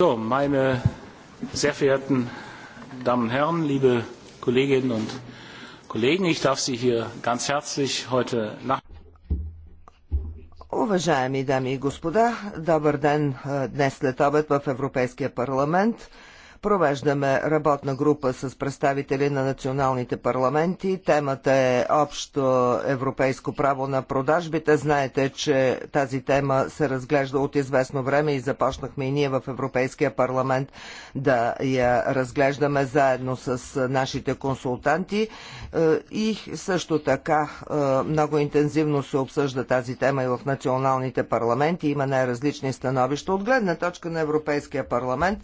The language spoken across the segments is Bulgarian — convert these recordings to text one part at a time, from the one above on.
So, meine sehr verehrten Damen und Herren, liebe Kolleginnen und Kollegen, ich darf Sie hier ganz herzlich heute Nacht. Уважаеми дами и господа, добър ден днес след обед в Европейския парламент. Провеждаме работна група с представители на националните парламенти. Темата е общо европейско право на продажбите. Знаете, че тази тема се разглежда от известно време и започнахме и ние в Европейския парламент да я разглеждаме заедно с нашите консултанти. Е, и също така е, много интензивно се обсъжда тази тема и в националните парламенти. Има най-различни становища от гледна точка на Европейския парламент.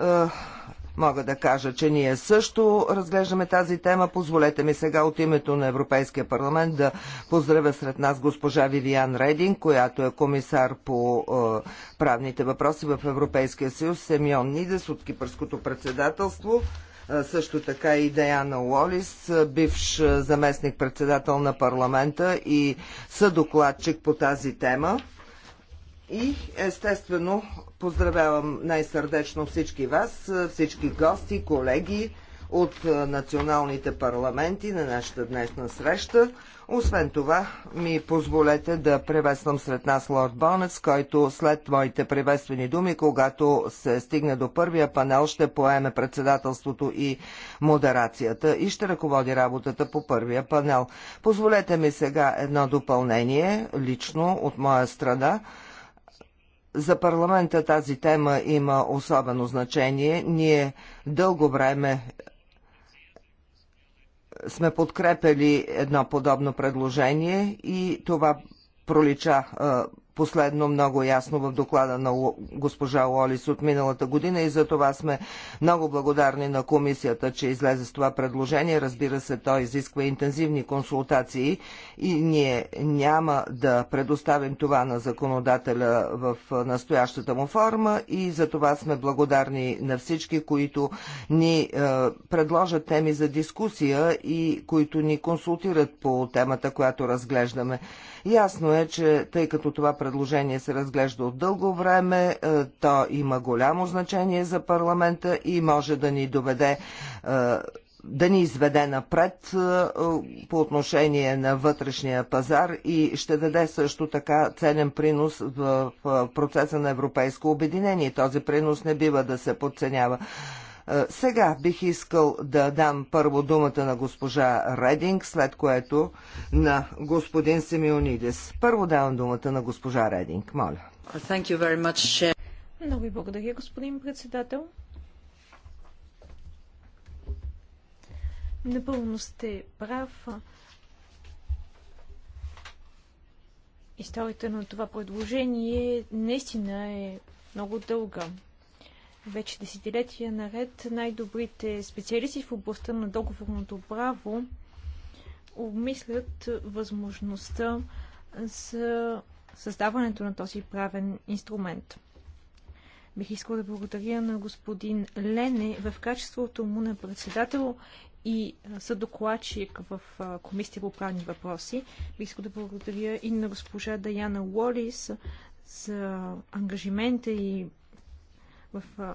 Е, мога да кажа, че ние също разглеждаме тази тема. Позволете ми сега от името на Европейския парламент да поздравя сред нас госпожа Вивиан Редин, която е комисар по е, правните въпроси в Европейския съюз, Семьон Нидес от Кипърското председателство, е, също така и Даяна Уолис, е, бивш е, заместник-председател на парламента и съдокладчик по тази тема. И естествено поздравявам най-сърдечно всички вас, всички гости, колеги от националните парламенти на нашата днешна среща. Освен това, ми позволете да приветствам сред нас Лорд Бонец, който след моите приветствени думи, когато се стигне до първия панел, ще поеме председателството и модерацията и ще ръководи работата по първия панел. Позволете ми сега едно допълнение, лично от моя страна за парламента тази тема има особено значение. Ние дълго време сме подкрепили едно подобно предложение и това пролича последно много ясно в доклада на госпожа Лолис от миналата година и за това сме много благодарни на комисията, че излезе с това предложение. Разбира се, то изисква интензивни консултации и ние няма да предоставим това на законодателя в настоящата му форма и за това сме благодарни на всички, които ни е, предложат теми за дискусия и които ни консултират по темата, която разглеждаме. Ясно е, че тъй като това предложение се разглежда от дълго време, е, то има голямо значение за парламента и може да ни доведе е, да ни изведе напред е, по отношение на вътрешния пазар и ще даде също така ценен принос в процеса на европейско обединение. Този принос не бива да се подценява. Сега бих искал да дам първо думата на госпожа Рединг, след което на господин Семионидис. Първо давам думата на госпожа Рединг, моля. Much, Много ви благодаря, господин председател. Напълно сте прав. Историята на това предложение наистина е много дълга. Вече десетилетия наред най-добрите специалисти в областта на договорното право обмислят възможността за създаването на този правен инструмент. Бих искал да благодаря на господин Лене в качеството му на председател и съдокладчик в Комисията по правни въпроси. Бих искал да благодаря и на госпожа Даяна Уолис за ангажимента и в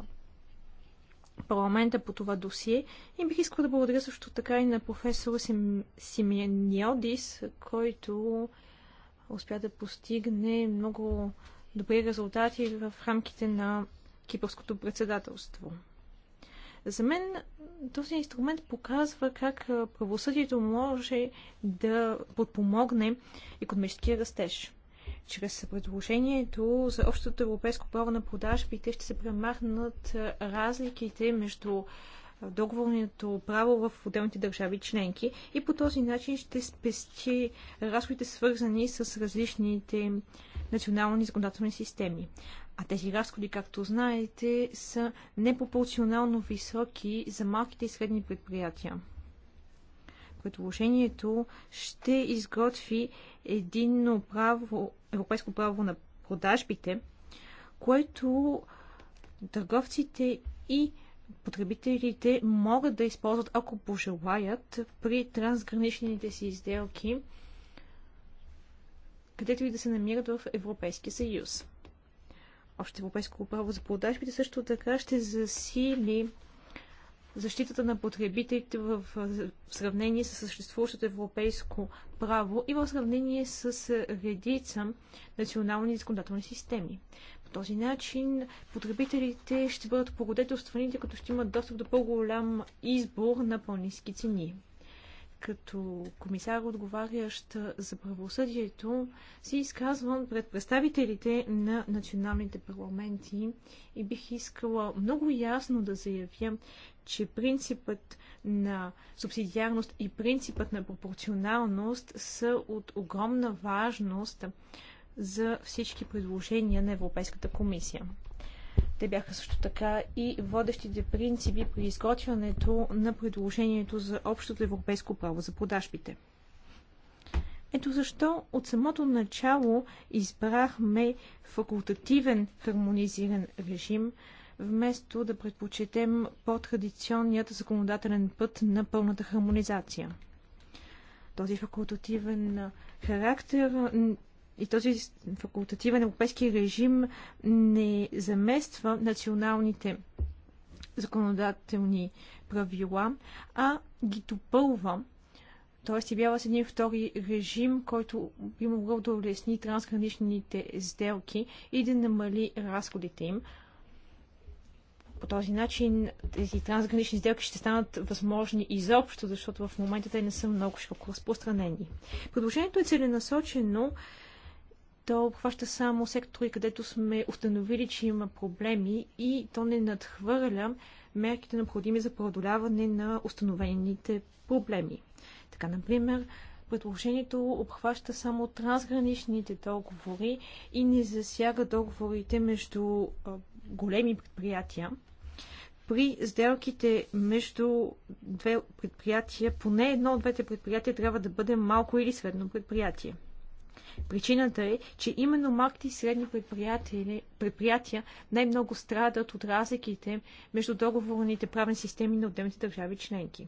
парламента по това досие. И бих искала да благодаря също така и на професор Сим... Симениодис, който успя да постигне много добри резултати в рамките на кипърското председателство. За мен този инструмент показва как правосъдието може да подпомогне економическия растеж. Чрез предложението за общото европейско право на продажбите ще се премахнат разликите между договорното право в отделните държави членки и по този начин ще спести разходите свързани с различните национални законодателни системи. А тези разходи, както знаете, са непропорционално високи за малките и средни предприятия. Предложението ще изготви единно право, европейско право на продажбите, което търговците и потребителите могат да използват, ако пожелаят, при трансграничните си изделки, където и да се намират в Европейския съюз. Общото европейско право за продажбите също така ще засили защитата на потребителите в сравнение с съществуващото европейско право и в сравнение с редица национални законодателни системи. По този начин потребителите ще бъдат погодетелстваните като ще имат достъп до по-голям избор на по-низки цени като комисар, отговарящ за правосъдието, си изказвам пред представителите на националните парламенти и бих искала много ясно да заявя, че принципът на субсидиарност и принципът на пропорционалност са от огромна важност за всички предложения на Европейската комисия. Те бяха също така и водещите принципи при изготвянето на предложението за общото европейско право за продажбите. Ето защо от самото начало избрахме факултативен хармонизиран режим, вместо да предпочетем по-традиционният законодателен път на пълната хармонизация. Този факултативен характер и този факултативен европейски режим не замества националните законодателни правила, а ги допълва. Т.е. явява се един втори режим, който би могъл да улесни трансграничните сделки и да намали разходите им. По този начин тези трансгранични сделки ще станат възможни изобщо, защото в момента те не са много широко разпространени. Предложението е целенасочено то обхваща само сектори, където сме установили, че има проблеми и то не надхвърля мерките необходими за преодоляване на установените проблеми. Така, например, предложението обхваща само трансграничните договори и не засяга договорите между големи предприятия. При сделките между две предприятия, поне едно от двете предприятия трябва да бъде малко или средно предприятие. Причината е, че именно малките и средни предприятия, предприятия най-много страдат от разликите между договорните правни системи на отделните държави членки.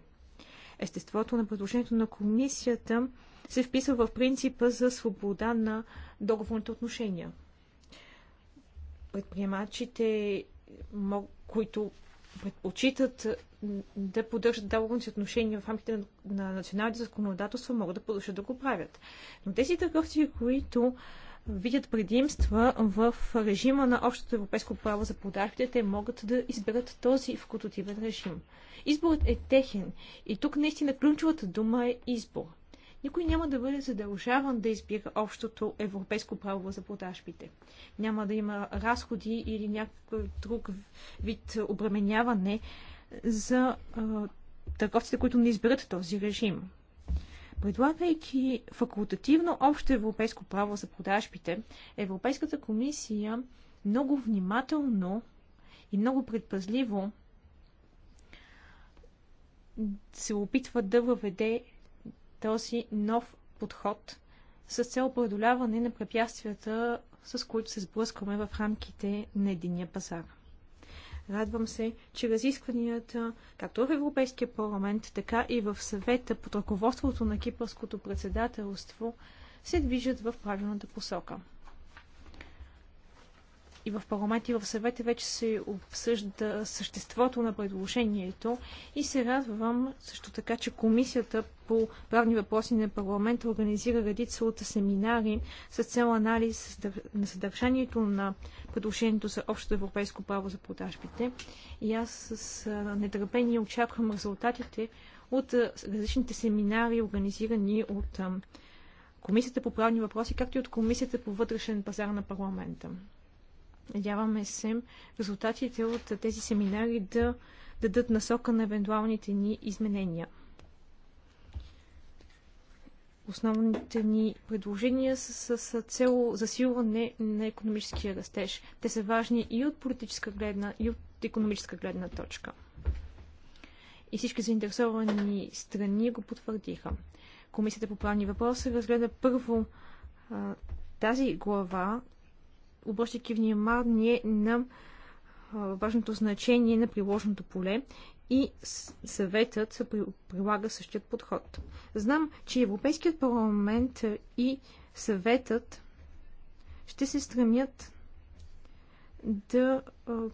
Естеството на предложението на комисията се вписва в принципа за свобода на договорните отношения. Предприемачите, които предпочитат да поддържат договорни отношения в рамките на националните законодателства, могат да продължат да го правят. Но тези търговци, които видят предимства в режима на общото европейско право за продажбите, те могат да изберат този факултативен режим. Изборът е техен и тук наистина ключовата дума е избор никой няма да бъде задължаван да избира общото европейско право за продажбите. Няма да има разходи или някакъв друг вид обременяване за а, търговците, които не изберат този режим. Предлагайки факултативно общо европейско право за продажбите, Европейската комисия много внимателно и много предпазливо се опитва да въведе този нов подход с цел преодоляване на препятствията, с които се сблъскваме в рамките на единия пазар. Радвам се, че разискванията, както в Европейския парламент, така и в съвета под ръководството на кипърското председателство, се движат в правилната посока и в парламент и в съвета вече се обсъжда съществото на предложението и се радвам също така, че Комисията по правни въпроси на парламента организира редица от семинари с цел анализ на съдържанието на предложението за общото европейско право за продажбите. И аз с нетърпение очаквам резултатите от различните семинари, организирани от Комисията по правни въпроси, както и от Комисията по вътрешен пазар на парламента. Надяваме се резултатите от тези семинари да дадат насока на евентуалните ни изменения. Основните ни предложения са с цел засилване на економическия растеж. Те са важни и от политическа гледна, и от економическа гледна точка. И всички заинтересовани страни го потвърдиха. Комисията по правни въпроси разгледа първо тази глава обръщайки внимание на важното значение на приложното поле и съветът прилага същият подход. Знам, че Европейският парламент и съветът ще се стремят да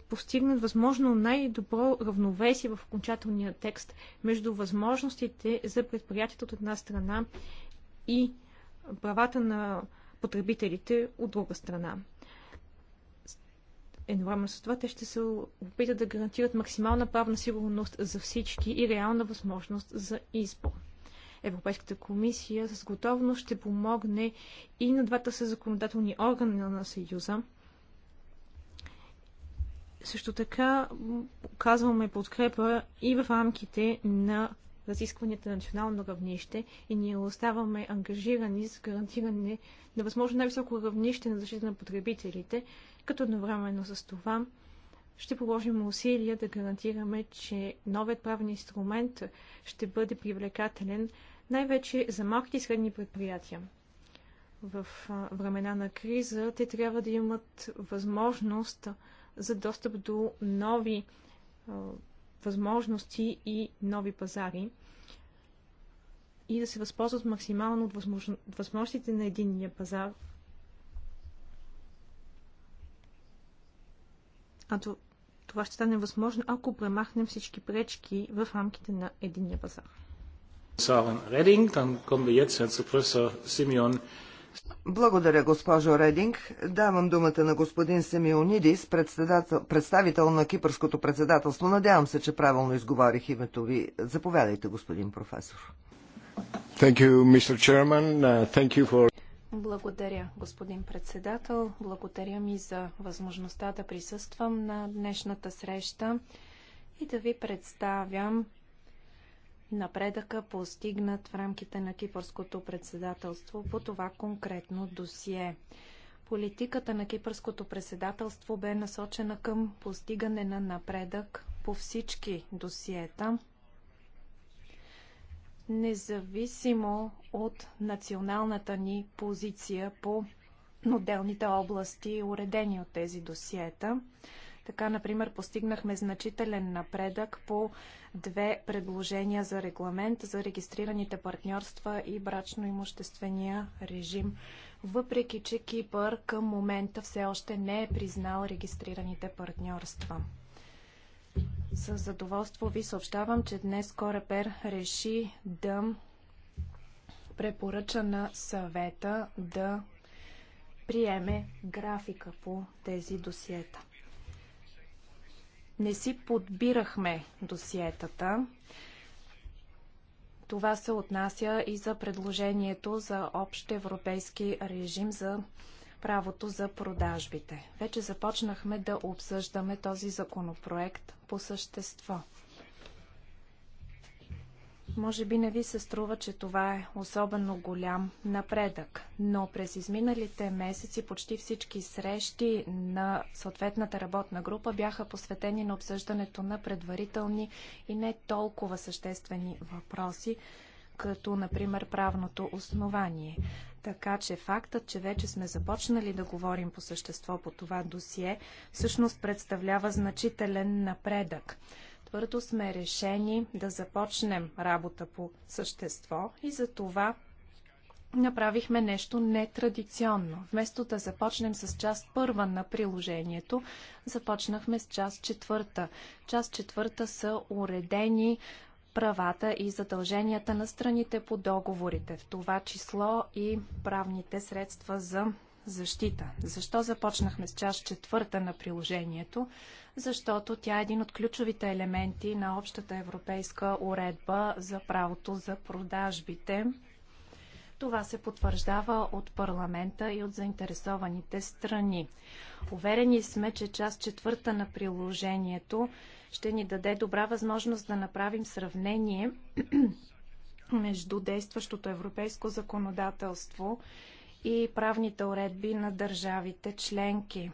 постигнат възможно най-добро равновесие в окончателния текст между възможностите за предприятието от една страна и правата на потребителите от друга страна едновременно с това те ще се опитат да гарантират максимална правна сигурност за всички и реална възможност за избор. Европейската комисия с готовност ще помогне и на двата са законодателни органи на Съюза. Също така оказваме подкрепа и в рамките на разискванията на национално равнище и ние оставаме ангажирани с гарантиране на възможно най-високо равнище на защита на потребителите, като едновременно с това ще положим усилия да гарантираме, че новият правен инструмент ще бъде привлекателен най-вече за малките и средни предприятия. В времена на криза те трябва да имат възможност за достъп до нови възможности и нови пазари и да се възползват максимално от възможностите на единния пазар А то, това ще стане възможно, ако премахнем всички пречки в рамките на единния пазар. Благодаря, госпожо Рединг. Давам думата на господин Семионидис, представител на Кипърското председателство. Надявам се, че правилно изговарих името ви. Заповядайте, господин професор. Uh, you, for... Благодаря, господин председател. Благодаря ми за възможността да присъствам на днешната среща и да ви представям напредъка постигнат в рамките на кипърското председателство по това конкретно досие. Политиката на кипърското председателство бе насочена към постигане на напредък по всички досиета, независимо от националната ни позиция по отделните области, уредени от тези досиета. Така, например, постигнахме значителен напредък по две предложения за регламент за регистрираните партньорства и брачно-имуществения режим, въпреки че Кипър към момента все още не е признал регистрираните партньорства. С задоволство ви съобщавам, че днес Корепер реши да препоръча на съвета да приеме графика по тези досиета. Не си подбирахме досиетата. Това се отнася и за предложението за общ европейски режим за правото за продажбите. Вече започнахме да обсъждаме този законопроект по същество. Може би не ви се струва, че това е особено голям напредък, но през изминалите месеци почти всички срещи на съответната работна група бяха посветени на обсъждането на предварителни и не толкова съществени въпроси, като например правното основание. Така че фактът, че вече сме започнали да говорим по същество по това досие, всъщност представлява значителен напредък. Твърдо сме решени да започнем работа по същество и за това направихме нещо нетрадиционно. Вместо да започнем с част първа на приложението, започнахме с част четвърта. Част четвърта са уредени правата и задълженията на страните по договорите, в това число и правните средства за защита. Защо започнахме с част четвърта на приложението? Защото тя е един от ключовите елементи на общата европейска уредба за правото за продажбите. Това се потвърждава от парламента и от заинтересованите страни. Уверени сме, че част четвърта на приложението ще ни даде добра възможност да направим сравнение между действащото европейско законодателство и правните уредби на държавите членки.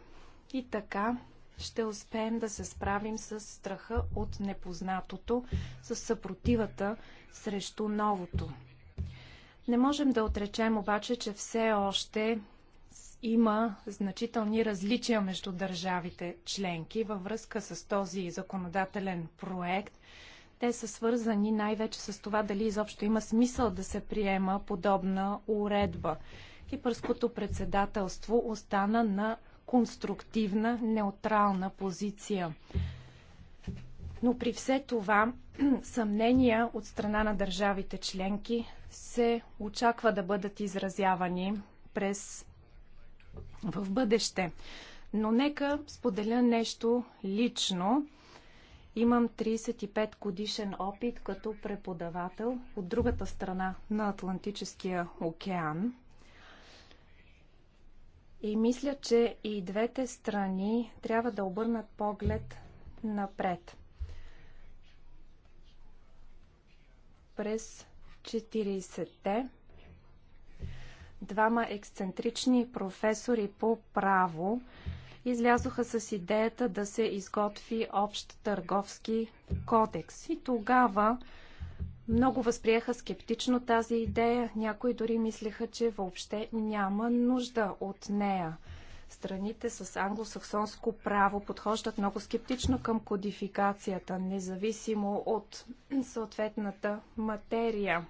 И така ще успеем да се справим с страха от непознатото, с съпротивата срещу новото. Не можем да отречем обаче, че все още има значителни различия между държавите членки във връзка с този законодателен проект. Те са свързани най-вече с това дали изобщо има смисъл да се приема подобна уредба. Кипърското председателство остана на конструктивна, неутрална позиция. Но при все това съмнения от страна на държавите членки се очаква да бъдат изразявани през в бъдеще. Но нека споделя нещо лично. Имам 35 годишен опит като преподавател от другата страна на Атлантическия океан. И мисля, че и двете страни трябва да обърнат поглед напред. През 40-те двама ексцентрични професори по право излязоха с идеята да се изготви общ търговски кодекс. И тогава много възприеха скептично тази идея. Някои дори мислеха, че въобще няма нужда от нея. Страните с англосаксонско право подхождат много скептично към кодификацията, независимо от съответната материя.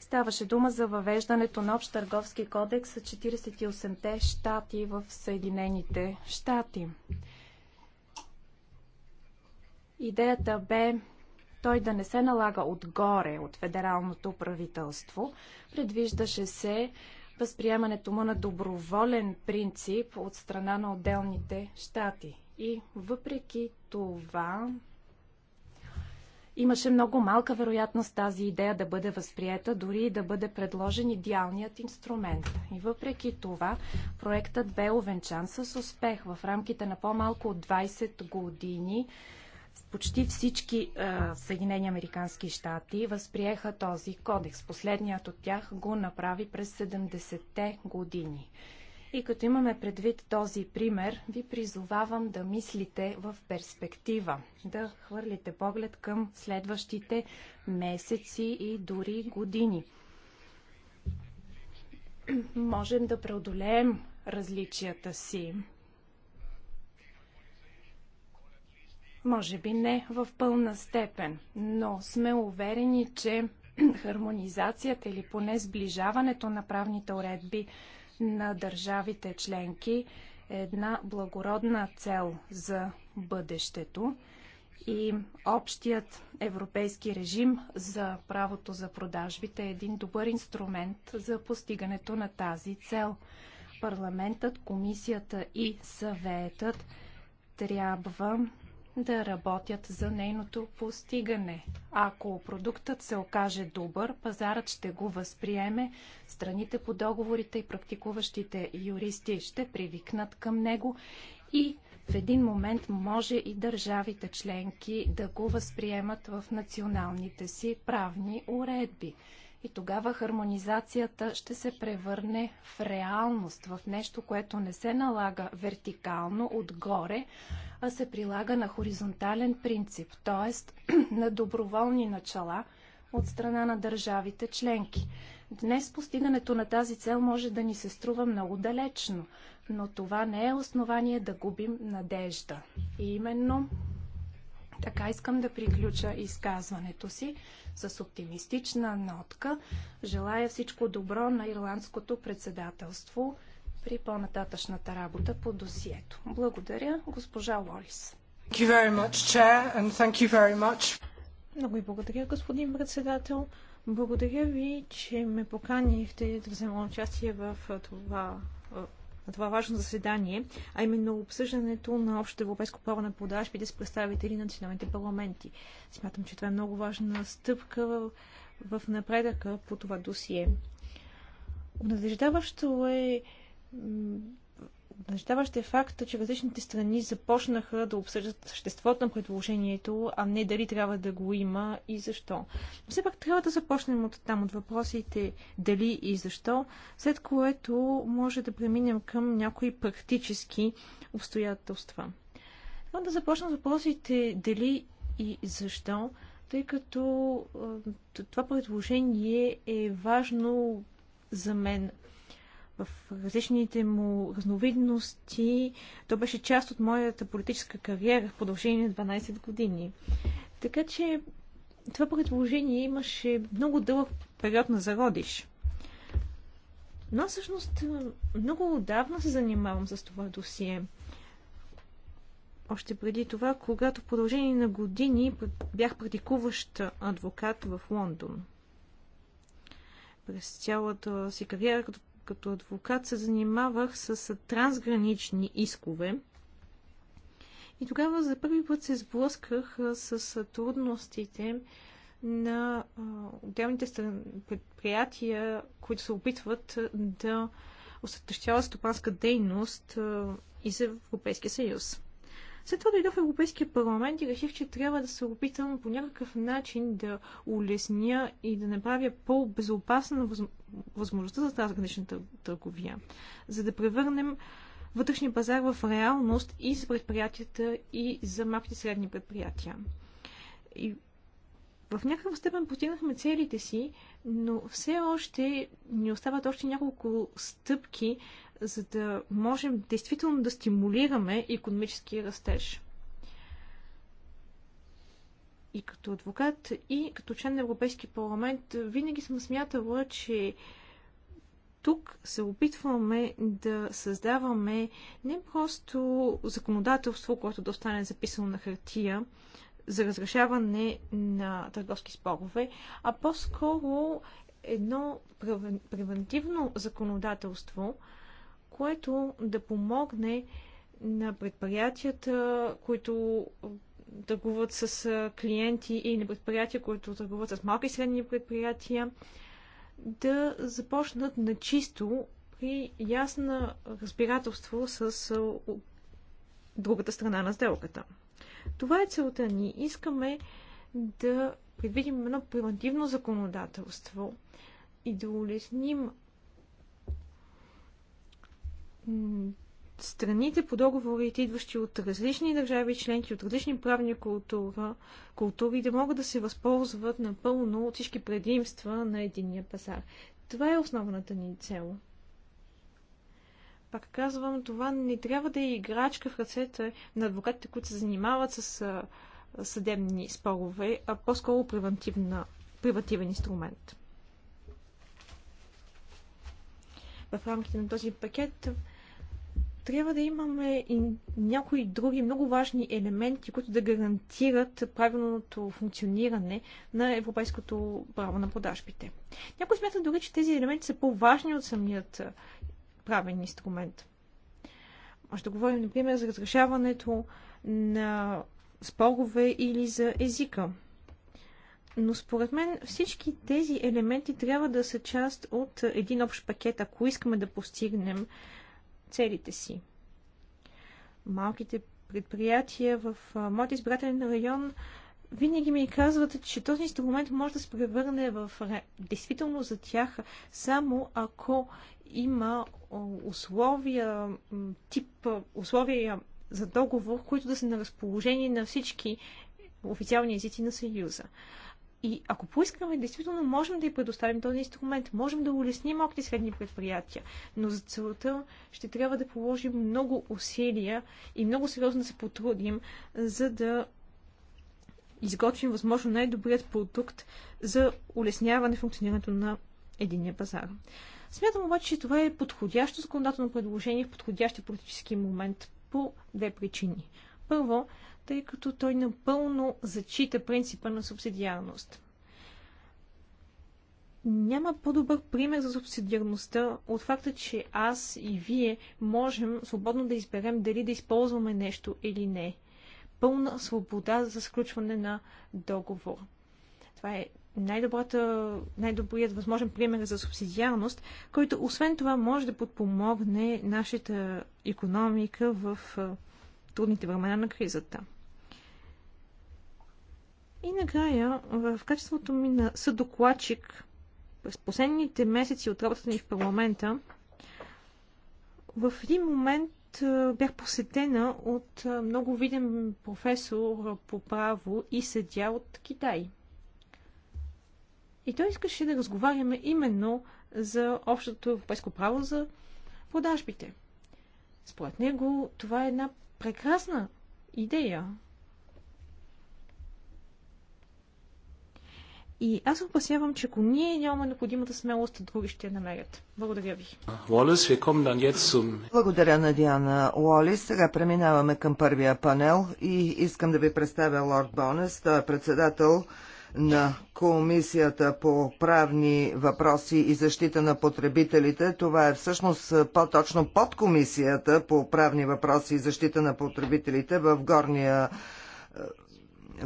Ставаше дума за въвеждането на общ търговски кодекс с 48-те щати в Съединените щати. Идеята бе той да не се налага отгоре от федералното правителство. Предвиждаше се възприемането му на доброволен принцип от страна на отделните щати. И въпреки това, имаше много малка вероятност тази идея да бъде възприета, дори и да бъде предложен идеалният инструмент. И въпреки това, проектът бе овенчан с успех. В рамките на по-малко от 20 години почти всички а, Съединени Американски щати възприеха този кодекс. Последният от тях го направи през 70-те години. И като имаме предвид този пример, ви призовавам да мислите в перспектива, да хвърлите поглед към следващите месеци и дори години. Можем да преодолеем различията си, Може би не в пълна степен, но сме уверени, че хармонизацията или поне сближаването на правните уредби на държавите членки е една благородна цел за бъдещето и общият европейски режим за правото за продажбите е един добър инструмент за постигането на тази цел. Парламентът, комисията и съветът трябва да работят за нейното постигане. Ако продуктът се окаже добър, пазарът ще го възприеме, страните по договорите и практикуващите юристи ще привикнат към него и в един момент може и държавите членки да го възприемат в националните си правни уредби и тогава хармонизацията ще се превърне в реалност, в нещо, което не се налага вертикално отгоре, а се прилага на хоризонтален принцип, т.е. на доброволни начала от страна на държавите членки. Днес постигането на тази цел може да ни се струва много далечно, но това не е основание да губим надежда. И именно така искам да приключа изказването си с оптимистична нотка. Желая всичко добро на ирландското председателство при по-нататъчната работа по досието. Благодаря, госпожа Лорис. Много ви благодаря, господин председател. Благодаря ви, че ме поканихте да взема участие в това на това важно заседание, а именно обсъждането на общото европейско право на продажбите с представители на националните парламенти. Смятам, че това е много важна стъпка в, в напредъка по това досие. Обнадеждаващо е Обнадеждаващ значи, е факта, че различните страни започнаха да обсъждат съществото на предложението, а не дали трябва да го има и защо. Но все пак трябва да започнем от там, от въпросите дали и защо, след което може да преминем към някои практически обстоятелства. Трябва да започна с въпросите дали и защо, тъй като това предложение е важно за мен в различните му разновидности. То беше част от моята политическа кариера в продължение на 12 години. Така че това предложение имаше много дълъг период на зародиш. Но всъщност много отдавна се занимавам с това досие. Още преди това, когато в продължение на години бях практикуващ адвокат в Лондон. През цялата си кариера като като адвокат се занимавах с трансгранични искове. И тогава за първи път се сблъсках с трудностите на отделните предприятия, които се опитват да осъществяват стопанска дейност и за Европейския съюз. След това дойдох в Европейския парламент и реших, че трябва да се опитам по някакъв начин да улесня и да направя по-безопасна възможността за трансгранична търговия, за да превърнем вътрешния пазар в реалност и за предприятията, и за малките средни предприятия. И в някаква степен постигнахме целите си, но все още ни остават още няколко стъпки, за да можем действително да стимулираме економически растеж. И като адвокат, и като член на Европейски парламент, винаги съм смятала, че тук се опитваме да създаваме не просто законодателство, което да остане записано на хартия за разрешаване на търговски спорове, а по-скоро едно превентивно законодателство, което да помогне на предприятията, които търгуват с клиенти и на предприятия, които търгуват с малки и средни предприятия, да започнат на чисто при ясна разбирателство с другата страна на сделката. Това е целта ни. Искаме да предвидим едно превентивно законодателство и да улесним страните по договорите, идващи от различни държави членки, от различни правни култура, култури, да могат да се възползват напълно от всички предимства на единния пазар. Това е основната ни цел. Пак казвам, това не трябва да е играчка в ръцете на адвокатите, които се занимават с съдебни спорове, а по-скоро превентивен инструмент. В рамките на този пакет трябва да имаме и някои други много важни елементи, които да гарантират правилното функциониране на европейското право на продажбите. Някой смята дори, че тези елементи са по-важни от самият правен инструмент. Може да говорим, например, за разрешаването на спорове или за езика. Но според мен всички тези елементи трябва да са част от един общ пакет, ако искаме да постигнем целите си. Малките предприятия в моят избирателен район винаги ми казват, че този инструмент може да се превърне в действително за тях само ако има условия, тип условия за договор, които да са на разположение на всички официални езици на Съюза. И ако поискаме, действително можем да й предоставим този инструмент, можем да улесним малките средни предприятия, но за целта ще трябва да положим много усилия и много сериозно да се потрудим, за да изготвим възможно най-добрият продукт за улесняване функционирането на единия пазар. Смятам обаче, че това е подходящо законодателно предложение в подходящия политически момент по две причини. Първо, тъй като той напълно зачита принципа на субсидиарност. Няма по-добър пример за субсидиарността от факта, че аз и вие можем свободно да изберем дали да използваме нещо или не. Пълна свобода за сключване на договор. Това е най-добрата, най-добрият възможен пример за субсидиарност, който освен това може да подпомогне нашата економика в трудните времена на кризата. И накрая, в качеството ми на съдокладчик, през последните месеци от работата ни в парламента, в един момент бях посетена от много виден професор по право и съдя от Китай. И той искаше да разговаряме именно за общото европейско право за продажбите. Според него това е една прекрасна идея. И аз опасявам, че ако ние нямаме необходимата смелост, други ще я намерят. Благодаря ви. Благодаря на Диана Уолис. Сега преминаваме към първия панел и искам да ви представя Лорд Бонес. Той е председател на Комисията по правни въпроси и защита на потребителите. Това е всъщност по-точно под Комисията по правни въпроси и защита на потребителите в горния е,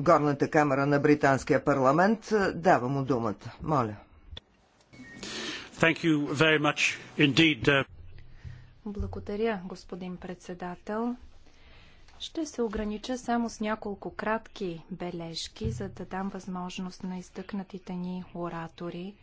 горната камера на Британския парламент. Давам му думата. Моля. Uh, Благодаря, господин председател. Ще се огранича само с няколко кратки бележки, за да дам възможност на изтъкнатите ни оратори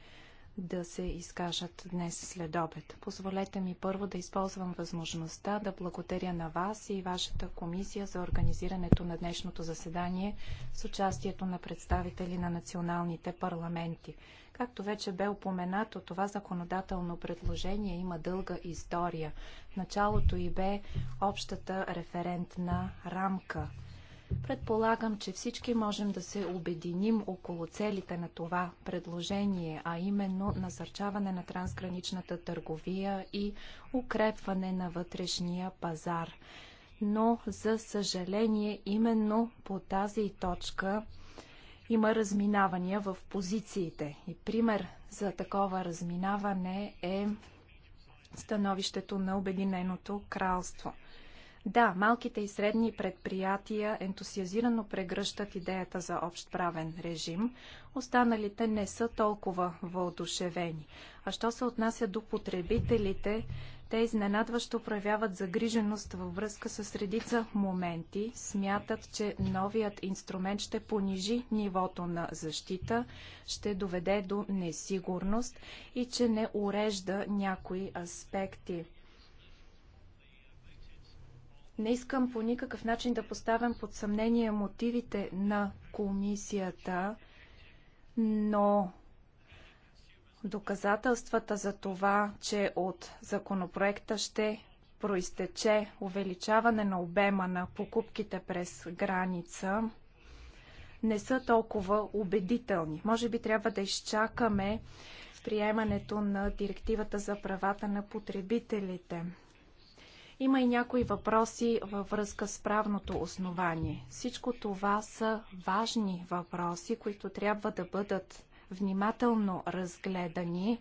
да се изкажат днес след обед. Позволете ми първо да използвам възможността да благодаря на вас и вашата комисия за организирането на днешното заседание с участието на представители на националните парламенти. Както вече бе упоменато, това законодателно предложение има дълга история. Началото и бе общата референтна рамка. Предполагам, че всички можем да се обединим около целите на това предложение, а именно насърчаване на трансграничната търговия и укрепване на вътрешния пазар. Но, за съжаление, именно по тази точка има разминавания в позициите. И пример за такова разминаване е становището на Обединеното кралство. Да, малките и средни предприятия ентусиазирано прегръщат идеята за общ правен режим, останалите не са толкова въодушевени. А що се отнася до потребителите, те изненадващо проявяват загриженост във връзка с редица моменти. Смятат, че новият инструмент ще понижи нивото на защита, ще доведе до несигурност и че не урежда някои аспекти. Не искам по никакъв начин да поставям под съмнение мотивите на комисията, но Доказателствата за това, че от законопроекта ще проистече увеличаване на обема на покупките през граница, не са толкова убедителни. Може би трябва да изчакаме приемането на директивата за правата на потребителите. Има и някои въпроси във връзка с правното основание. Всичко това са важни въпроси, които трябва да бъдат внимателно разгледани,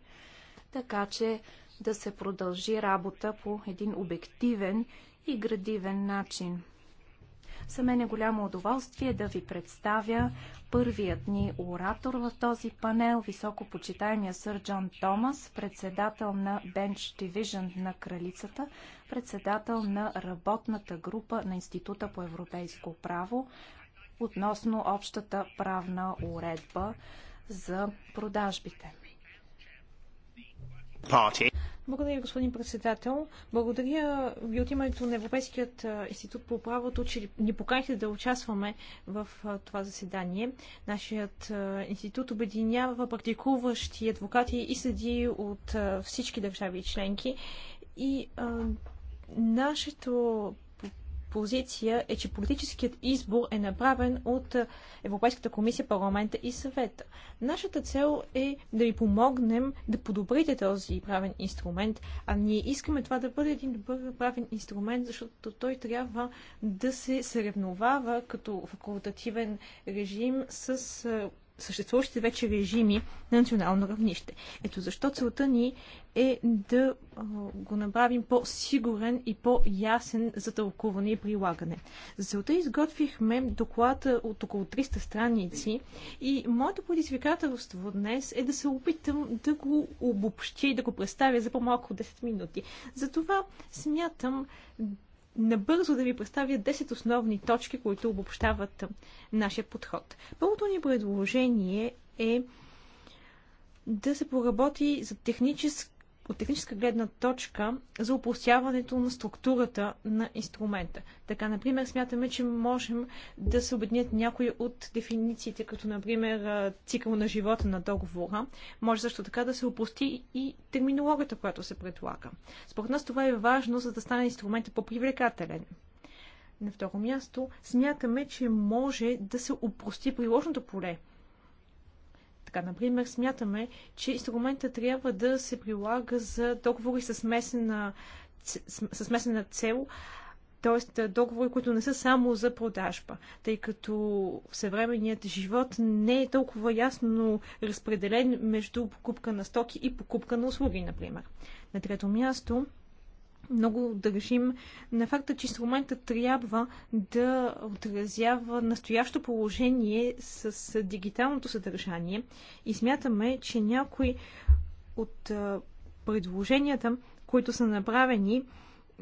така че да се продължи работа по един обективен и градивен начин. За мен е голямо удоволствие да ви представя първият ни оратор в този панел, високо почитаемия сър Джон Томас, председател на Bench Division на Кралицата, председател на работната група на Института по европейско право относно общата правна уредба за продажбите. Party. Благодаря, господин председател. Благодаря ви от името на Европейският институт по правото, че ни поканихте да участваме в това заседание. Нашият институт обединява практикуващи адвокати и съди от всички държави и членки. И а, нашето позиция е, че политическият избор е направен от е, Европейската комисия, парламента и съвета. Нашата цел е да ви помогнем да подобрите този правен инструмент, а ние искаме това да бъде един добър правен инструмент, защото той трябва да се съревновава като факултативен режим с е, съществуващите вече режими на национално равнище. Ето защо целта ни е да го направим по-сигурен и по-ясен за тълкуване и прилагане. За целта изготвихме доклада от около 300 страници и моето предизвикателство днес е да се опитам да го обобщя и да го представя за по-малко 10 минути. Затова смятам набързо да ви представя 10 основни точки, които обобщават нашия подход. Първото ни предложение е да се поработи за технически от техническа гледна точка за упростяването на структурата на инструмента. Така, например, смятаме, че можем да се обединят някои от дефинициите, като, например, цикъл на живота на договора. Може също така да се упрости и терминологията, която се предлага. Според нас това е важно, за да стане инструментът по-привлекателен. На второ място, смятаме, че може да се упрости приложното поле така, например, смятаме, че инструмента трябва да се прилага за договори с смесена, с смесена цел, т.е. договори, които не са само за продажба, тъй като съвременният живот не е толкова ясно разпределен между покупка на стоки и покупка на услуги, например. На трето място, много държим на факта, че инструмента трябва да отразява настоящо положение с дигиталното съдържание и смятаме, че някои от предложенията, които са направени,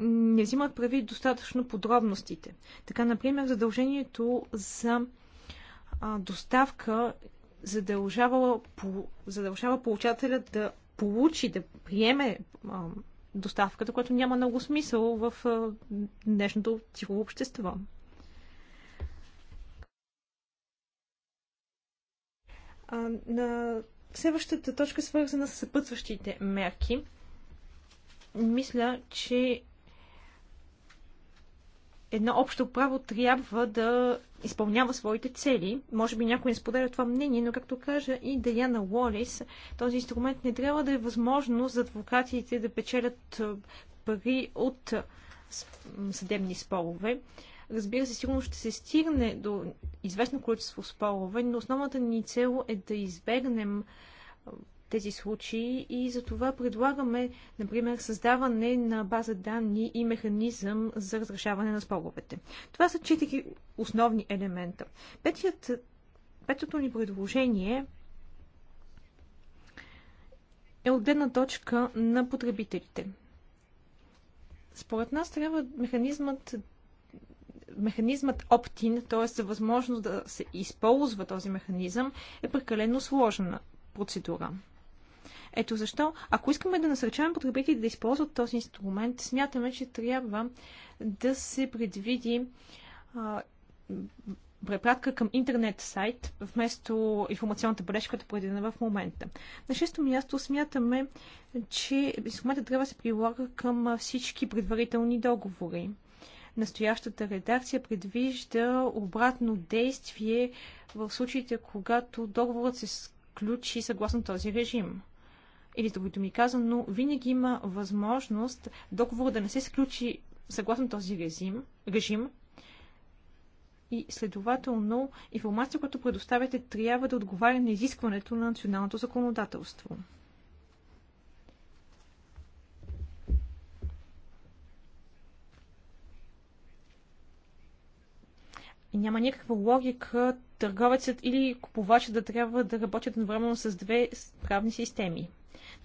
не взимат прави достатъчно подробностите. Така, например, задължението за доставка задължава, задължава получателя да получи, да приеме доставката, което няма много смисъл в днешното цифрово общество. А, на следващата точка, свързана с съпътващите мерки, мисля, че едно общо право трябва да изпълнява своите цели. Може би някой не споделя това мнение, но както кажа и Деяна Уолис, този инструмент не трябва да е възможно за адвокатите да печелят пари от съдебни спорове. Разбира се, сигурно ще се стигне до известно количество спорове, но основната ни цел е да избегнем тези случаи и за това предлагаме, например, създаване на база данни и механизъм за разрешаване на споровете. Това са четири основни елемента. Петият, петото ни предложение е от гледна точка на потребителите. Според нас трябва механизмът механизмът opt-in, т.е. възможност да се използва този механизъм, е прекалено сложна процедура. Ето защо, ако искаме да насърчаваме потребителите да използват този инструмент, смятаме, че трябва да се предвиди а, препратка към интернет сайт вместо информационната бележка, която е предвидена в момента. На шесто място смятаме, че инструментът трябва да се прилага към всички предварителни договори. Настоящата редакция предвижда обратно действие в случаите, когато договорът се сключи съгласно този режим. Или с ми каза, но винаги има възможност договор да не се сключи съгласно този режим, режим и следователно информация, която предоставяте, трябва да отговаря на изискването на националното законодателство. И няма никаква логика търговецът или купувачът да трябва да работят едновременно с две правни системи.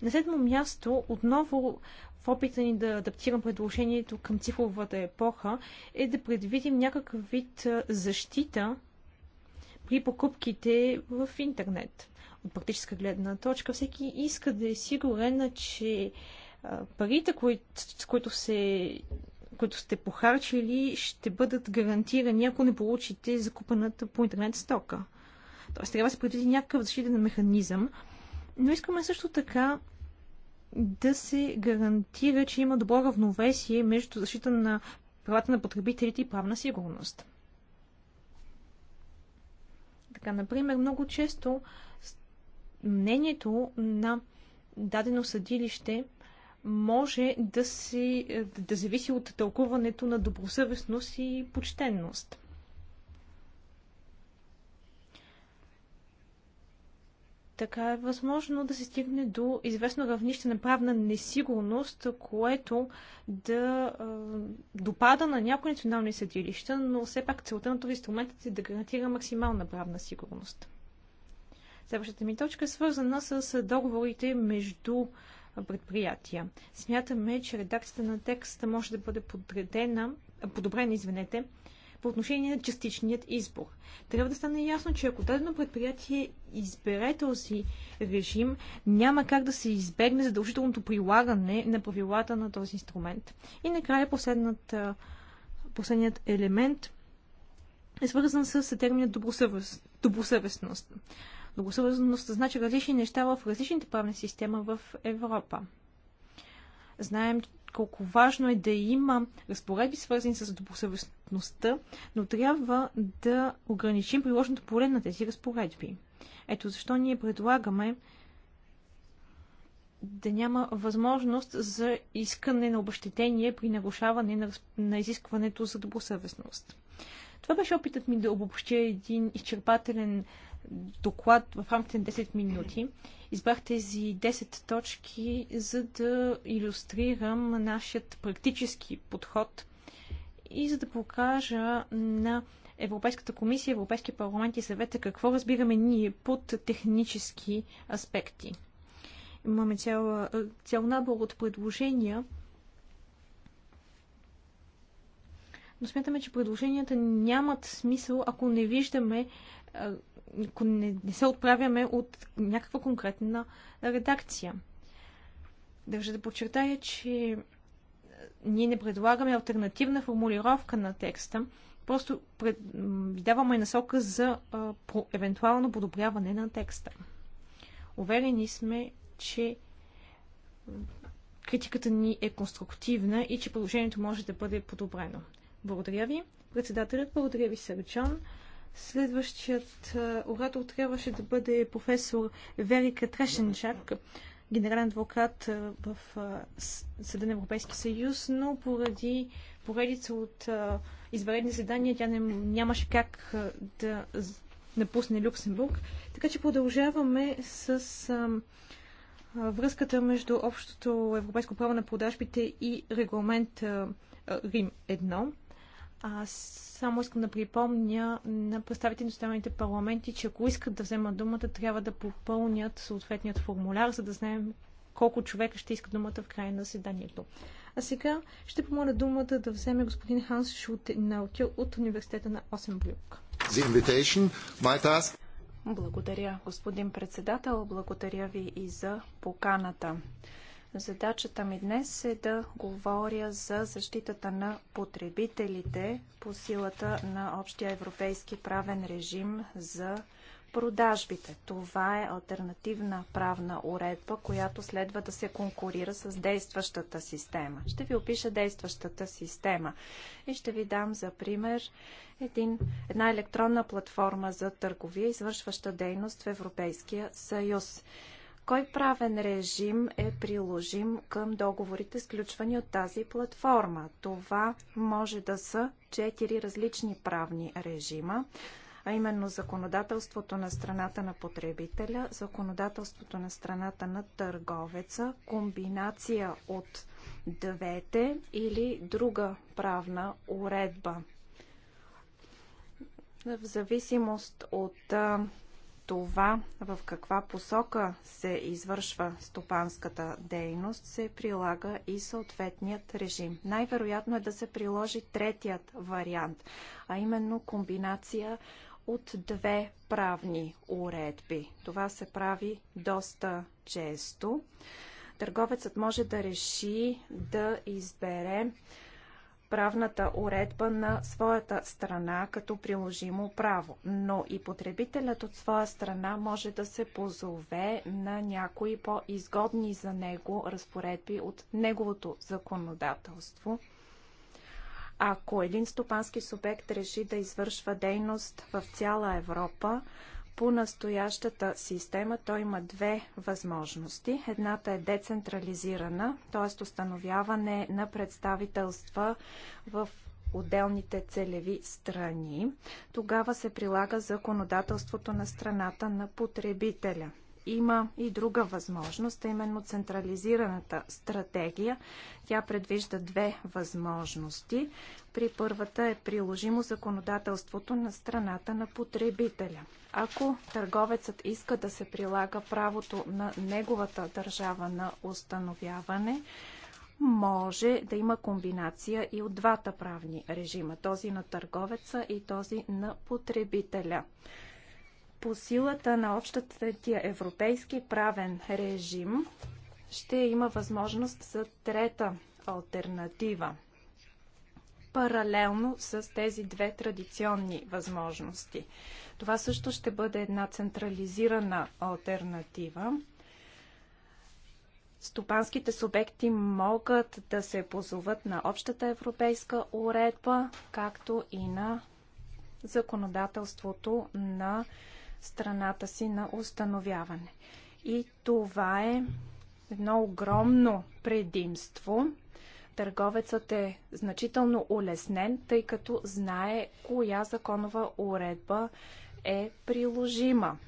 На седмо място, отново в опита ни да адаптирам предложението към цифровата епоха, е да предвидим някакъв вид защита при покупките в интернет. От практическа гледна точка всеки иска да е сигурен, че парите, с които се които сте похарчили, ще бъдат гарантирани, ако не получите закупената по интернет стока. Тоест, трябва да се предвиди някакъв защитен механизъм, но искаме също така да се гарантира, че има добро равновесие между защита на правата на потребителите и правна сигурност. Така, например, много често мнението на дадено съдилище може да, си, да зависи от тълкуването на добросъвестност и почтенност. така е възможно да се стигне до известно равнище на правна несигурност, което да е, допада на някои национални съдилища, но все пак целта на този инструмент е да гарантира максимална правна сигурност. Следващата ми точка е свързана с договорите между предприятия. Смятаме, че редакцията на текста може да бъде подредена, подобрена, извинете, по отношение на частичният избор. Трябва да стане ясно, че ако дадено предприятие избере този режим, няма как да се избегне задължителното прилагане на правилата на този инструмент. И накрая последният елемент е свързан с термина добросъвест, добросъвестност. Добросъвестност значи различни неща в различните правни системи в Европа. Знаем, колко важно е да има разпоредби, свързани с добросъвестността, но трябва да ограничим приложното поле на тези разпоредби. Ето защо ние предлагаме да няма възможност за искане на обещетение при нарушаване на, на изискването за добросъвестност. Това беше опитът ми да обобщя един изчерпателен доклад в рамките на 10 минути. Избрах тези 10 точки, за да иллюстрирам нашият практически подход и за да покажа на Европейската комисия, Европейския парламент и съвета какво разбираме ние под технически аспекти. Имаме цял, цял набор от предложения, но смятаме, че предложенията нямат смисъл, ако не виждаме не, не се отправяме от някаква конкретна редакция. Държа да подчертая, че ние не предлагаме альтернативна формулировка на текста, просто пред, даваме насока за а, про, евентуално подобряване на текста. Уверени сме, че критиката ни е конструктивна и че положението може да бъде подобрено. Благодаря ви, председателят, благодаря ви, Сърджан. Следващият оратор трябваше да бъде професор Верика Трешенчак, генерален адвокат в Съда на Европейски съюз, но поради поредица от изваредни задания тя не, нямаше как да напусне Люксембург. Така че продължаваме с връзката между общото европейско право на продажбите и регламент Рим 1. Аз само искам да припомня на представителите на останалите парламенти, че ако искат да вземат думата, трябва да попълнят съответният формуляр, за да знаем колко човека ще иска думата в края на заседанието. А сега ще помоля думата да вземе господин Ханс Шултенаутил от университета на Осенбрюк. Благодаря, господин председател. Благодаря ви и за поканата. Задачата ми днес е да говоря за защитата на потребителите по силата на общия европейски правен режим за продажбите. Това е альтернативна правна уредба, която следва да се конкурира с действащата система. Ще ви опиша действащата система и ще ви дам за пример един, една електронна платформа за търговия, извършваща дейност в Европейския съюз. Кой правен режим е приложим към договорите, сключвани от тази платформа? Това може да са четири различни правни режима а именно законодателството на страната на потребителя, законодателството на страната на търговеца, комбинация от двете или друга правна уредба. В зависимост от това в каква посока се извършва стопанската дейност, се прилага и съответният режим. Най-вероятно е да се приложи третият вариант, а именно комбинация от две правни уредби. Това се прави доста често. Търговецът може да реши да избере правната уредба на своята страна като приложимо право, но и потребителят от своя страна може да се позове на някои по-изгодни за него разпоредби от неговото законодателство. Ако един стопански субект реши да извършва дейност в цяла Европа, по настоящата система той има две възможности. Едната е децентрализирана, т.е. установяване на представителства в отделните целеви страни. Тогава се прилага законодателството на страната на потребителя има и друга възможност, а именно централизираната стратегия. Тя предвижда две възможности. При първата е приложимо законодателството на страната на потребителя. Ако търговецът иска да се прилага правото на неговата държава на установяване, може да има комбинация и от двата правни режима, този на търговеца и този на потребителя по силата на общата европейски правен режим ще има възможност за трета альтернатива паралелно с тези две традиционни възможности. Това също ще бъде една централизирана альтернатива. Стопанските субекти могат да се позоват на общата европейска уредба, както и на законодателството на страната си на установяване. И това е едно огромно предимство. Търговецът е значително улеснен, тъй като знае коя законова уредба е приложима.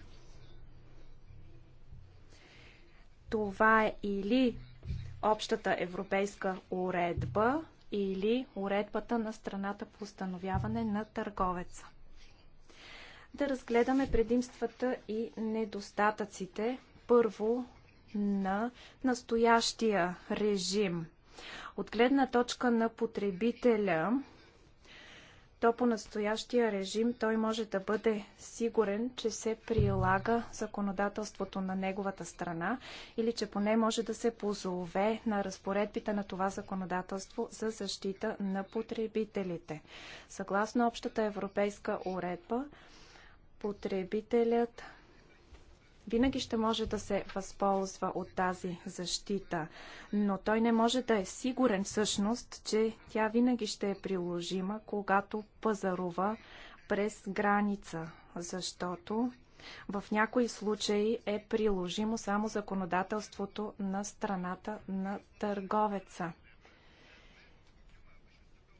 Това е или общата европейска уредба, или уредбата на страната по установяване на търговеца да разгледаме предимствата и недостатъците първо на настоящия режим. От гледна точка на потребителя, то по настоящия режим той може да бъде сигурен, че се прилага законодателството на неговата страна или че поне може да се позове на разпоредбите на това законодателство за защита на потребителите. Съгласно общата европейска уредба, потребителят винаги ще може да се възползва от тази защита, но той не може да е сигурен всъщност, че тя винаги ще е приложима, когато пазарува през граница, защото в някои случаи е приложимо само законодателството на страната на търговеца.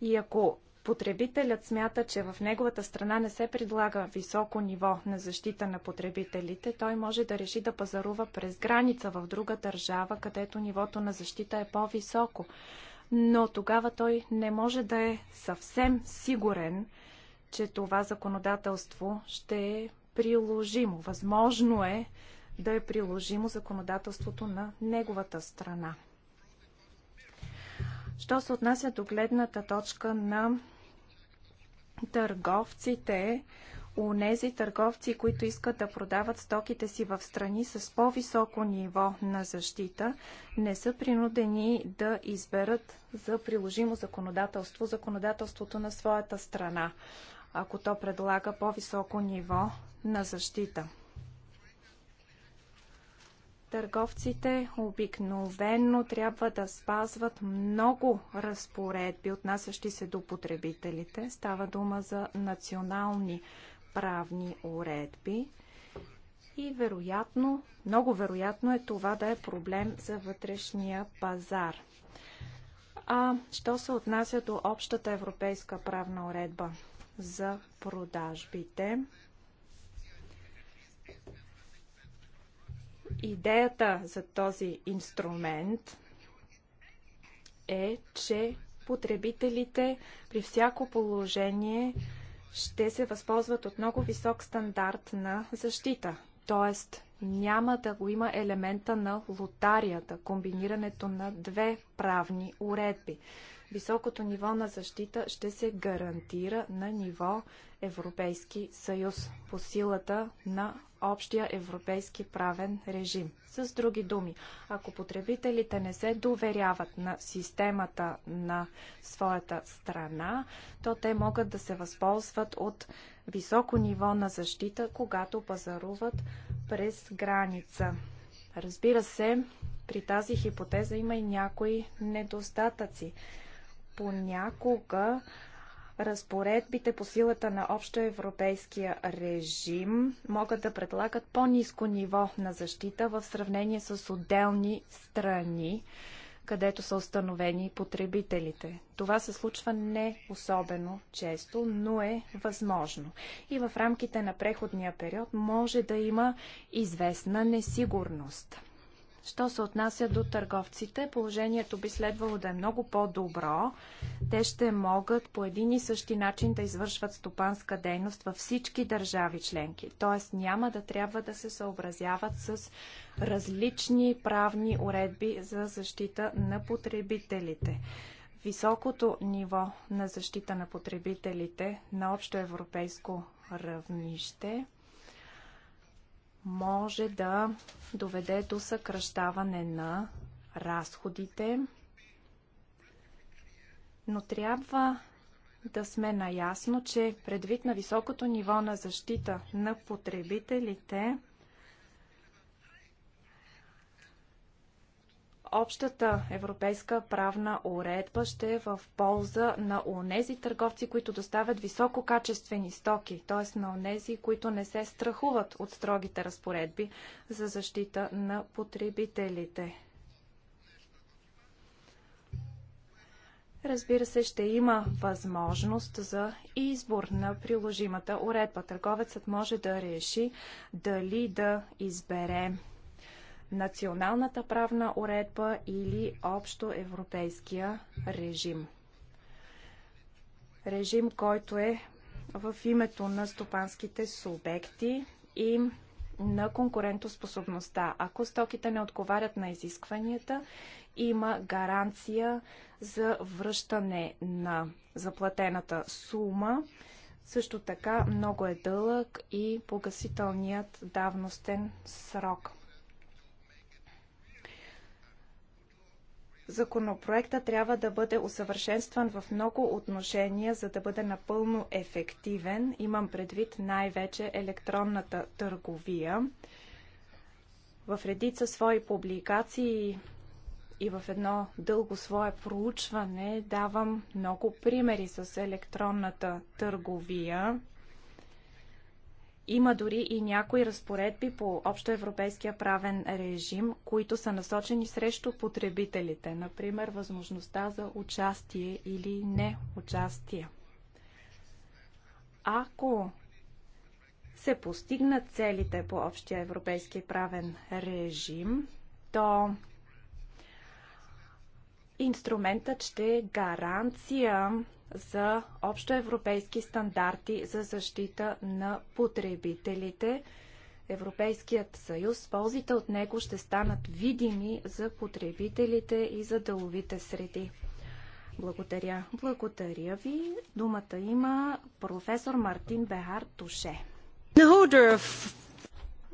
И ако потребителят смята, че в неговата страна не се предлага високо ниво на защита на потребителите, той може да реши да пазарува през граница в друга държава, където нивото на защита е по-високо. Но тогава той не може да е съвсем сигурен, че това законодателство ще е приложимо. Възможно е да е приложимо законодателството на неговата страна. Що се отнася до гледната точка на търговците, унези търговци, които искат да продават стоките си в страни с по-високо ниво на защита, не са принудени да изберат за приложимо законодателство законодателството на своята страна, ако то предлага по-високо ниво на защита търговците обикновенно трябва да спазват много разпоредби, отнасящи се до потребителите. Става дума за национални правни уредби. И вероятно, много вероятно е това да е проблем за вътрешния пазар. А що се отнася до общата европейска правна уредба за продажбите? Идеята за този инструмент е, че потребителите при всяко положение ще се възползват от много висок стандарт на защита. Тоест няма да го има елемента на лотарията, комбинирането на две правни уредби високото ниво на защита ще се гарантира на ниво Европейски съюз по силата на общия европейски правен режим. С други думи, ако потребителите не се доверяват на системата на своята страна, то те могат да се възползват от високо ниво на защита, когато пазаруват през граница. Разбира се, при тази хипотеза има и някои недостатъци понякога разпоредбите по силата на общоевропейския режим могат да предлагат по-низко ниво на защита в сравнение с отделни страни, където са установени потребителите. Това се случва не особено често, но е възможно. И в рамките на преходния период може да има известна несигурност. Що се отнася до търговците, положението би следвало да е много по-добро. Те ще могат по един и същи начин да извършват стопанска дейност във всички държави членки. Т.е. няма да трябва да се съобразяват с различни правни уредби за защита на потребителите високото ниво на защита на потребителите на общо европейско равнище може да доведе до съкръщаване на разходите, но трябва да сме наясно, че предвид на високото ниво на защита на потребителите, общата европейска правна уредба ще е в полза на онези търговци, които доставят висококачествени стоки, т.е. на онези, които не се страхуват от строгите разпоредби за защита на потребителите. Разбира се, ще има възможност за избор на приложимата уредба. Търговецът може да реши дали да избере националната правна уредба или общо европейския режим. Режим, който е в името на стопанските субекти и на конкурентоспособността. Ако стоките не отговарят на изискванията, има гаранция за връщане на заплатената сума. Също така много е дълъг и погасителният давностен срок. Законопроекта трябва да бъде усъвършенстван в много отношения, за да бъде напълно ефективен. Имам предвид най-вече електронната търговия. В редица свои публикации и в едно дълго свое проучване давам много примери с електронната търговия. Има дори и някои разпоредби по общоевропейския правен режим, които са насочени срещу потребителите, например възможността за участие или неучастие. Ако се постигнат целите по общия европейски правен режим, то инструментът ще е гаранция за общоевропейски стандарти за защита на потребителите. Европейският съюз, ползите от него ще станат видими за потребителите и за деловите среди. Благодаря. Благодаря ви. Думата има професор Мартин Бехар Туше.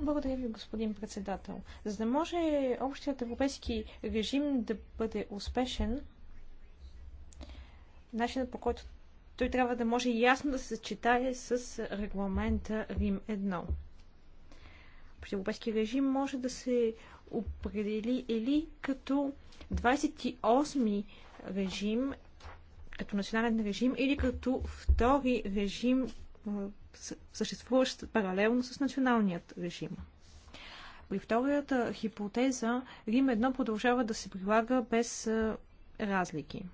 Благодаря ви, господин председател. За да може общият европейски режим да бъде успешен, начинът по който той трябва да може ясно да се съчетае с регламента Рим 1. При европейски режим може да се определи или като 28-ми режим, като национален режим, или като втори режим, съществуващ паралелно с националният режим. При втората хипотеза Рим 1 продължава да се прилага без разлики.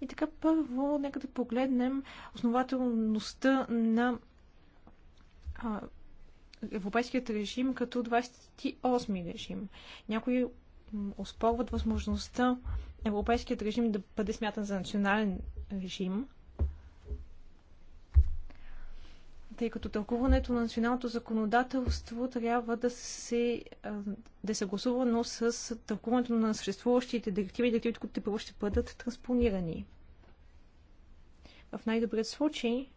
И така първо, нека да погледнем основателността на а, европейският режим като 28-ми режим. Някои оспорват възможността европейският режим да бъде смятан за национален режим – тъй като тълкуването на националното законодателство трябва да се да е съгласувано с тълкуването на съществуващите директиви директивите, които те ще бъдат транспонирани. В най-добрият случай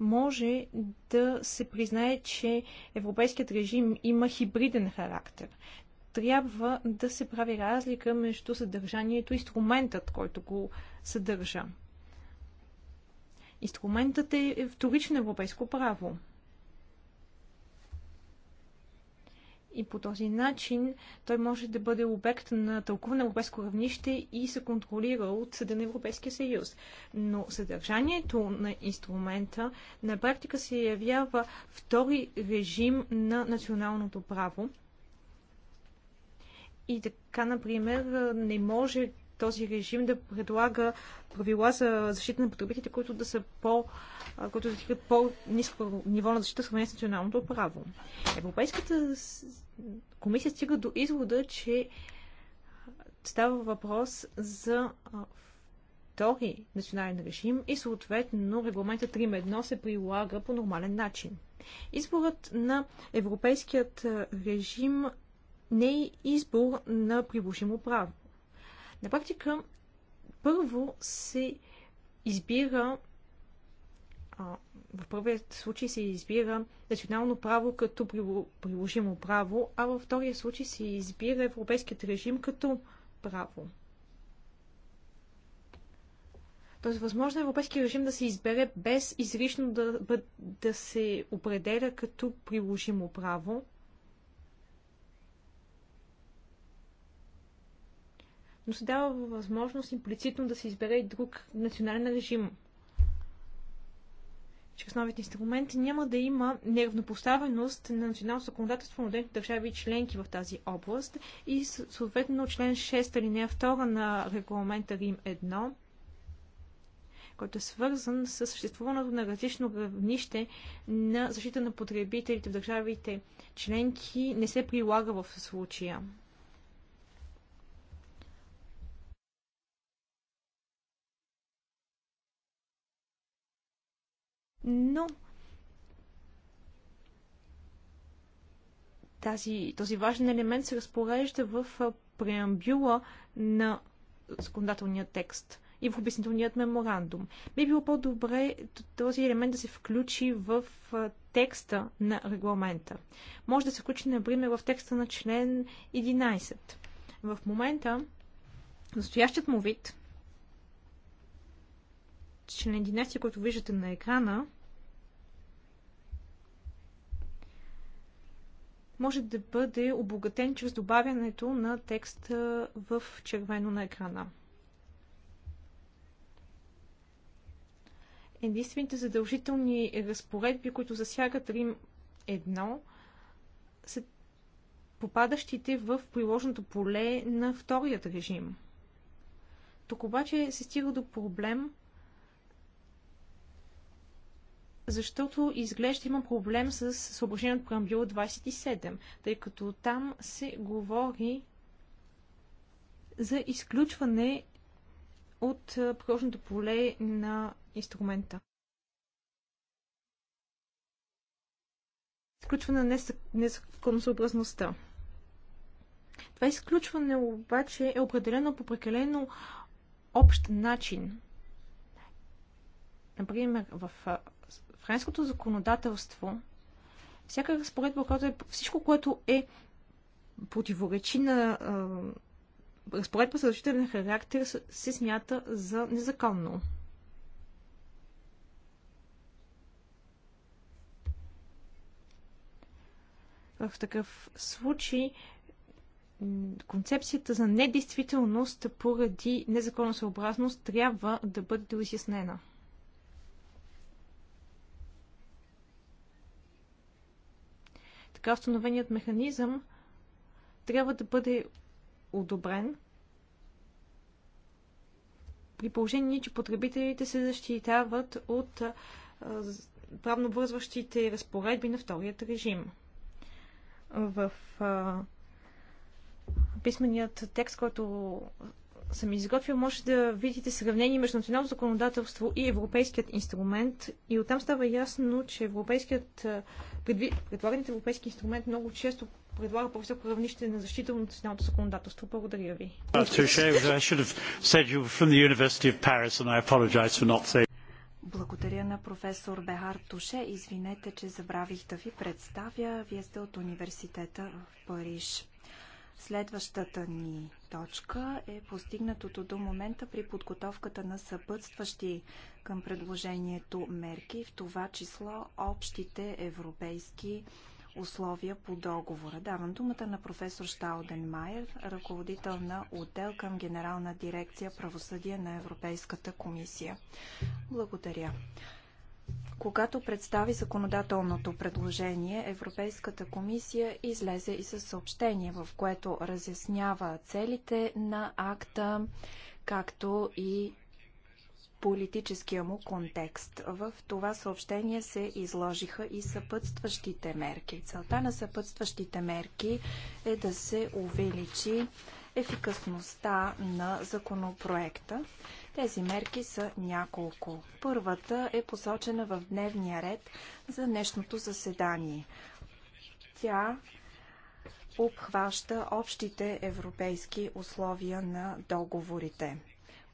може да се признае, че европейският режим има хибриден характер. Трябва да се прави разлика между съдържанието и инструментът, който го съдържа. Инструментът е вторично европейско право. И по този начин той може да бъде обект на тълкуване на европейско равнище и се контролира от Съда на Европейския съюз. Но съдържанието на инструмента на практика се явява втори режим на националното право. И така, например, не може този режим да предлага правила за защита на потребителите, които да са по, които да по-низко ниво на защита сравнение с националното право. Европейската комисия стига до извода, че става въпрос за втори национален режим и съответно регламента 3.1 се прилага по нормален начин. Изборът на европейският режим не е избор на приложимо право. На практика, първо се избира в първият случай се избира национално право като приложимо право, а във втория случай се избира европейският режим като право. Тоест, възможно е европейски режим да се избере без изрично да, да се определя като приложимо право. но се дава възможност имплицитно да се избере и друг национален режим. Чрез новите инструменти няма да има неравнопоставеност на националното законодателство на отделните държави и членки в тази област и съответно член 6 алинея 2 на регламента Рим 1 който е свързан с съществуването на различно равнище на защита на потребителите в държавите членки, не се прилага в случая. но тази, този важен елемент се разпорежда в преамбюла на законодателния текст и в обяснителният меморандум. Би било по-добре този елемент да се включи в текста на регламента. Може да се включи, например, в текста на член 11. В момента, настоящият му вид, член 11, който виждате на екрана, може да бъде обогатен чрез добавянето на текст в червено на екрана. Единствените задължителни разпоредби, които засягат Рим 1, са попадащите в приложното поле на вторият режим. Тук обаче се стига до проблем, защото изглежда има проблем с съображението към Био 27, тъй като там се говори за изключване от прожното поле на инструмента. Изключване на незаконосъобразността. Това изключване обаче е определено по прекалено общ начин. Например, в френското законодателство, всяка разпоредба, която е всичко, което е противоречи на а, разпоредба с защитен характер, се смята за незаконно. В такъв случай концепцията за недействителност поради незаконосъобразност трябва да бъде изяснена. Така установеният механизъм трябва да бъде одобрен при положение, че потребителите се защитават от правно вързващите разпоредби на вторият режим. В а, писменият текст, който съм изготвил, може да видите сравнение между национално законодателство и европейският инструмент. И оттам става ясно, че европейският, предви... предлаганият европейски инструмент много често предлага по-високо равнище на защита от националното законодателство. Благодаря ви. Благодаря на професор Бехар Туше. Извинете, че забравих да ви представя. Вие сте от университета в Париж. Следващата ни точка е постигнатото до момента при подготовката на съпътстващи към предложението мерки, в това число общите европейски условия по договора. Давам думата на професор Шталден Майер, ръководител на отдел към Генерална дирекция правосъдие на Европейската комисия. Благодаря. Когато представи законодателното предложение, Европейската комисия излезе и със съобщение, в което разяснява целите на акта, както и политическия му контекст. В това съобщение се изложиха и съпътстващите мерки. Целта на съпътстващите мерки е да се увеличи ефикасността на законопроекта, тези мерки са няколко. Първата е посочена в дневния ред за днешното заседание. Тя обхваща общите европейски условия на договорите.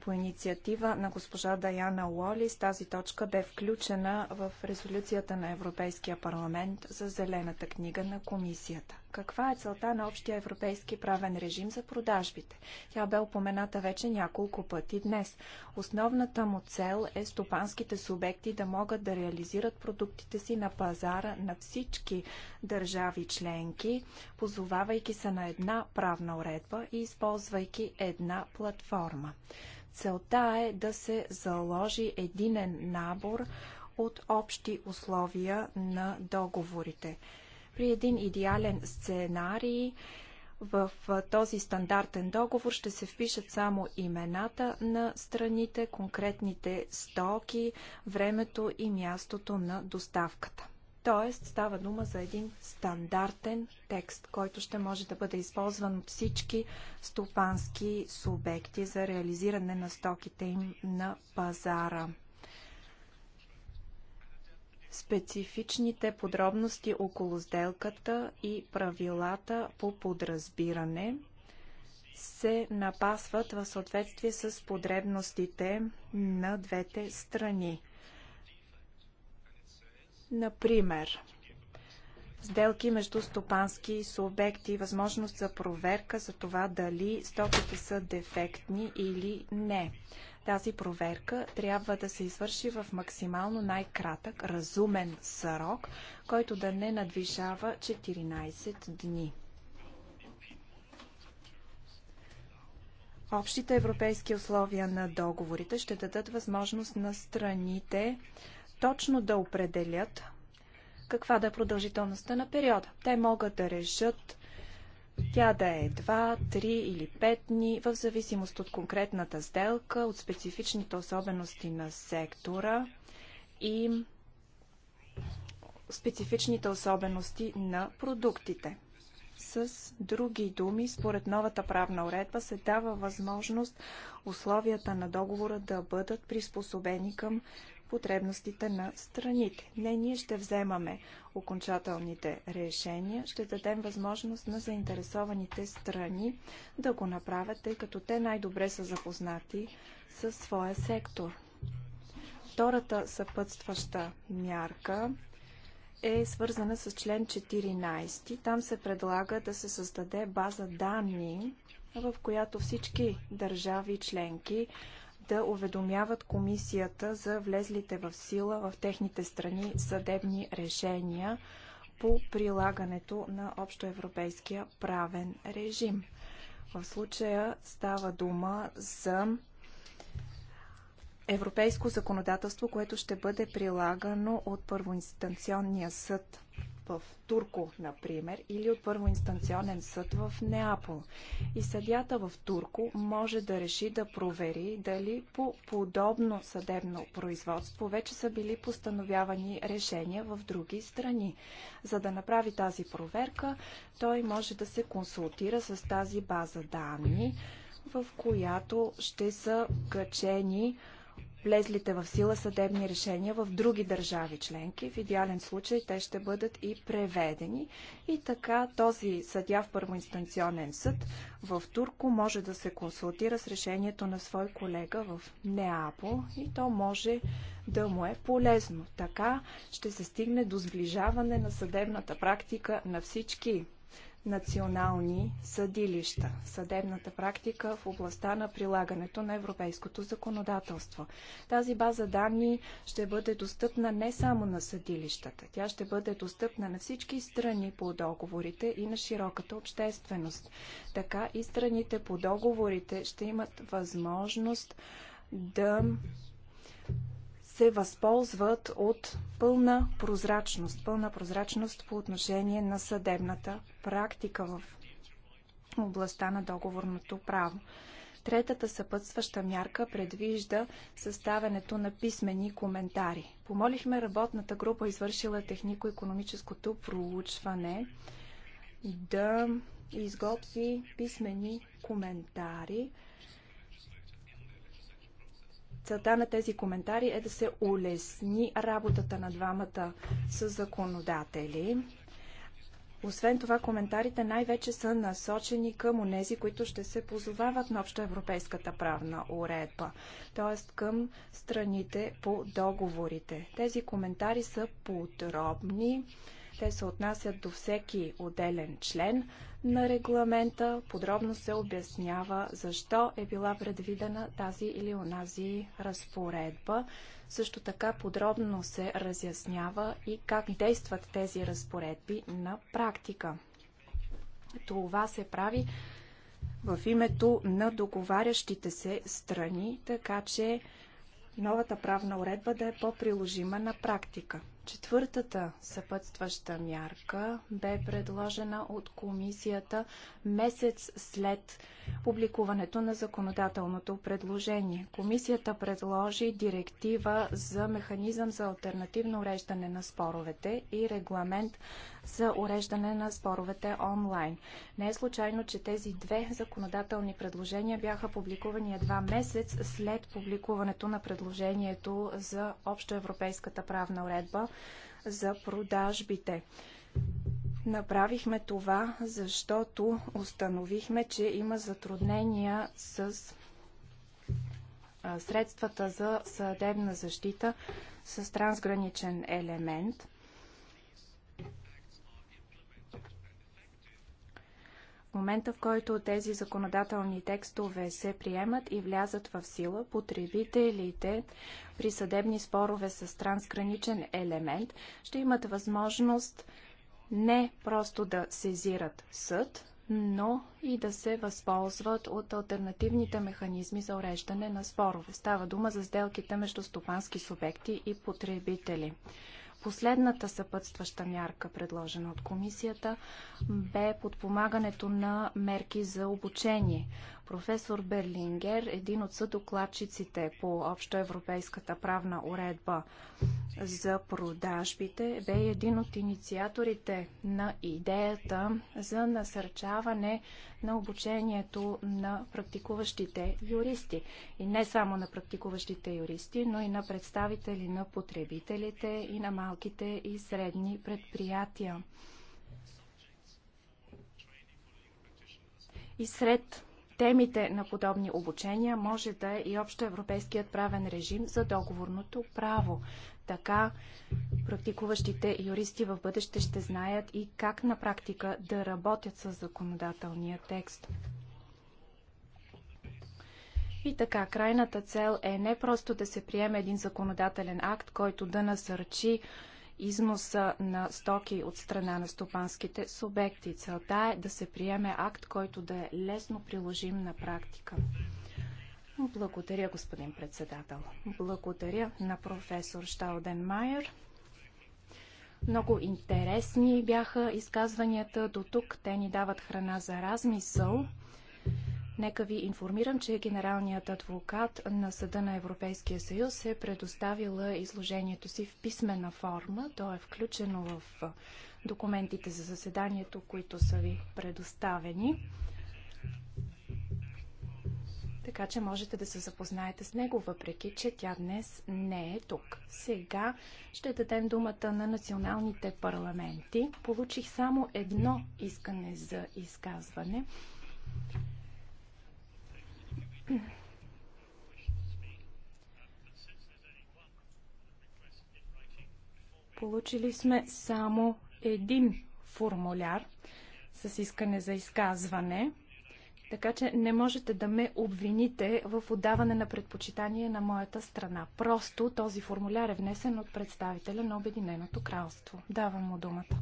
По инициатива на госпожа Даяна Уолис тази точка бе включена в резолюцията на Европейския парламент за Зелената книга на комисията. Каква е целта на общия европейски правен режим за продажбите? Тя бе упомената вече няколко пъти днес. Основната му цел е стопанските субекти да могат да реализират продуктите си на пазара на всички държави членки, позовавайки се на една правна уредба и използвайки една платформа. Целта е да се заложи единен набор от общи условия на договорите. При един идеален сценарий в този стандартен договор ще се впишат само имената на страните, конкретните стоки, времето и мястото на доставката. Тоест става дума за един стандартен текст, който ще може да бъде използван от всички стопански субекти за реализиране на стоките им на пазара. Специфичните подробности около сделката и правилата по подразбиране се напасват в съответствие с потребностите на двете страни. Например, сделки между стопански субекти и възможност за проверка за това дали стоките са дефектни или не. Тази проверка трябва да се извърши в максимално най-кратък разумен срок, който да не надвижава 14 дни. Общите европейски условия на договорите ще дадат възможност на страните точно да определят каква да е продължителността на периода. Те могат да решат тя да е 2, 3 или 5 дни, в зависимост от конкретната сделка, от специфичните особености на сектора и специфичните особености на продуктите. С други думи, според новата правна уредба се дава възможност условията на договора да бъдат приспособени към потребностите на страните. Не ние ще вземаме окончателните решения, ще дадем възможност на заинтересованите страни да го направят, тъй като те най-добре са запознати със своя сектор. Втората съпътстваща мярка е свързана с член 14. Там се предлага да се създаде база данни, в която всички държави членки да уведомяват комисията за влезлите в сила в техните страни съдебни решения по прилагането на общоевропейския правен режим. В случая става дума за европейско законодателство, което ще бъде прилагано от първоинстанционния съд в Турко, например, или от първоинстанционен съд в Неапол. И съдята в Турко може да реши да провери дали по подобно съдебно производство вече са били постановявани решения в други страни. За да направи тази проверка, той може да се консултира с тази база данни, в която ще са качени влезлите в сила съдебни решения в други държави членки. В идеален случай те ще бъдат и преведени. И така този съдя в първоинстанционен съд в Турко може да се консултира с решението на свой колега в Неапол и то може да му е полезно. Така ще се стигне до сближаване на съдебната практика на всички национални съдилища, съдебната практика в областта на прилагането на европейското законодателство. Тази база данни ще бъде достъпна не само на съдилищата, тя ще бъде достъпна на всички страни по договорите и на широката общественост. Така и страните по договорите ще имат възможност да се възползват от пълна прозрачност, пълна прозрачност по отношение на съдебната практика в областта на договорното право. Третата съпътстваща мярка предвижда съставянето на писмени коментари. Помолихме работната група, извършила технико-економическото проучване, да изготви писмени коментари Целта на тези коментари е да се улесни работата на двамата с законодатели. Освен това, коментарите най-вече са насочени към онези, които ще се позовават на общоевропейската правна уредба, т.е. към страните по договорите. Тези коментари са подробни, те се отнасят до всеки отделен член, на регламента подробно се обяснява защо е била предвидена тази или онази разпоредба. Също така подробно се разяснява и как действат тези разпоредби на практика. Това се прави в името на договарящите се страни, така че новата правна уредба да е по-приложима на практика. Четвъртата съпътстваща мярка бе предложена от комисията месец след публикуването на законодателното предложение. Комисията предложи директива за механизъм за альтернативно уреждане на споровете и регламент за уреждане на споровете онлайн. Не е случайно, че тези две законодателни предложения бяха публикувани едва месец след публикуването на предложението за общоевропейската правна уредба за продажбите. Направихме това, защото установихме, че има затруднения с средствата за съдебна защита с трансграничен елемент. момента, в който тези законодателни текстове се приемат и влязат в сила, потребителите при съдебни спорове с трансграничен елемент ще имат възможност не просто да сезират съд, но и да се възползват от альтернативните механизми за уреждане на спорове. Става дума за сделките между стопански субекти и потребители. Последната съпътстваща мярка, предложена от комисията, бе подпомагането на мерки за обучение. Професор Берлингер, един от съдокладчиците по общоевропейската правна уредба за продажбите, бе един от инициаторите на идеята за насърчаване на обучението на практикуващите юристи. И не само на практикуващите юристи, но и на представители на потребителите и на малките малките и средни предприятия. И сред темите на подобни обучения може да е и общоевропейският правен режим за договорното право. Така практикуващите юристи в бъдеще ще знаят и как на практика да работят с законодателния текст. И така, крайната цел е не просто да се приеме един законодателен акт, който да насърчи износа на стоки от страна на стопанските субекти. Целта е да се приеме акт, който да е лесно приложим на практика. Благодаря, господин председател. Благодаря на професор Шталден Майер. Много интересни бяха изказванията до тук. Те ни дават храна за размисъл. Нека ви информирам, че генералният адвокат на Съда на Европейския съюз е предоставила изложението си в писмена форма. То е включено в документите за заседанието, които са ви предоставени. Така че можете да се запознаете с него, въпреки че тя днес не е тук. Сега ще дадем думата на националните парламенти. Получих само едно искане за изказване. Получили сме само един формуляр с искане за изказване, така че не можете да ме обвините в отдаване на предпочитание на моята страна. Просто този формуляр е внесен от представителя на Обединеното кралство. Давам му думата.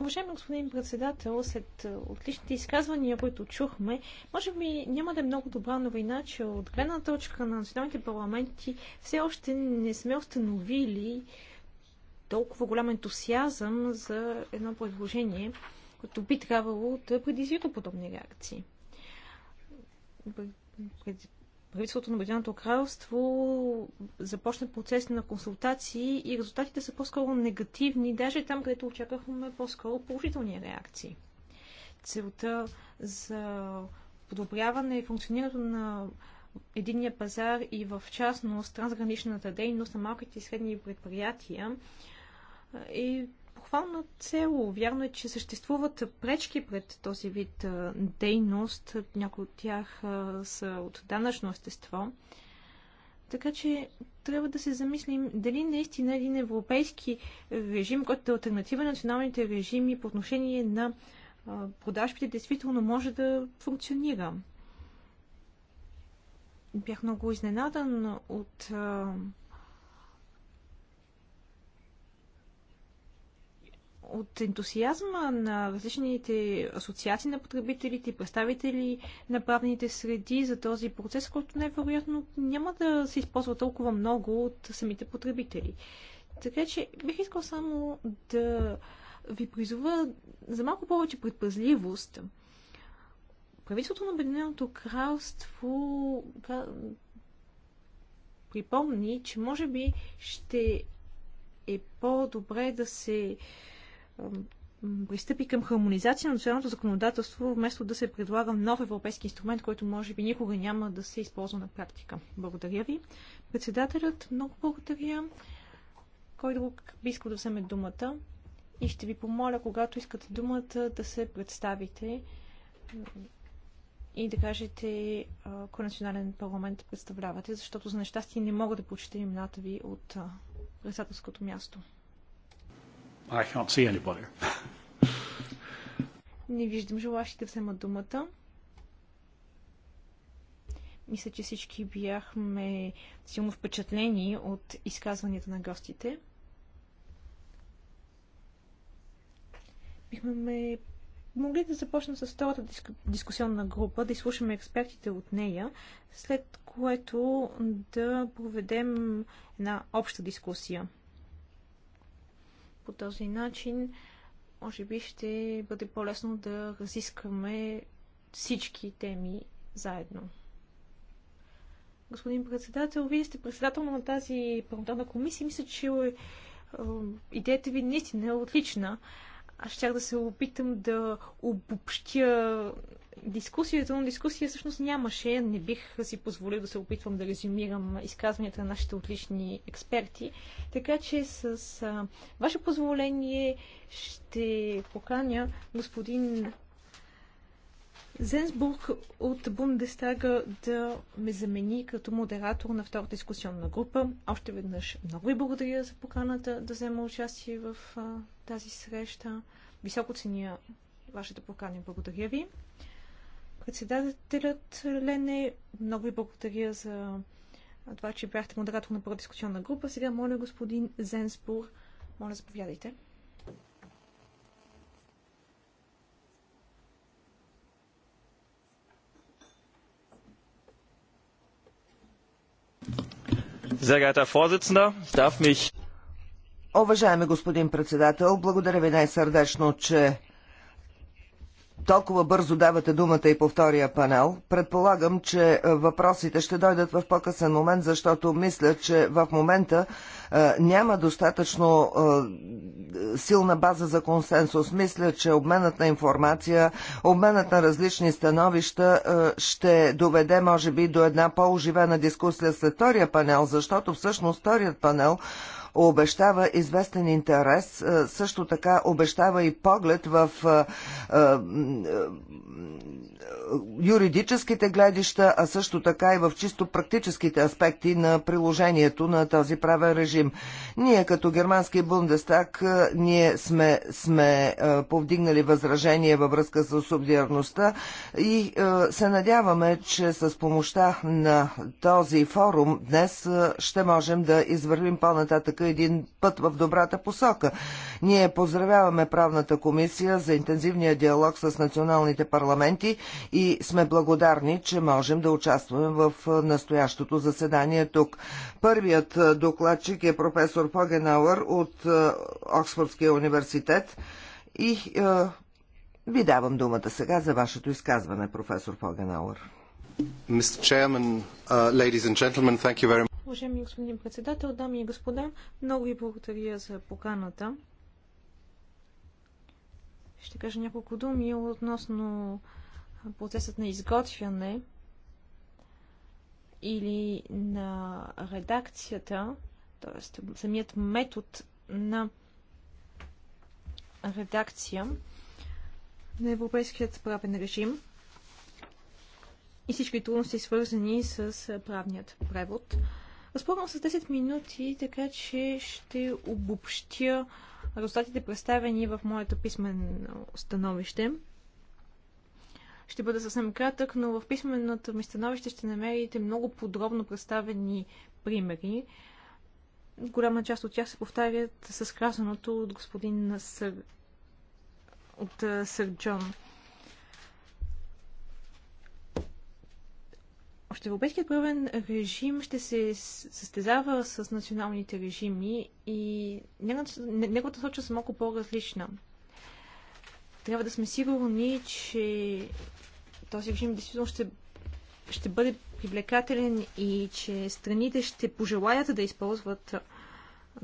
Уважаеми господин председател, след е, отличните изказвания, които чухме, може би няма да е много добра новина, че от гледна точка на националните парламенти все още не сме установили толкова голям ентусиазъм за едно предложение, което би трябвало да предизвика подобни реакции правителството на Обединеното кралство започна процес на консултации и резултатите са по-скоро негативни, даже там, където очаквахме по-скоро положителни реакции. Целта за подобряване и функционирането на единния пазар и в частност трансграничната дейност на малките и средни предприятия е похвална цел. Вярно е, че съществуват пречки пред този вид дейност. Някои от тях са от данъчно естество. Така че трябва да се замислим дали наистина един европейски режим, който е альтернатива на националните режими по отношение на продажбите, действително може да функционира. Бях много изненадан от от ентусиазма на различните асоциации на потребителите и представители на правните среди за този процес, който най-вероятно няма да се използва толкова много от самите потребители. Така че бих искал само да ви призова за малко повече предпазливост. Правителството на Обединеното кралство припомни, че може би ще е по-добре да се пристъпи към хармонизация на националното законодателство, вместо да се предлага нов европейски инструмент, който може би никога няма да се използва на практика. Благодаря ви. Председателят, много благодаря. Кой друг би искал да вземе думата? И ще ви помоля, когато искате думата, да се представите и да кажете кой национален парламент представлявате, защото за нещастие не мога да прочета имената ви от председателското място. I can't see anybody. Не виждам желащи да вземат думата. Мисля, че всички бяхме силно впечатлени от изказванията на гостите. Бихме могли да започнем с втората диску... дискусионна група, да изслушаме експертите от нея, след което да проведем една обща дискусия. По този начин, може би ще бъде по-лесно да разискваме всички теми заедно. Господин председател, вие сте председател на тази парламентарна комисия. Мисля, че е, е, идеята ви наистина е отлична. Аз щях да се опитам да обобщя дискусията, но дискусия всъщност нямаше. Не бих си позволил да се опитвам да резюмирам изказванията на нашите отлични експерти. Така че с а, ваше позволение ще поканя господин Зенсбург от Бундестага да ме замени като модератор на втората дискусионна група. Още веднъж много ви благодаря за поканата да взема участие в а, тази среща. Високо ценя вашата покана. Благодаря ви. Председателят Лене, много ви благодаря за това, че бяхте модератор на първа дискусионна група. Сега моля господин Зенсбур, моля заповядайте. Уважаеми господин председател, благодаря ви най-сърдечно, че толкова бързо давате думата и по втория панел. Предполагам, че е, въпросите ще дойдат в по-късен момент, защото мисля, че в момента е, няма достатъчно е, силна база за консенсус. Мисля, че обменът на информация, обменът на различни становища ще доведе, може би, до една по-оживена дискусия след втория панел, защото всъщност вторият панел обещава известен интерес, също така обещава и поглед в юридическите гледища, а също така и в чисто практическите аспекти на приложението на този правен режим. Ние като германски Бундестаг ние сме, сме повдигнали възражение във връзка с субдиарността и се надяваме, че с помощта на този форум днес ще можем да извървим по-нататък стъпка, един път в добрата посока. Ние поздравяваме правната комисия за интензивния диалог с националните парламенти и сме благодарни, че можем да участваме в настоящото заседание тук. Първият докладчик е професор Погенауър от Оксфордския университет и е, ви давам думата сега за вашето изказване, професор Погенауър. Mr. Chairman, uh, ladies and gentlemen, thank you very much. Уважаеми господин председател, дами и господа, много ви благодаря за поканата. Ще кажа няколко думи относно процесът на изготвяне или на редакцията, т.е. самият метод на редакция на европейският правен режим и всички трудности, свързани с правният превод. Разполагам с 10 минути, така че ще обобщя резултатите представени в моето писмено становище. Ще бъда съвсем кратък, но в писменото ми становище ще намерите много подробно представени примери. Голяма част от тях се повтарят с казаното от господин Сър... от Сър Джон. Още правен режим ще се състезава с националните режими и неговата случка са е малко по-различна. Трябва да сме сигурни, че този режим действително ще, ще бъде привлекателен и че страните ще пожелаят да използват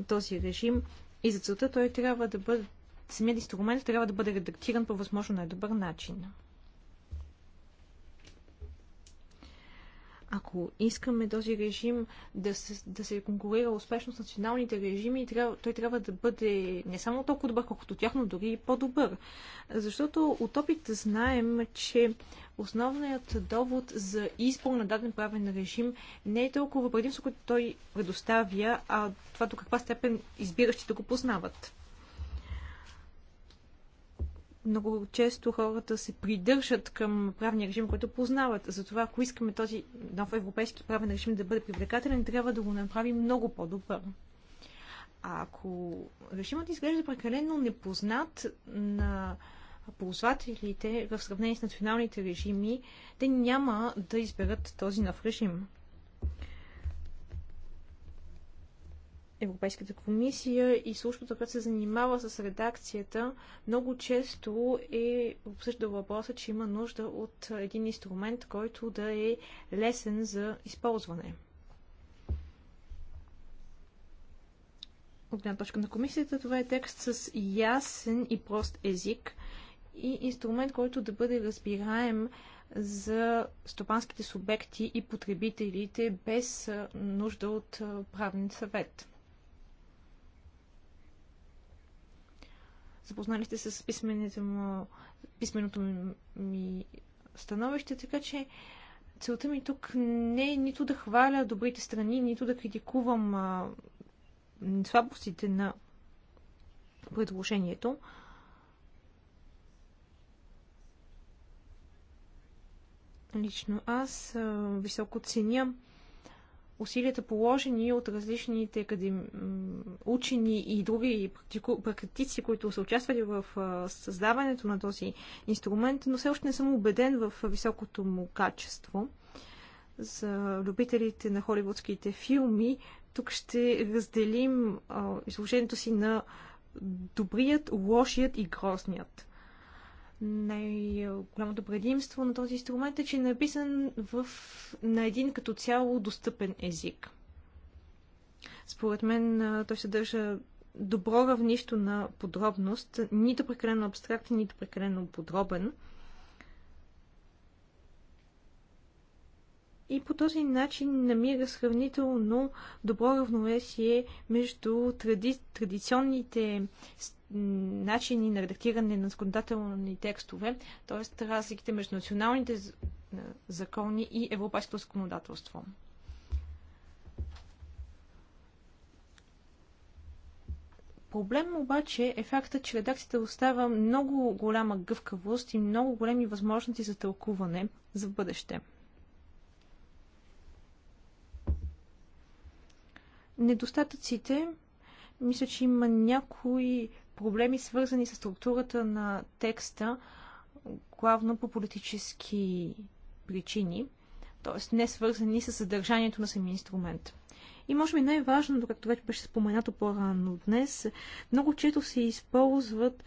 този режим и за целта той трябва да бъде самият инструмент трябва да бъде редактиран по възможно най-добър начин. Ако искаме този режим да се, да се конкурира успешно с националните режими, трябва, той трябва да бъде не само толкова добър, колкото тяхно, дори и по-добър. Защото от опит знаем, че основният довод за избор на даден правен режим не е толкова предимство, което той предоставя, а това до каква степен избиращите го познават много често хората се придържат към правния режим, който познават. Затова, ако искаме този нов европейски правен режим да бъде привлекателен, трябва да го направим много по-добър. А ако режимът изглежда прекалено непознат на ползвателите в сравнение с националните режими, те няма да изберат този нов режим. Европейската комисия и службата, която се занимава с редакцията, много често е обсъждала въпроса, че има нужда от един инструмент, който да е лесен за използване. От гледна точка на комисията, това е текст с ясен и прост език и инструмент, който да бъде разбираем за стопанските субекти и потребителите без нужда от правен съвет. Запознали сте с писменото му, писменото ми становище, така че целта ми тук не е нито да хваля добрите страни, нито да критикувам а, слабостите на предложението. Лично аз а, високо ценя усилията положени от различните академ... учени и други практику... практици, които са участвали в създаването на този инструмент, но все още не съм убеден в високото му качество. За любителите на холивудските филми, тук ще разделим изложението си на добрият, лошият и грозният най-голямото предимство на този инструмент е, че е написан в, на един като цяло достъпен език. Според мен той съдържа добро равнище на подробност, нито прекалено абстрактен, нито прекалено подробен. И по този начин намира сравнително добро равновесие между тради... традиционните начини на редактиране на законодателни текстове, т.е. разликите между националните закони и европейското законодателство. Проблем обаче е факта, че редакцията остава много голяма гъвкавост и много големи възможности за тълкуване за бъдеще. Недостатъците мисля, че има някои проблеми, свързани с структурата на текста, главно по политически причини, т.е. не свързани с съдържанието на самия инструмент. И може би най-важното, както вече беше споменато по-рано днес, много често се използват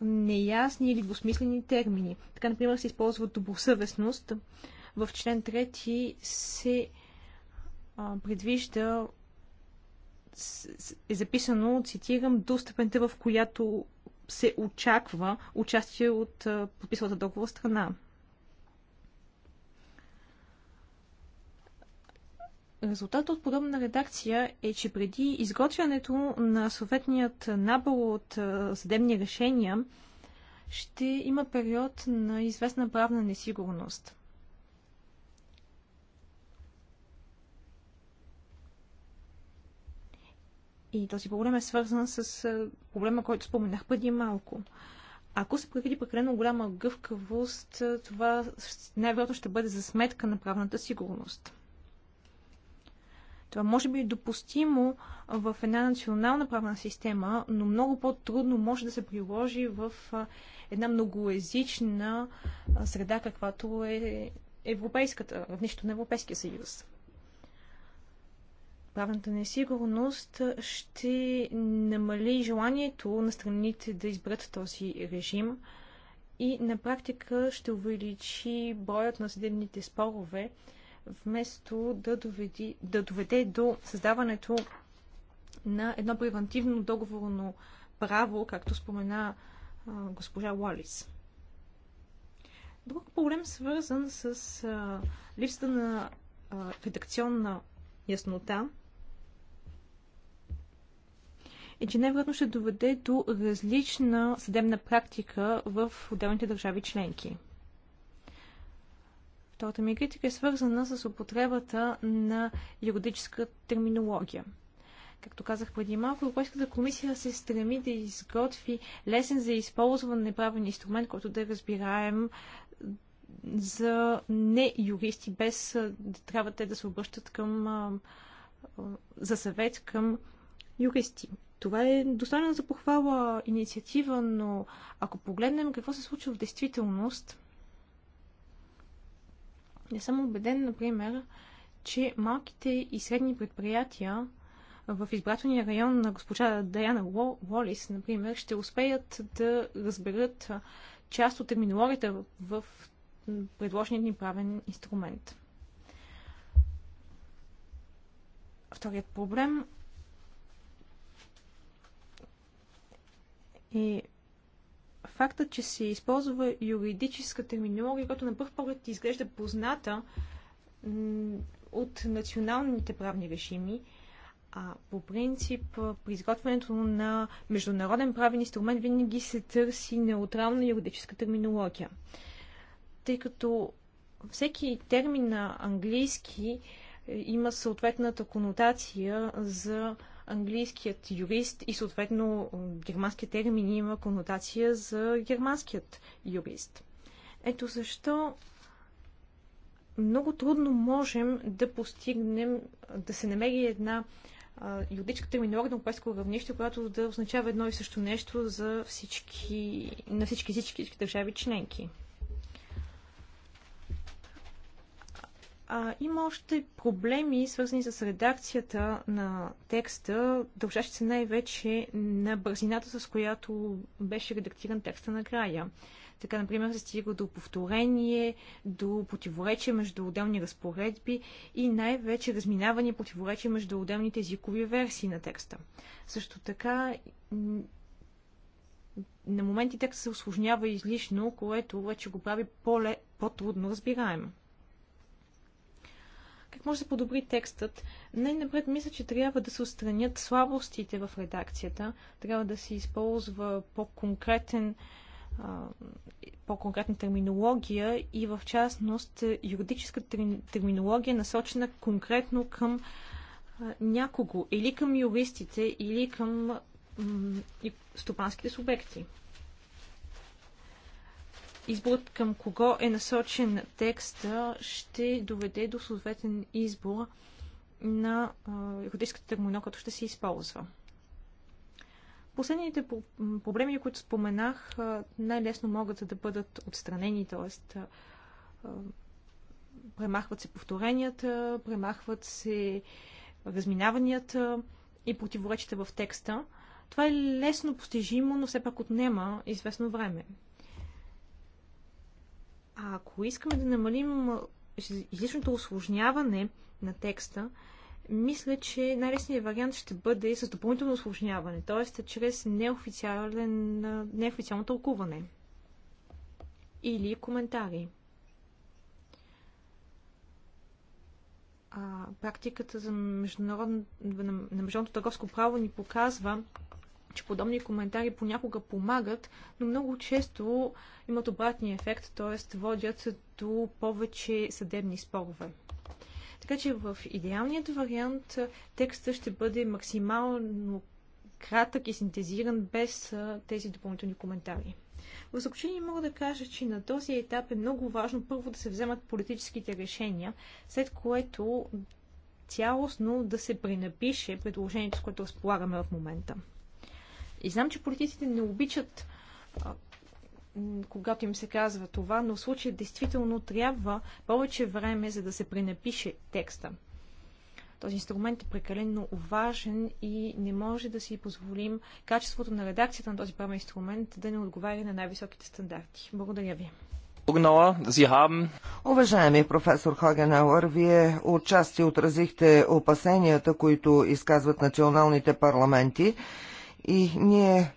неясни или двусмислени термини. Така, например, се използва добросъвестност. В член 3 се предвижда е записано, цитирам, до степента, в която се очаква участие от подписалата договор страна. Резултатът от подобна редакция е, че преди изготвянето на съответният набор от съдебни решения ще има период на известна правна несигурност. И този проблем е свързан с проблема, който споменах преди малко. Ако се прекрати прекалено голяма гъвкавост, това най-вероятно ще бъде за сметка на правната сигурност. Това може би е допустимо в една национална правна система, но много по-трудно може да се приложи в една многоезична среда, каквато е европейската, нищо на Европейския съюз правната несигурност ще намали желанието на страните да изберат този режим и на практика ще увеличи броят на съдебните спорове, вместо да, доведи, да доведе до създаването на едно превентивно договорно право, както спомена а, госпожа Уалис. Друг проблем свързан с а, липсата на а, редакционна яснота е, че най-вероятно ще доведе до различна съдебна практика в отделните държави членки. Втората ми критика е свързана с употребата на юридическа терминология. Както казах преди малко, Европейската комисия се стреми да изготви лесен за използване правен инструмент, който да разбираем за не юристи, без да трябва те да се обръщат към, за съвет към юристи. Това е достойна за похвала инициатива, но ако погледнем какво се случва в действителност, не съм убеден, например, че малките и средни предприятия в избрателния район на госпожа Даяна Уолис, например, ще успеят да разберат част от терминологията в предложения ни правен инструмент. Вторият проблем И е факта, че се използва юридическа терминология, която на първ поглед изглежда позната от националните правни режими, а по принцип при изготвянето на международен правен инструмент винаги се търси неутрална юридическа терминология. Тъй като всеки термин на английски е, има съответната конотация за английският юрист и съответно германският термин има конотация за германският юрист. Ето защо много трудно можем да постигнем, да се намери една юридическа терминология на европейско равнище, която да означава едно и също нещо за всички, на всички, всички, всички държави членки. А, има още проблеми, свързани с редакцията на текста, дължащи се най-вече на бързината, с която беше редактиран текста накрая. Така, например, се стига до повторение, до противоречия между отделни разпоредби и най-вече разминаване противоречия между отделните езикови версии на текста. Също така, на моменти текста се осложнява излишно, което вече го прави по-трудно разбираемо. Как може да подобри текстът? Най-напред мисля, че трябва да се отстранят слабостите в редакцията. Трябва да се използва по-конкретен по-конкретна терминология и в частност юридическа терминология насочена конкретно към някого или към юристите, или към стопанските субекти изборът към кого е насочен текста ще доведе до съответен избор на юридическата терминал, който ще се използва. Последните проблеми, които споменах, най-лесно могат да бъдат отстранени, т.е. премахват се повторенията, премахват се разминаванията и противоречите в текста. Това е лесно постижимо, но все пак отнема известно време. А ако искаме да намалим излишното осложняване на текста, мисля, че най-лесният вариант ще бъде с допълнително осложняване, т.е. чрез неофициално тълкуване или коментари. А, практиката за международно, на международното търговско право ни показва, че подобни коментари понякога помагат, но много често имат обратния ефект, т.е. водят до повече съдебни спорове. Така че в идеалният вариант текста ще бъде максимално кратък и синтезиран без тези допълнителни коментари. В заключение мога да кажа, че на този етап е много важно първо да се вземат политическите решения, след което цялостно да се пренапише предложението, с което разполагаме в момента. И знам, че политиците не обичат когато им се казва това, но в случая действително трябва повече време, за да се пренапише текста. Този инструмент е прекалено важен и не може да си позволим качеството на редакцията на този правен инструмент да не отговаря на най-високите стандарти. Благодаря ви. Уважаеми професор Хагенауър, вие отчасти отразихте опасенията, които изказват националните парламенти. И ние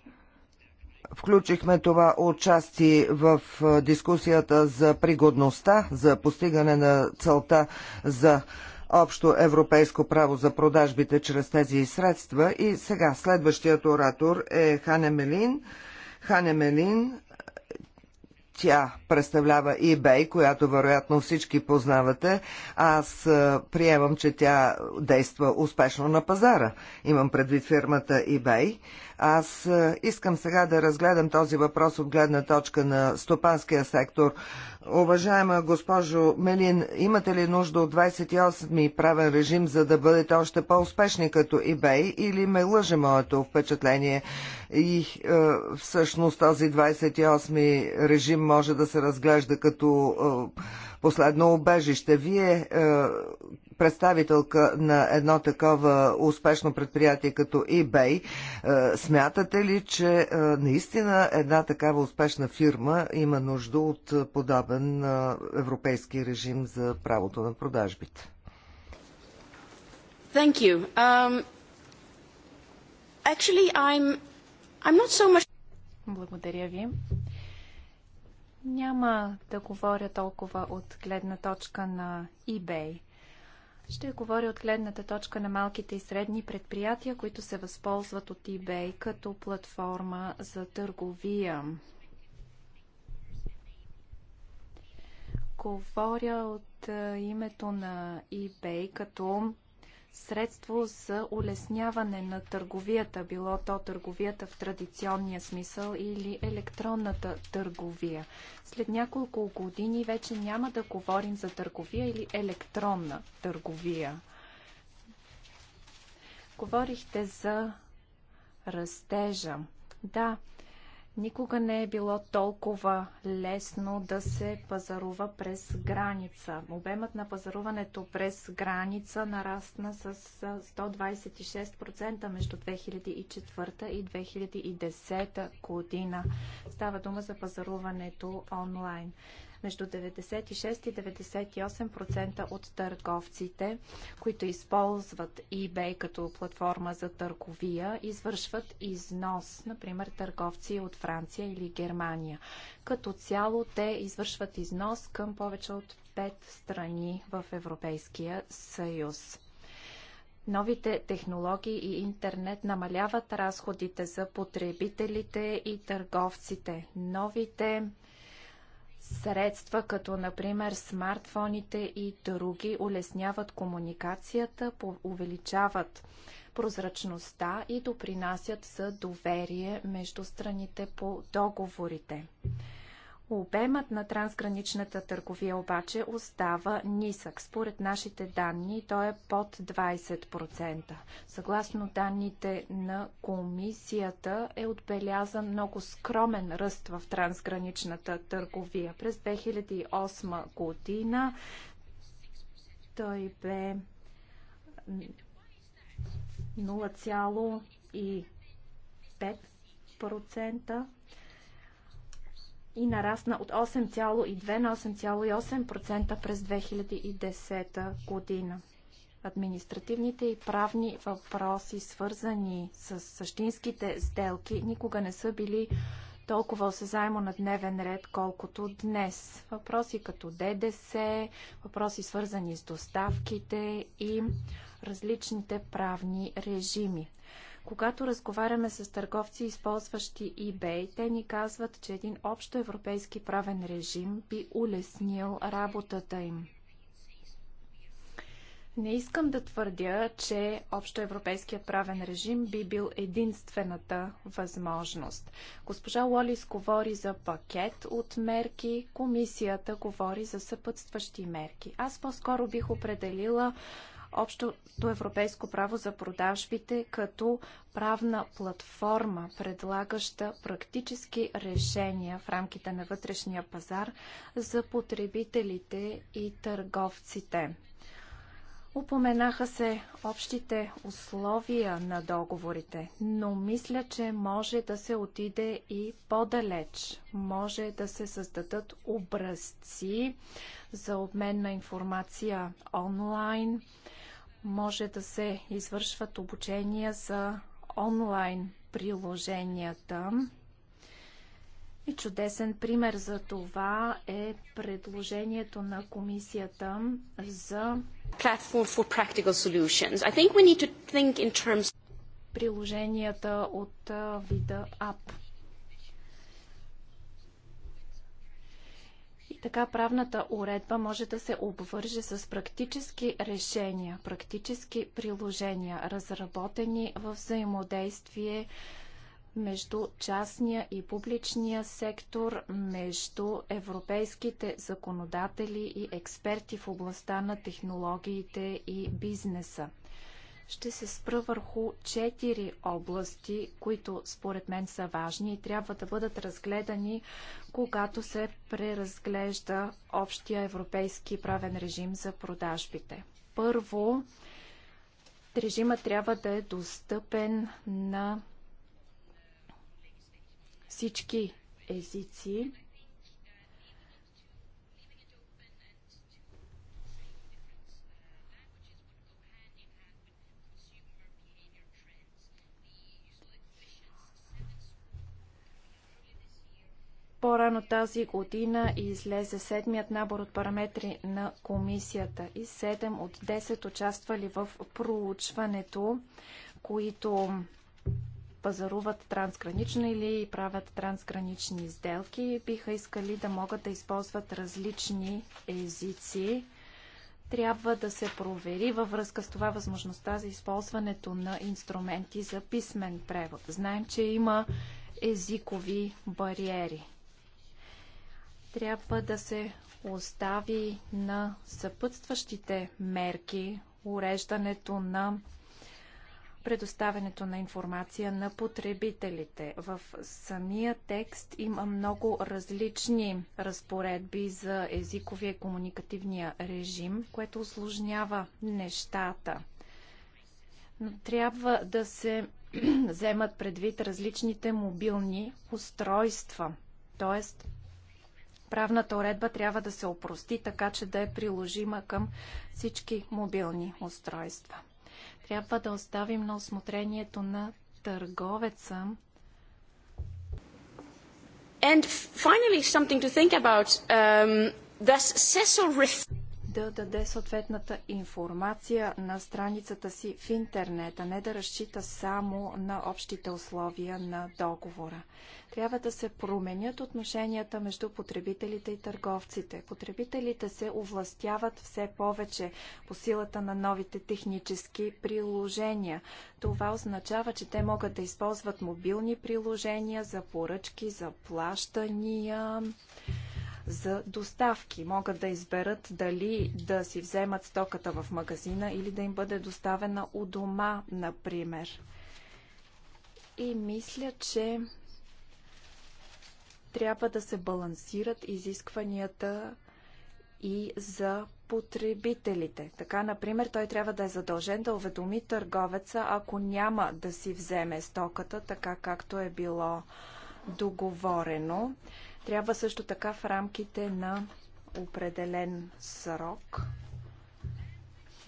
включихме това участие в дискусията за пригодността, за постигане на целта за общо европейско право за продажбите чрез тези средства. И сега следващият оратор е Хане Мелин. Хане Мелин тя представлява eBay, която вероятно всички познавате. Аз е, приемам, че тя действа успешно на пазара. Имам предвид фирмата eBay. Аз е, искам сега да разгледам този въпрос от гледна точка на стопанския сектор. Уважаема госпожо Мелин, имате ли нужда от 28-ми правен режим, за да бъдете още по-успешни като eBay или ме лъже моето впечатление? И е, всъщност този 28-ми режим може да се разглежда като е, последно обежище. Вие е, представителка на едно такова успешно предприятие като eBay, е, смятате ли, че е, наистина една такава успешна фирма има нужда от подобен е, европейски режим за правото на продажбите? Thank you. Um, actually, I'm, I'm not so much... Благодаря ви. Няма да говоря толкова от гледна точка на eBay. Ще говоря от гледната точка на малките и средни предприятия, които се възползват от eBay като платформа за търговия. Говоря от името на eBay като средство за улесняване на търговията, било то търговията в традиционния смисъл или електронната търговия. След няколко години вече няма да говорим за търговия или електронна търговия. Говорихте за растежа. Да, Никога не е било толкова лесно да се пазарува през граница. Обемът на пазаруването през граница нарасна с 126% между 2004 и 2010 година. Става дума за пазаруването онлайн между 96 и 98% от търговците, които използват eBay като платформа за търговия, извършват износ, например търговци от Франция или Германия. Като цяло те извършват износ към повече от 5 страни в Европейския съюз. Новите технологии и интернет намаляват разходите за потребителите и търговците. Новите Средства като, например, смартфоните и други улесняват комуникацията, увеличават прозрачността и допринасят за доверие между страните по договорите. Обемът на трансграничната търговия обаче остава нисък. Според нашите данни той е под 20%. Съгласно данните на комисията е отбелязан много скромен ръст в трансграничната търговия. През 2008 година той бе 0,5% и нарасна от 8,2 на 8,8% през 2010 година. Административните и правни въпроси, свързани с същинските сделки, никога не са били толкова осезаемо на дневен ред, колкото днес. Въпроси като ДДС, въпроси свързани с доставките и различните правни режими. Когато разговаряме с търговци, използващи eBay, те ни казват, че един общо европейски правен режим би улеснил работата им. Не искам да твърдя, че общоевропейският правен режим би бил единствената възможност. Госпожа Лолис говори за пакет от мерки, комисията говори за съпътстващи мерки. Аз по-скоро бих определила общото европейско право за продажбите като правна платформа, предлагаща практически решения в рамките на вътрешния пазар за потребителите и търговците. Упоменаха се общите условия на договорите, но мисля, че може да се отиде и по-далеч. Може да се създадат образци за обмен на информация онлайн, може да се извършват обучения за онлайн приложенията. И чудесен пример за това е предложението на комисията за Platform for Practical Solutions. I think we need to think in terms приложенията от вида App. Така правната уредба може да се обвърже с практически решения, практически приложения, разработени в взаимодействие между частния и публичния сектор, между европейските законодатели и експерти в областта на технологиите и бизнеса ще се спра върху четири области, които според мен са важни и трябва да бъдат разгледани, когато се преразглежда общия европейски правен режим за продажбите. Първо, режима трябва да е достъпен на всички езици. По-рано тази година излезе седмият набор от параметри на комисията и 7 от 10 участвали в проучването, които пазаруват трансгранично или правят трансгранични сделки, биха искали да могат да използват различни езици. Трябва да се провери във връзка с това възможността за използването на инструменти за писмен превод. Знаем, че има езикови бариери трябва да се остави на съпътстващите мерки уреждането на предоставянето на информация на потребителите. В самия текст има много различни разпоредби за езиковия и комуникативния режим, което осложнява нещата. Но трябва да се вземат предвид различните мобилни устройства, т.е. Правната уредба трябва да се опрости, така че да е приложима към всички мобилни устройства. Трябва да оставим на осмотрението на търговеца. And finally, something to think about. Um, does Cecil да даде съответната информация на страницата си в интернет, а не да разчита само на общите условия на договора. Трябва да се променят отношенията между потребителите и търговците. Потребителите се овластяват все повече по силата на новите технически приложения. Това означава, че те могат да използват мобилни приложения за поръчки, за плащания за доставки. Могат да изберат дали да си вземат стоката в магазина или да им бъде доставена у дома, например. И мисля, че трябва да се балансират изискванията и за потребителите. Така, например, той трябва да е задължен да уведоми търговеца, ако няма да си вземе стоката, така както е било договорено. Трябва също така в рамките на определен срок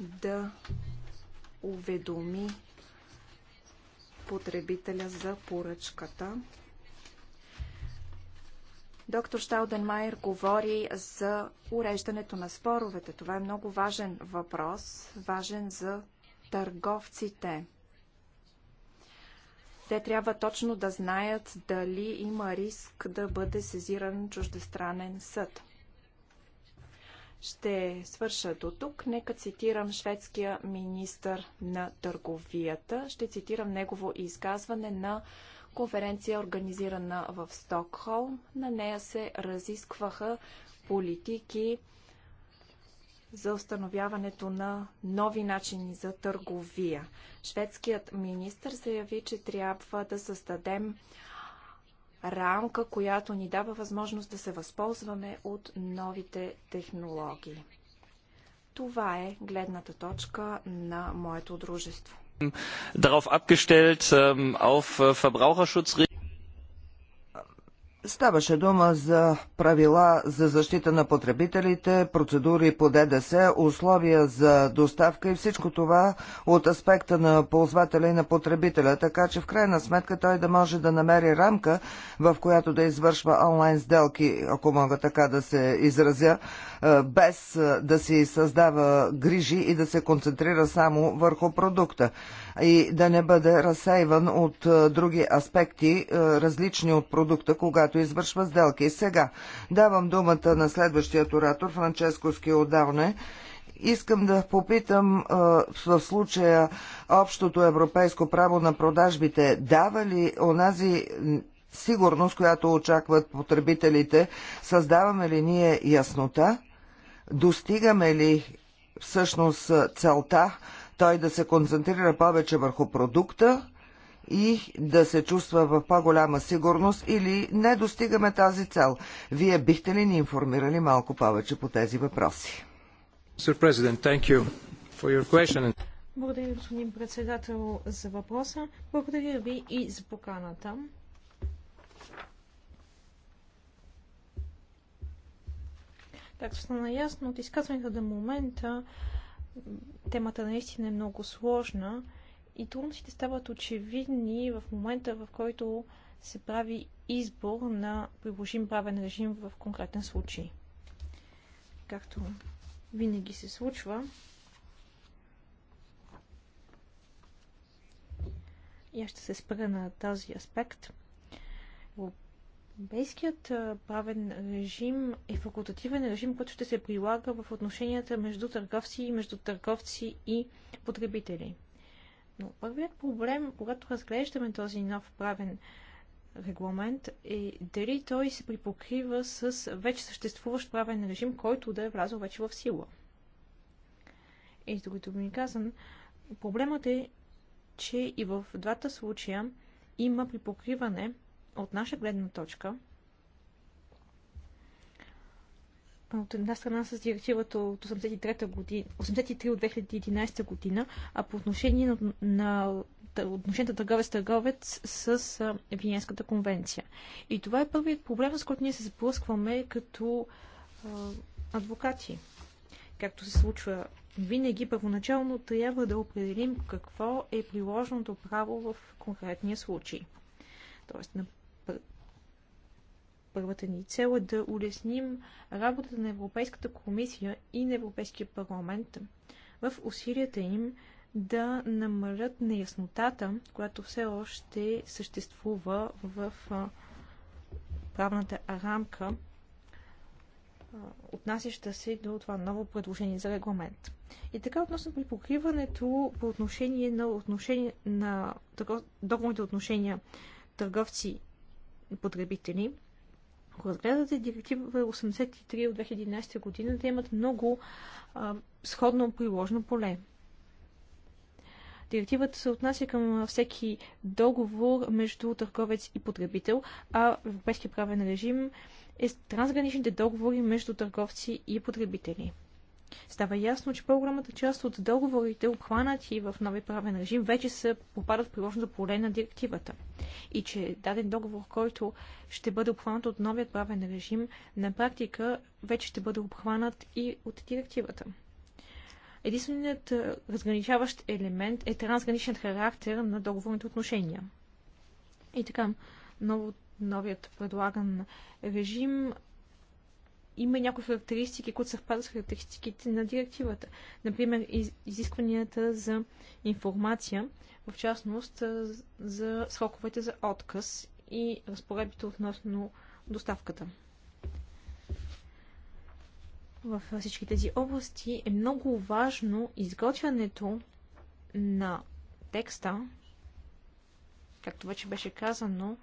да уведоми потребителя за поръчката. Доктор Шталденмайер говори за уреждането на споровете. Това е много важен въпрос, важен за търговците – те трябва точно да знаят дали има риск да бъде сезиран чуждестранен съд. Ще свърша до тук. Нека цитирам шведския министр на търговията. Ще цитирам негово изказване на конференция, организирана в Стокхолм. На нея се разискваха политики, за установяването на нови начини за търговия. Шведският министр заяви, че трябва да създадем рамка, която ни дава възможност да се възползваме от новите технологии. Това е гледната точка на моето дружество. Darauf abgestellt, auf е, Verbraucherschutz. Ставаше дума за правила за защита на потребителите, процедури по ДДС, условия за доставка и всичко това от аспекта на ползвателя и на потребителя, така че в крайна сметка той да може да намери рамка, в която да извършва онлайн сделки, ако мога така да се изразя. Е, без е, да си създава грижи и да се концентрира само върху продукта и да не бъде разсейван от е, други аспекти, различни от продукта, когато извършва сделки. Сега давам думата на следващия оратор Франческо Скиодалне. Искам да попитам в случая общото европейско право на продажбите дава ли онази сигурност, която очакват потребителите, създаваме ли ние яснота? достигаме ли всъщност целта той да се концентрира повече върху продукта и да се чувства в по-голяма сигурност или не достигаме тази цел? Вие бихте ли ни информирали малко повече по тези въпроси? Благодаря, господин председател, за въпроса. Благодаря ви и за поканата. Както стана ясно от изказването до момента, темата наистина е много сложна и трудностите стават очевидни в момента, в който се прави избор на приложим правен режим в конкретен случай. Както винаги се случва, и аз ще се спра на този аспект. Бейският правен режим е факултативен режим, който ще се прилага в отношенията между търговци и между търговци и потребители. Но първият проблем, когато разглеждаме този нов правен регламент, е дали той се припокрива с вече съществуващ правен режим, който да е влязъл вече в сила. И с другото ми казвам, проблемът е, че и в двата случая има припокриване от наша гледна точка, от една страна с директивата от 83, година, 83 от 2011 година, а по отношение на, на отношенията търговец-търговец с а, Виенската конвенция. И това е първият проблем, с който ние се сблъскваме като а, адвокати. Както се случва винаги, първоначално трябва да определим какво е приложеното право в конкретния случай. Тоест, Първата ни цел е да улесним работата на Европейската комисия и на Европейския парламент в усилията им да намалят неяснотата, която все още съществува в правната рамка, отнасяща се до това ново предложение за регламент. И така относно при покриването по отношение на, отношение на договорните отношения търговци потребители. Ако разгледате директива 83 от 2011 година, те имат много а, сходно приложно поле. Директивата се отнася към всеки договор между търговец и потребител, а европейския правен режим е трансграничните договори между търговци и потребители. Става ясно, че по-голямата част от договорите, обхванати в нови правен режим, вече са попадат в приложното поле на директивата. И че даден договор, който ще бъде обхванат от новият правен режим, на практика вече ще бъде обхванат и от директивата. Единственият разграничаващ елемент е трансграничният характер на договорните отношения. И така, новият предлаган режим има някои характеристики, които съвпадат с характеристиките на директивата. Например, из, изискванията за информация, в частност за сроковете за отказ и разпоредбите относно доставката. В всички тези области е много важно изготвянето на текста, както вече беше казано,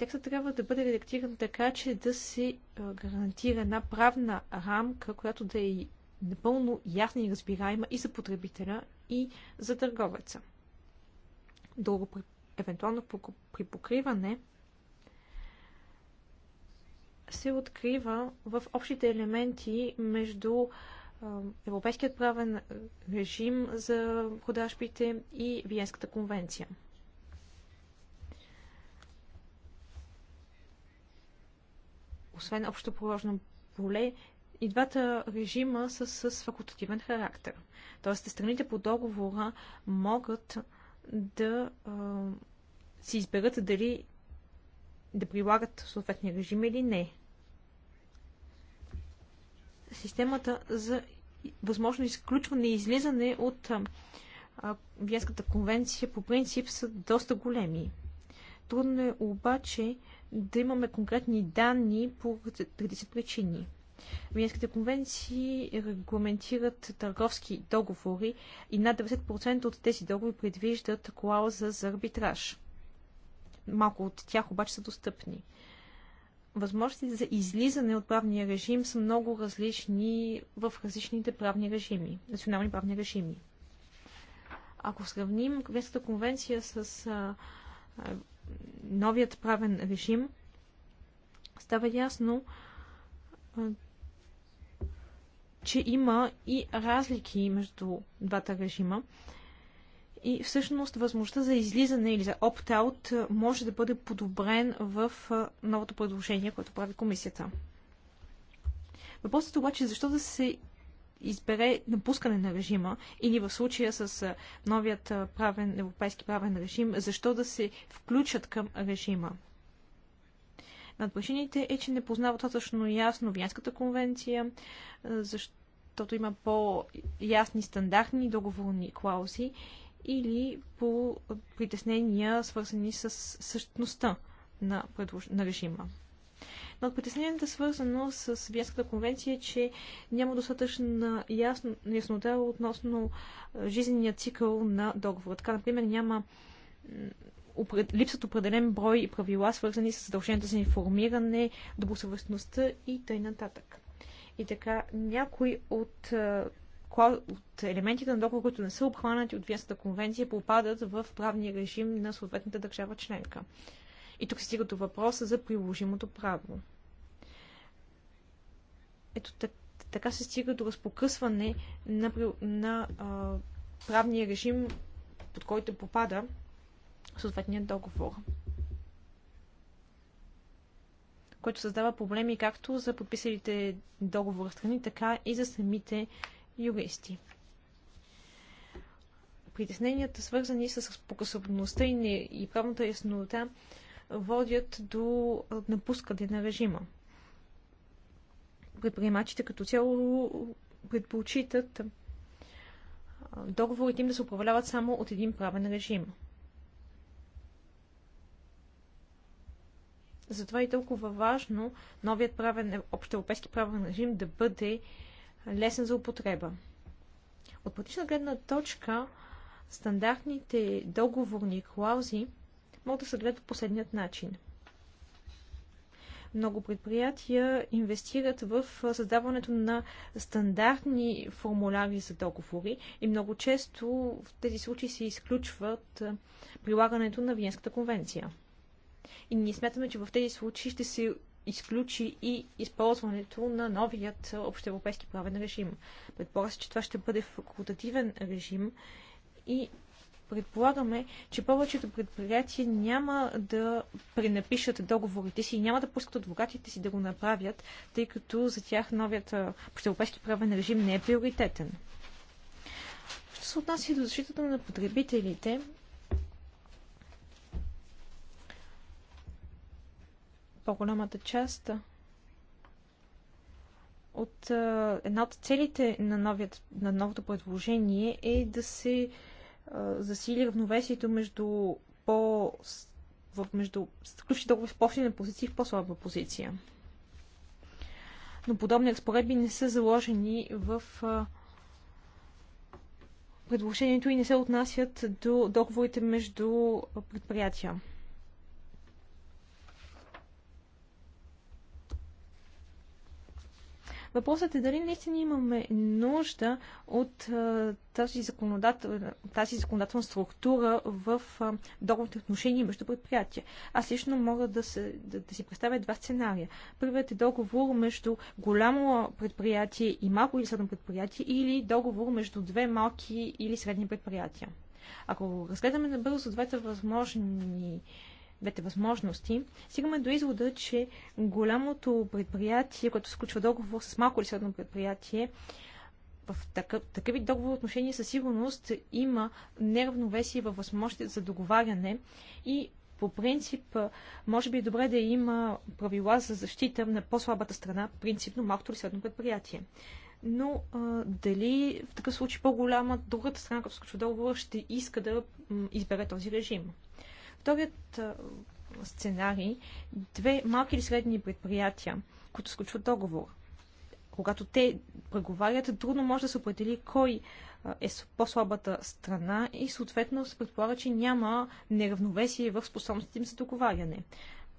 текстът трябва да бъде редактиран така, че да се гарантира една правна рамка, която да е напълно ясна и разбираема и за потребителя, и за търговеца. Друго, евентуално при покриване, се открива в общите елементи между Европейският правен режим за продажбите и Виенската конвенция. освен общо положено поле, и двата режима са с факултативен характер. Тоест, страните по договора могат да а, си изберат дали да прилагат съответния режим или не. Системата за възможно изключване и излизане от Виенската конвенция по принцип са доста големи. Трудно е обаче да имаме конкретни данни по редица причини. Виенските конвенции регламентират търговски договори и над 90% от тези договори предвиждат клауза за арбитраж. Малко от тях обаче са достъпни. Възможностите за излизане от правния режим са много различни в различните правни режими, национални правни режими. Ако сравним Конвенската конвенция с новият правен режим, става ясно, че има и разлики между двата режима. И всъщност възможността за излизане или за опт-аут може да бъде подобрен в новото предложение, което прави комисията. Въпросът обаче е защо да се избере напускане на режима или в случая с новият правен, европейски правен режим, защо да се включат към режима. Над причините е, че не познава достатъчно ясно Вянската конвенция, защото има по-ясни стандартни договорни клаузи или по притеснения, свързани с същността на, на режима. Но притеснението е свързано с Виенската конвенция е, че няма достатъчна ясно, яснота относно жизнения цикъл на договора. Така, например, няма липсват определен брой и правила, свързани с задълженията за информиране, добросъвестността и т.н. И така, някои от, от елементите на договор, които не са обхванати от Виенската конвенция, попадат в правния режим на съответната държава членка. И тук се стига до въпроса за приложимото право. Ето така се стига до разпокъсване на, на а, правния режим, под който попада съответният договор което създава проблеми както за подписалите договор страни, така и за самите юристи. Притесненията, свързани с разпокъсобността и, и правната яснота водят до напускане на режима. Предприемачите като цяло предпочитат договорите им да се управляват само от един правен режим. Затова е толкова важно новият правен, общоевропейски правен режим да бъде лесен за употреба. От практична гледна точка, стандартните договорни клаузи – могат да се гледат по последният начин. Много предприятия инвестират в създаването на стандартни формуляри за договори и много често в тези случаи се изключват прилагането на Виенската конвенция. И ние смятаме, че в тези случаи ще се изключи и използването на новият общоевропейски правен режим. Предполага се, че това ще бъде факултативен режим и предполагаме, че повечето предприятия няма да пренапишат договорите си и няма да пускат адвокатите си да го направят, тъй като за тях новият европейски правен режим не е приоритетен. Що се отнася до защитата на потребителите, по-голямата част от една от целите на, новият, на новото предложение е да се засили равновесието между по в между сключи в по-силна позиция и в по-слаба позиция. Но подобни разпоредби не са заложени в а, предложението и не се отнасят до договорите между предприятия. Въпросът е дали наистина имаме нужда от тази, законодател, тази законодателна структура в договорните отношения между предприятия. Аз лично мога да, се, да, да си представя два сценария. Първият е договор между голямо предприятие и малко или средно предприятие или договор между две малки или средни предприятия. Ако разгледаме набързо двете възможни двете възможности, стигаме до извода, че голямото предприятие, което сключва договор с малко или средно предприятие, в такъв, такъв вид договор отношение със сигурност има неравновесие във възможностите за договаряне и по принцип може би е добре да има правила за защита на по-слабата страна, принципно малкото или средно предприятие. Но а, дали в такъв случай по-голяма другата страна, като сключва договора, ще иска да избере този режим? Вторият сценарий две малки или средни предприятия, които сключват договор. Когато те преговарят, трудно може да се определи кой е по-слабата страна и съответно се предполага, че няма неравновесие в способностите им за договаряне.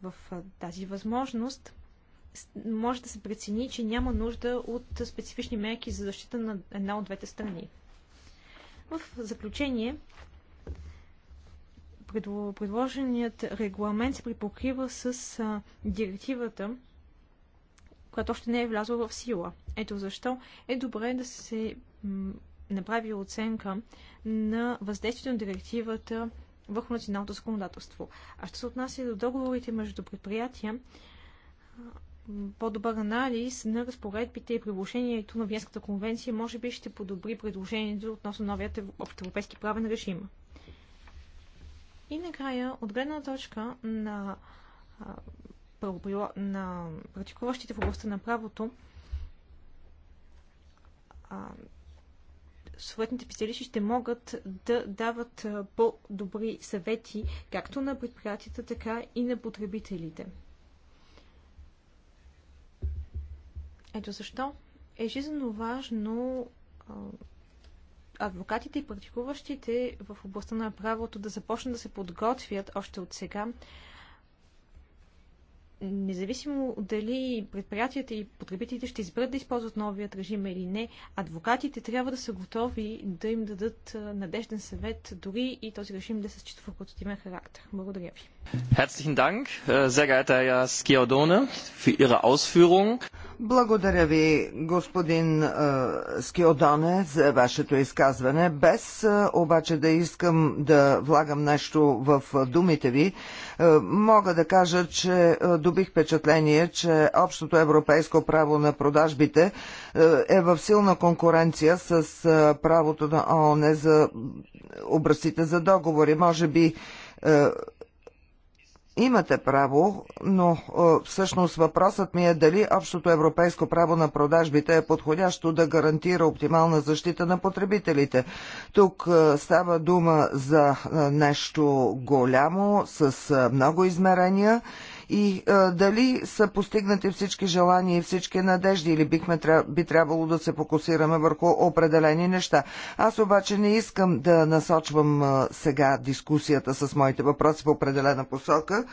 В тази възможност може да се прецени, че няма нужда от специфични мерки за защита на една от двете страни. В заключение, Предложеният регламент се припокрива с директивата, която още не е влязла в сила. Ето защо е добре да се направи оценка на въздействието на директивата върху националното законодателство. А ще се отнася до договорите между предприятия, по-добър анализ на разпоредбите и приложението на Венската конвенция може би ще подобри предложението относно новият общ европейски правен режим. И накрая, от гледна точка на, на практикуващите в областта на правото, съответните специалисти ще могат да дават по-добри съвети, както на предприятията, така и на потребителите. Ето защо е жизненно важно адвокатите и практикуващите в областта на правото да започнат да се подготвят още от сега, независимо дали предприятията и потребителите ще изберат да използват новият режим или не, адвокатите трябва да са готови да им дадат надежден съвет, дори и този режим да се счита факултативен характер. Благодаря ви. Herzlichen Dank, äh, sehr geehrter Herr Skiaudone, für Ihre благодаря ви, господин е, Скиодоне, за вашето изказване. Без е, обаче да искам да влагам нещо в думите ви, е, мога да кажа, че е, добих впечатление, че общото европейско право на продажбите е, е в силна конкуренция с е, правото на ООН за образците за договори. Може би Имате право, но е, всъщност въпросът ми е дали общото европейско право на продажбите е подходящо да гарантира оптимална защита на потребителите. Тук е, става дума за е, нещо голямо, с много измерения и а, дали са постигнати всички желания и всички надежди или бихме, би трябвало да се фокусираме върху определени неща. Аз обаче не искам да насочвам а, сега дискусията с моите въпроси в определена посока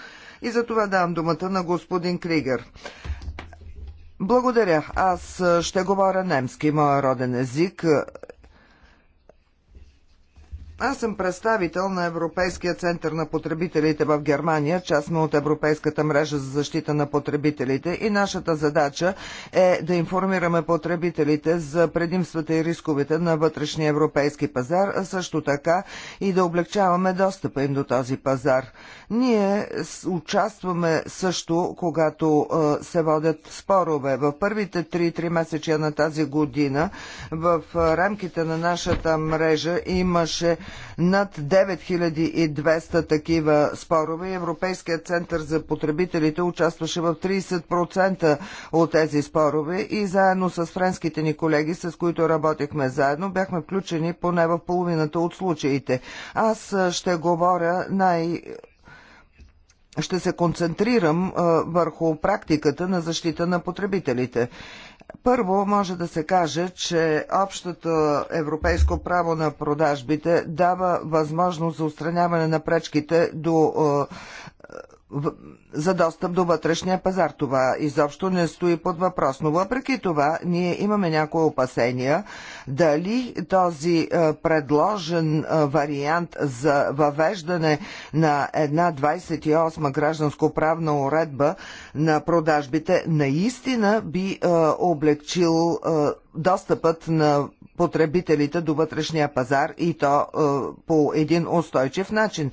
и за това давам думата на господин Кригер. Благодаря. Аз ще говоря немски, моя роден език. Аз съм представител на Европейския център на потребителите в Германия, частно от Европейската мрежа за защита на потребителите и нашата задача е да информираме потребителите за предимствата и рисковете на вътрешния европейски пазар, а също така и да облегчаваме достъпа им до този пазар. Ние участваме също, когато се водят спорове. В първите 3-3 месечия на тази година в рамките на нашата мрежа имаше над 9200 такива спорове. Европейският център за потребителите участваше в 30% от тези спорове и заедно с френските ни колеги, с които работихме заедно, бяхме включени поне в половината от случаите. Аз ще говоря най- ще се концентрирам върху практиката на защита на потребителите. Първо може да се каже, че общото европейско право на продажбите дава възможност за устраняване на пречките до за достъп до вътрешния пазар. Това изобщо не стои под въпрос. Но въпреки това, ние имаме някои опасения дали този предложен вариант за въвеждане на една 28 гражданско-правна уредба на продажбите наистина би облегчил достъпът на потребителите до вътрешния пазар и то по един устойчив начин.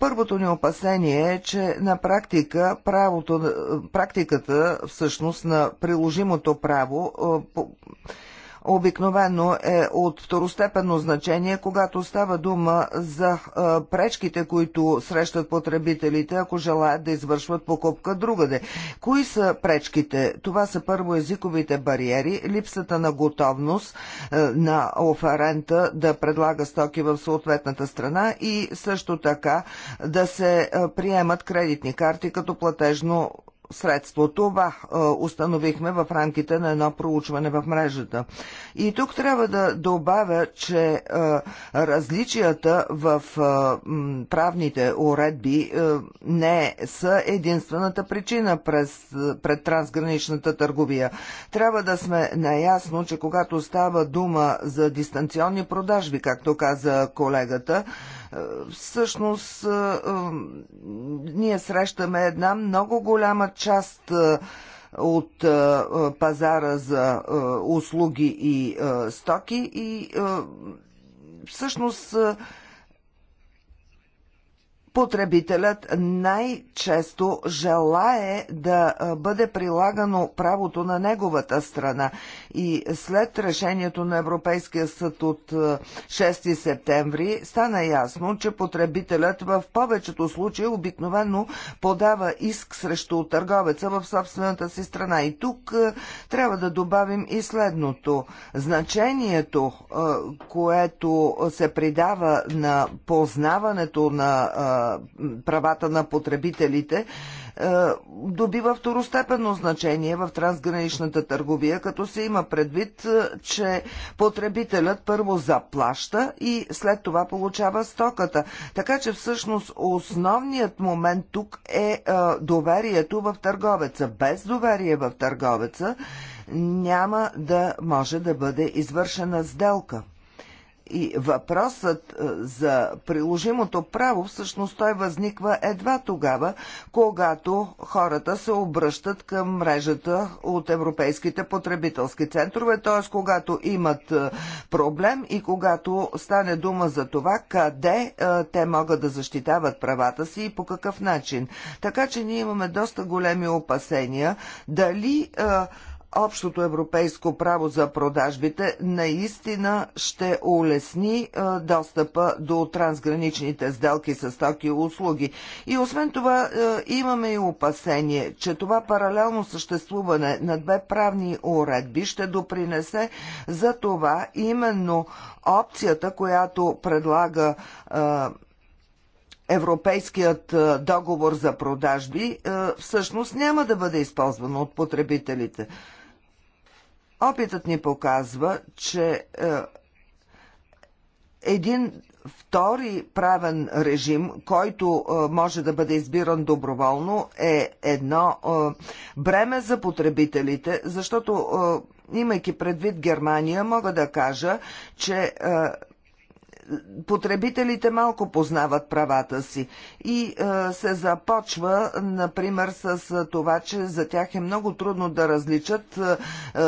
първото ни опасение е, че на практика правото, практиката всъщност на приложимото право по, обикновено е от второстепенно значение, когато става дума за е, пречките, които срещат потребителите, ако желаят да извършват покупка другаде. Кои са пречките? Това са първо езиковите бариери, липсата на готовност е, на оферента да предлага стоки в съответната страна и също така да се е, приемат кредитни карти като платежно средство. Това е, установихме в рамките на едно проучване в мрежата. И тук трябва да добавя, че различията в правните уредби не са единствената причина през, пред трансграничната търговия. Трябва да сме наясно, че когато става дума за дистанционни продажби, както каза колегата, всъщност ние срещаме една много голяма част от е, е, пазара за е, услуги и стоки и всъщност потребителят най-често желае да бъде прилагано правото на неговата страна. И след решението на Европейския съд от 6 септември стана ясно, че потребителят в повечето случаи обикновено подава иск срещу търговеца в собствената си страна. И тук трябва да добавим и следното. Значението, което се придава на познаването на правата на потребителите, е, добива второстепенно значение в трансграничната търговия, като се има предвид, е, че потребителят първо заплаща и след това получава стоката. Така че всъщност основният момент тук е, е доверието в търговеца. Без доверие в търговеца няма да може да бъде извършена сделка. И въпросът е, за приложимото право, всъщност той възниква едва тогава, когато хората се обръщат към мрежата от европейските потребителски центрове, т.е. когато имат е, проблем и когато стане дума за това къде е, те могат да защитават правата си и по какъв начин. Така че ние имаме доста големи опасения дали общото европейско право за продажбите наистина ще улесни достъпа до трансграничните сделки с стоки и услуги. И освен това имаме и опасение, че това паралелно съществуване на две правни уредби ще допринесе за това именно опцията, която предлага Европейският договор за продажби всъщност няма да бъде използван от потребителите. Опитът ни показва, че е, един втори правен режим, който е, може да бъде избиран доброволно, е едно е, бреме за потребителите, защото, е, имайки предвид Германия, мога да кажа, че е, потребителите малко познават правата си и е, се започва, например, с е, това, че за тях е много трудно да различат е, е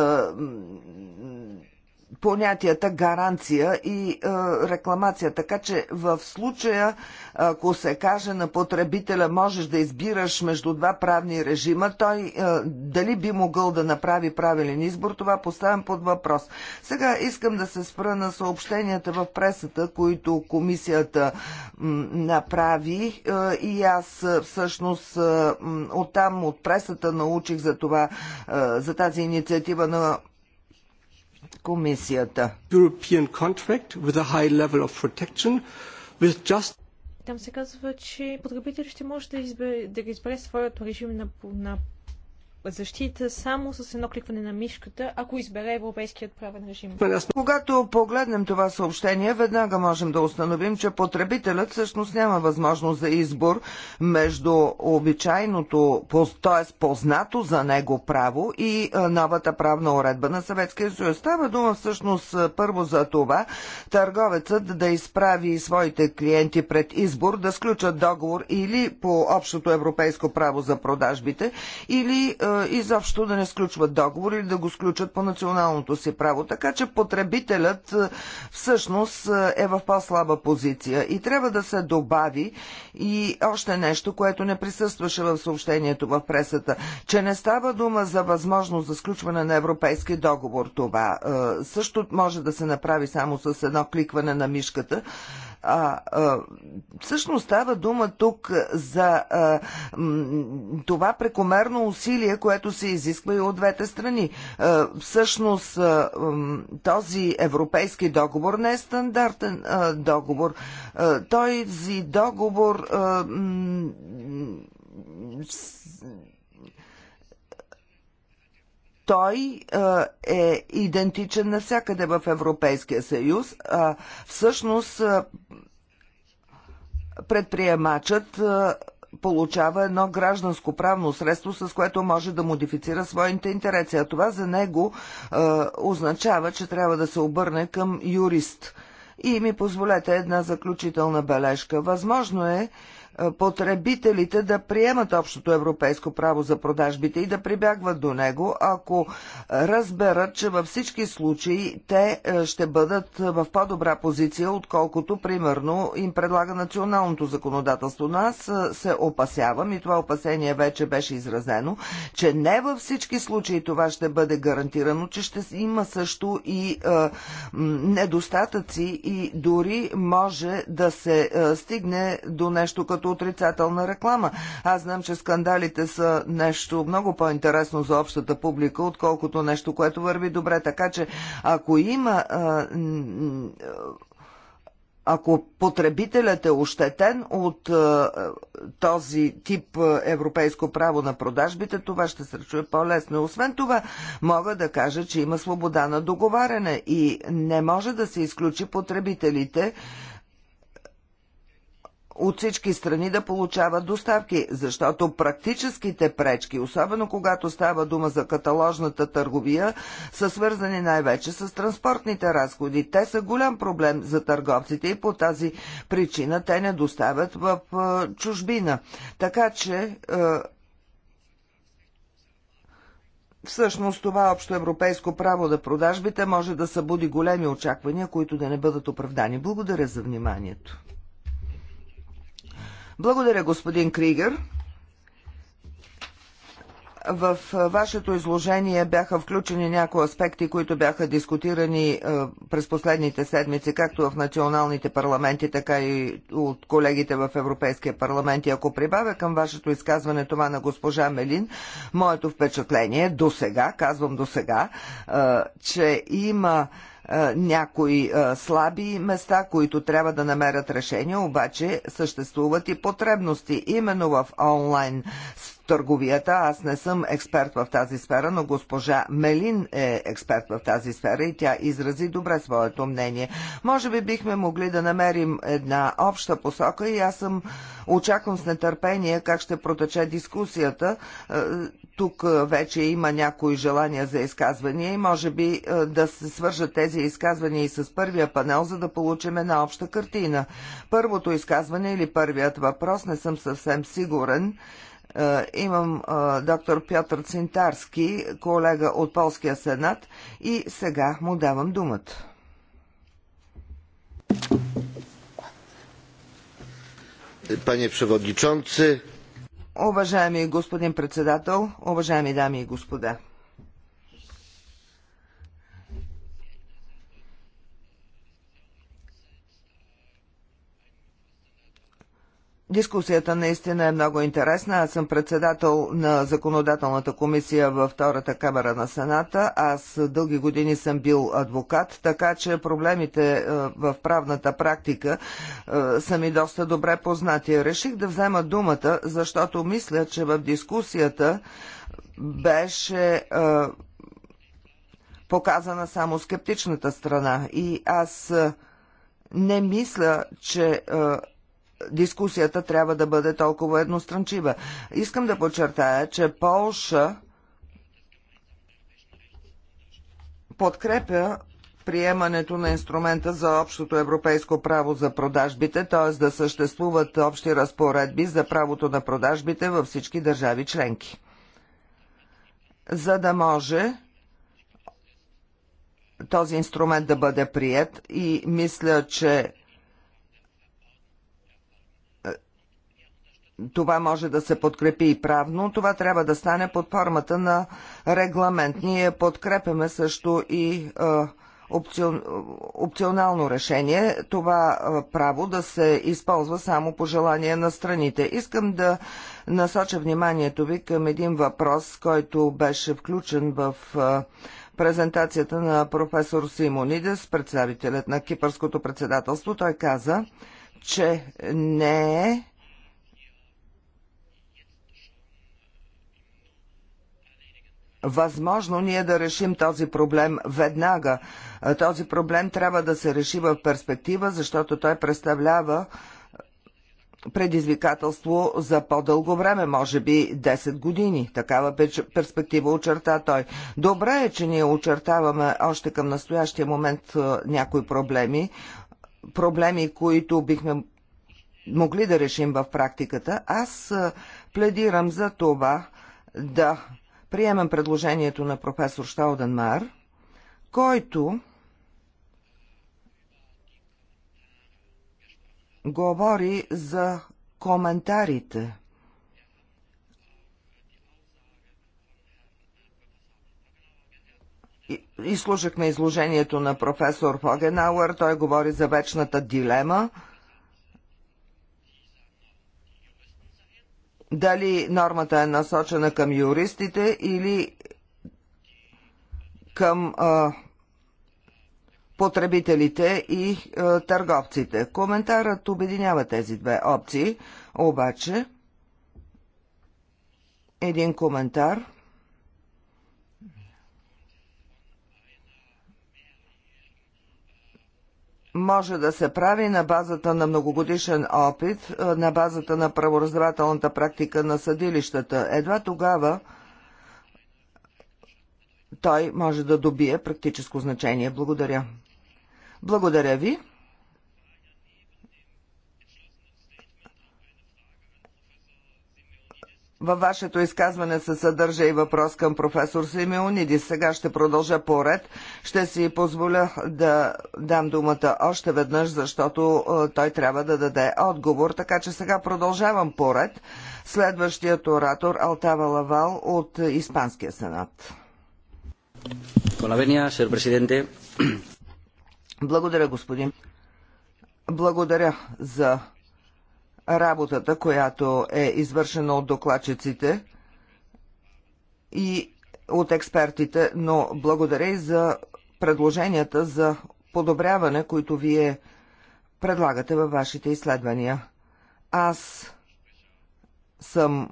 понятията гаранция и е, рекламация. Така че в случая, ако се каже на потребителя, можеш да избираш между два правни режима, той е, дали би могъл да направи правилен избор, това поставям под въпрос. Сега искам да се спра на съобщенията в пресата, които комисията направи е, и аз е, всъщност е, оттам от пресата научих за това, е, за тази инициатива на комисията. Там се казва, че потребителите ще може да, избере, да избере своят режим на, на защита само с едно кликване на мишката, ако избере европейският правен режим. Когато погледнем това съобщение, веднага можем да установим, че потребителят всъщност няма възможност за избор между обичайното, т.е. познато за него право и новата правна уредба на Съветския съюз. Става дума всъщност първо за това търговецът да изправи своите клиенти пред избор да сключат договор или по общото европейско право за продажбите, или изобщо да не сключват договор или да го сключат по националното си право. Така че потребителят всъщност е в по-слаба позиция. И трябва да се добави и още нещо, което не присъстваше в съобщението в пресата, че не става дума за възможност за сключване на европейски договор. Това също може да се направи само с едно кликване на мишката. А, а всъщност става дума тук за а, това прекомерно усилие, което се изисква и от двете страни. А, всъщност а, този европейски договор не е стандартен а, договор. А, този договор а, той а, е идентичен навсякъде в Европейския съюз. А, всъщност а, предприемачът получава едно гражданско правно средство, с което може да модифицира своите интереси. А това за него е, означава, че трябва да се обърне към юрист. И ми позволете една заключителна бележка. Възможно е потребителите да приемат общото европейско право за продажбите и да прибягват до него, ако разберат, че във всички случаи те е, ще бъдат в по-добра позиция, отколкото, примерно, им предлага националното законодателство. Но аз е, се опасявам, и това опасение вече беше изразено, че не във всички случаи това ще бъде гарантирано, че ще има също и е, недостатъци и дори може да се е, стигне до нещо като като отрицателна реклама. Аз знам, че скандалите са нещо много по-интересно за общата публика, отколкото нещо, което върви добре. Така че, ако има ако потребителят е ощетен от а, този тип европейско право на продажбите, това ще се чуе по-лесно. Освен това, мога да кажа, че има свобода на договаряне и не може да се изключи потребителите от всички страни да получават доставки, защото практическите пречки, особено когато става дума за каталожната търговия, са свързани най-вече с транспортните разходи. Те са голям проблем за търговците и по тази причина те не доставят в чужбина. Така че Всъщност това общо европейско право да продажбите може да събуди големи очаквания, които да не бъдат оправдани. Благодаря за вниманието. Благодаря, господин Кригер. В вашето изложение бяха включени някои аспекти, които бяха дискутирани е, през последните седмици, както в националните парламенти, така и от колегите в Европейския парламент. И ако прибавя към вашето изказване това на госпожа Мелин, моето впечатление до сега, казвам до сега, е, че има е, някои е, слаби места, които трябва да намерят решение, обаче съществуват и потребности. Именно в онлайн търговията. Аз не съм експерт в тази сфера, но госпожа Мелин е експерт в тази сфера и тя изрази добре своето мнение. Може би бихме могли да намерим една обща посока и аз съм очаквам с нетърпение как ще протече дискусията. Е, тук вече има някои желания за изказвания и може би е, да се свържат тези изказвания и с първия панел, за да получим една обща картина. Първото изказване или първият въпрос, не съм съвсем сигурен, е, имам е, доктор Пьотър Цинтарски, колега от Полския сенат и сега му давам думата. Пане Преводничонце. Уважаеми господин председател, уважаеми дами и господа. Дискусията наистина е много интересна. Аз съм председател на законодателната комисия във втората камера на Сената. Аз дълги години съм бил адвокат, така че проблемите е, в правната практика е, са ми доста добре познати. Реших да взема думата, защото мисля, че в дискусията беше е, показана само скептичната страна. И аз не мисля, че дискусията трябва да бъде толкова едностранчива. Искам да подчертая, че Полша подкрепя приемането на инструмента за общото европейско право за продажбите, т.е. да съществуват общи разпоредби за правото на продажбите във всички държави членки. За да може този инструмент да бъде прият и мисля, че това може да се подкрепи и правно, това трябва да стане под формата на регламент. Ние подкрепяме също и опцион, опционално решение това право да се използва само по желание на страните. Искам да насоча вниманието ви към един въпрос, който беше включен в презентацията на професор Симонидес, представителят на Кипърското председателство. Той каза, че не е възможно ние да решим този проблем веднага. Този проблем трябва да се реши в перспектива, защото той представлява предизвикателство за по-дълго време, може би 10 години. Такава перспектива очерта той. Добре е, че ние очертаваме още към настоящия момент някои проблеми, проблеми, които бихме могли да решим в практиката. Аз пледирам за това да Приемам предложението на професор Шталденмар, който говори за коментарите. Изслушахме изложението на професор Фогенауер. Той говори за вечната дилема – дали нормата е насочена към юристите или към а, потребителите и а, търговците. Коментарът обединява тези две опции, обаче един коментар – може да се прави на базата на многогодишен опит, на базата на правораздавателната практика на съдилищата. Едва тогава той може да добие практическо значение. Благодаря. Благодаря ви. Във вашето изказване се съдържа и въпрос към професор Симеонидис. Сега ще продължа по ред. Ще си позволя да дам думата още веднъж, защото е, той трябва да даде отговор. Така че сега продължавам по ред. Следващият оратор Алтава Лавал от Испанския сенат. Благодаря, господин. Благодаря за работата, която е извършена от докладчиците и от експертите, но благодаря и за предложенията за подобряване, които вие предлагате във вашите изследвания. Аз съм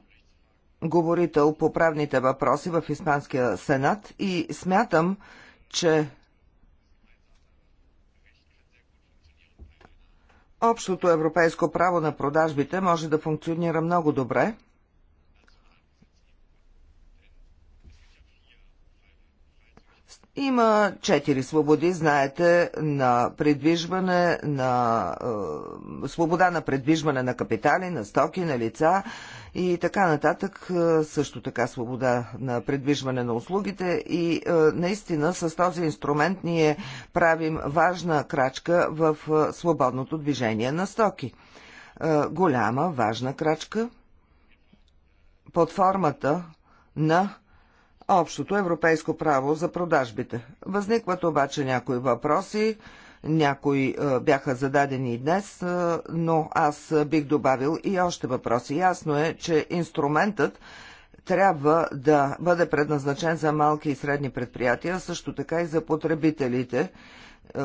говорител по правните въпроси в Испанския сенат и смятам, че Общото европейско право на продажбите може да функционира много добре, Има четири свободи, знаете, на предвижване, на е, свобода на предвижване на капитали, на стоки, на лица, и така нататък, също така свобода на предвижване на услугите и наистина с този инструмент ние правим важна крачка в свободното движение на стоки. Голяма, важна крачка под формата на общото европейско право за продажбите. Възникват обаче някои въпроси, някои е, бяха зададени и днес, е, но аз бих добавил и още въпроси. Ясно е, че инструментът трябва да бъде предназначен за малки и средни предприятия, също така и за потребителите, е,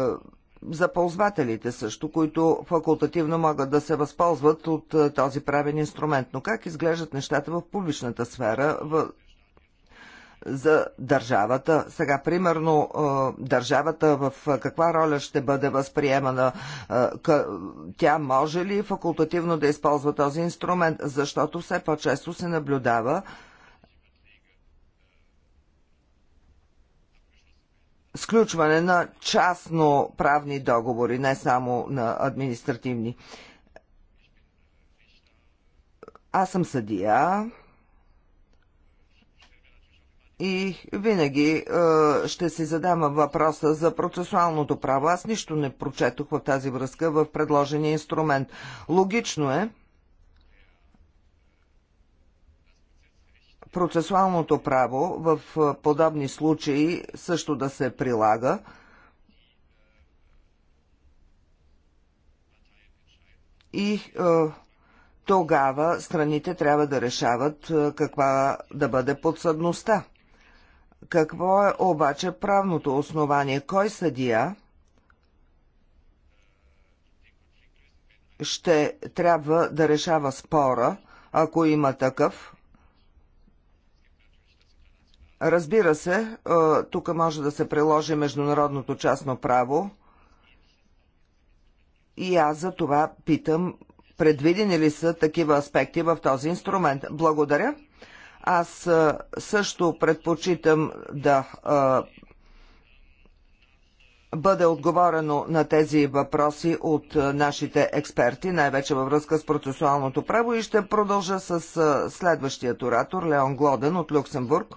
за ползвателите също, които факултативно могат да се възползват от този правен инструмент. Но как изглеждат нещата в публичната сфера за държавата. Сега, примерно, е, държавата в е, каква роля ще бъде възприемана? Е, тя може ли факултативно да използва този инструмент? Защото все по-често се наблюдава сключване на частно правни договори, не само на административни. Аз съм съдия. И винаги е, ще си задам въпроса за процесуалното право. Аз нищо не прочетох в тази връзка в предложения инструмент. Логично е процесуалното право в подобни случаи също да се прилага. И е, тогава страните трябва да решават каква да бъде подсъдността. Какво е обаче правното основание? Кой съдия ще трябва да решава спора, ако има такъв? Разбира се, е, тук може да се приложи международното частно право. И аз за това питам, предвидени ли са такива аспекти в този инструмент? Благодаря. Аз също предпочитам да бъде отговорено на тези въпроси от нашите експерти, най-вече във връзка с процесуалното право и ще продължа с следващия оратор Леон Глоден от Люксембург.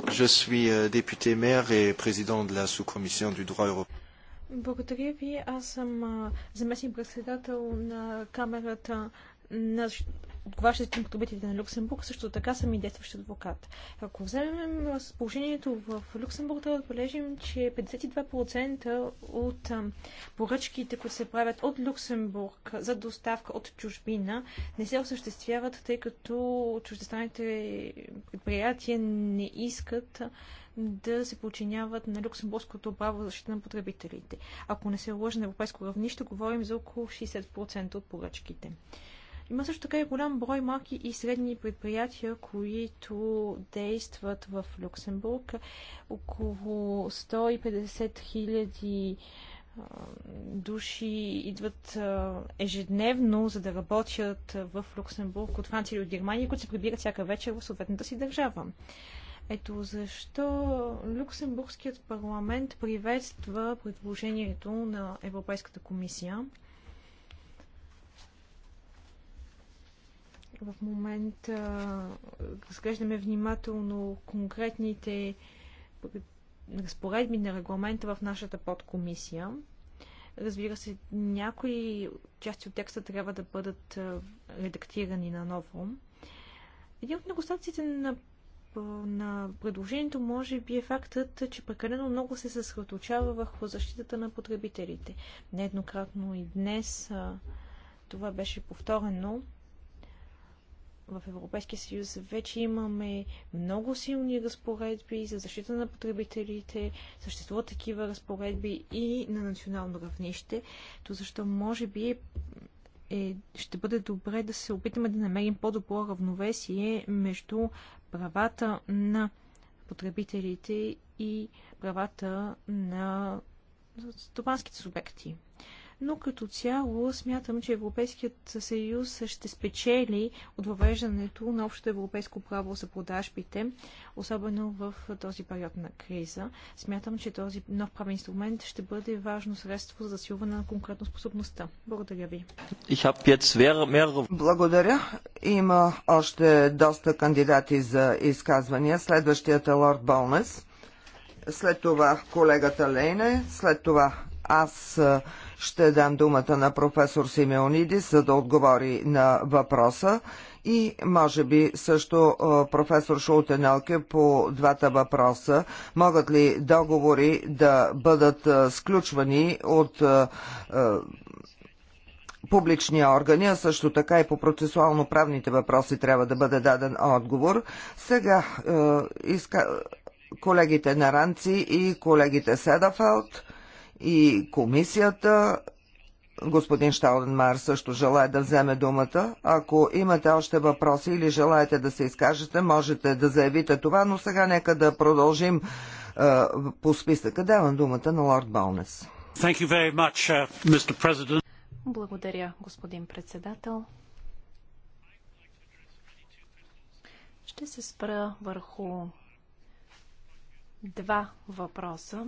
Je suis euh, député maire et président de la sous-commission du droit européen. Благодаря ви. Аз съм заместник председател на Камерата на отговарящите към потребителите на Люксембург, също така съм и действащ адвокат. Ако вземем положението в Люксембург, да отбележим, че 52% от поръчките, които се правят от Люксембург за доставка от чужбина, не се осъществяват, тъй като чуждестранните предприятия не искат да се подчиняват на люксембургското право за защита на потребителите. Ако не се лъжа на европейско равнище, говорим за около 60% от поръчките. Има също така и голям брой малки и средни предприятия, които действат в Люксембург. Около 150 хиляди души идват ежедневно, за да работят в Люксембург от Франция или от Германия, които се прибират всяка вечер в съответната си държава. Ето защо Люксембургският парламент приветства предложението на Европейската комисия В момента разглеждаме внимателно конкретните разпоредби на регламента в нашата подкомисия. Разбира се, някои части от текста трябва да бъдат редактирани наново. Един от недостатъците на, на предложението може би е фактът, че прекалено много се съсредоточава върху защитата на потребителите. Нееднократно и днес това беше повторено в Европейския съюз вече имаме много силни разпоредби за защита на потребителите, съществуват такива разпоредби и на национално равнище, то защо може би е, е ще бъде добре да се опитаме да намерим по-добро равновесие между правата на потребителите и правата на стопанските субекти но като цяло смятам, че Европейският съюз ще спечели от въвеждането на общото европейско право за продажбите, особено в този период на криза. Смятам, че този нов правен инструмент ще бъде важно средство за засилване на конкретно способността. Благодаря ви. Благодаря. Има още доста кандидати за изказвания. Следващият е Лорд Болнес. След това колегата Лейне, след това аз ще дам думата на професор Симеонидис, за да отговори на въпроса и може би също е, професор Шултенелке по двата въпроса. Могат ли договори да бъдат е, сключвани от е, публични органи, а също така и по процесуално-правните въпроси трябва да бъде даден отговор. Сега е, иска, колегите Наранци и колегите Седафелд и комисията. Господин Шталенмар също желая да вземе думата. Ако имате още въпроси или желаете да се изкажете, можете да заявите това, но сега нека да продължим е, по списъка. Давам думата на лорд Болнес. Much, uh, Благодаря, господин председател. Ще се спра върху два въпроса,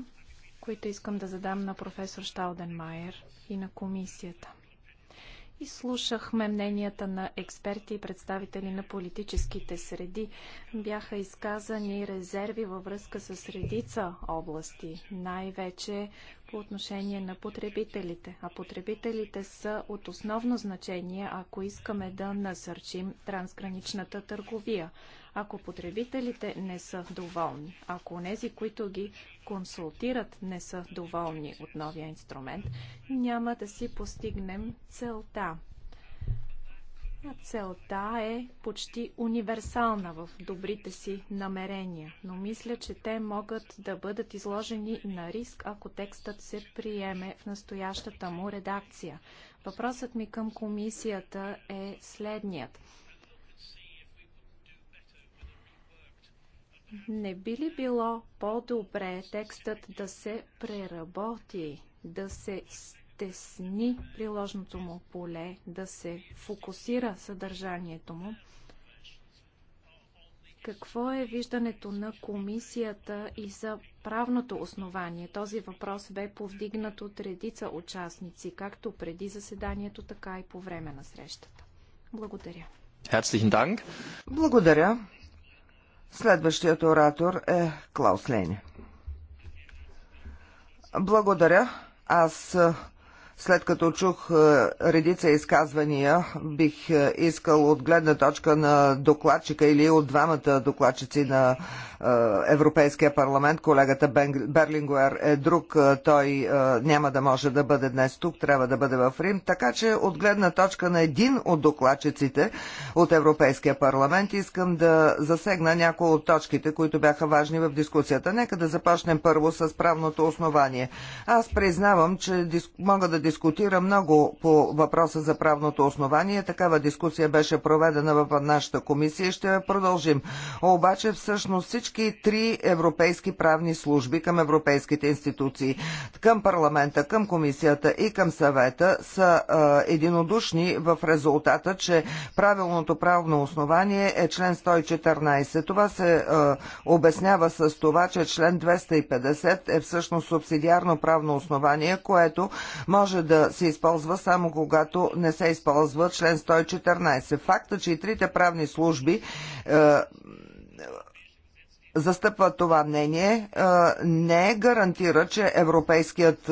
които искам да задам на професор Шталденмайер и на комисията. И слушахме мненията на експерти и представители на политическите среди. Бяха изказани резерви във връзка с редица области, най-вече по отношение на потребителите. А потребителите са от основно значение, ако искаме да насърчим трансграничната търговия. Ако потребителите не са доволни, ако нези, които ги консултират, не са доволни от новия инструмент, няма да си постигнем целта. А целта е почти универсална в добрите си намерения, но мисля, че те могат да бъдат изложени на риск, ако текстът се приеме в настоящата му редакция. Въпросът ми към комисията е следният. Не би ли било по-добре текстът да се преработи, да се стесни приложното му поле, да се фокусира съдържанието му? Какво е виждането на комисията и за правното основание? Този въпрос бе повдигнат от редица участници, както преди заседанието, така и по време на срещата. Благодаря. Благодаря. Следващият оратор е Клаус Лени. Благодаря. Аз след като чух е, редица изказвания, бих е, искал от гледна точка на докладчика или от двамата докладчици на е, Европейския парламент, колегата Берлингуер е друг, той няма да може да бъде днес тук, трябва да бъде в Рим, така че от гледна точка на един от докладчиците от Европейския парламент искам да засегна някои от точките, които бяха важни в дискусията. Нека да започнем първо с правното основание. Аз признавам, че мога да дискусирам дискутира много по въпроса за правното основание. Такава дискусия беше проведена в нашата комисия и ще я продължим. Обаче всъщност всички три европейски правни служби към европейските институции, към парламента, към комисията и към съвета са единодушни в резултата, че правилното правно основание е член 114. Това се обяснява с това, че член 250 е всъщност субсидиарно правно основание, което може може да се използва само когато не се използва член 114. Факта, че и трите правни служби е, застъпва това мнение, не гарантира, че европейският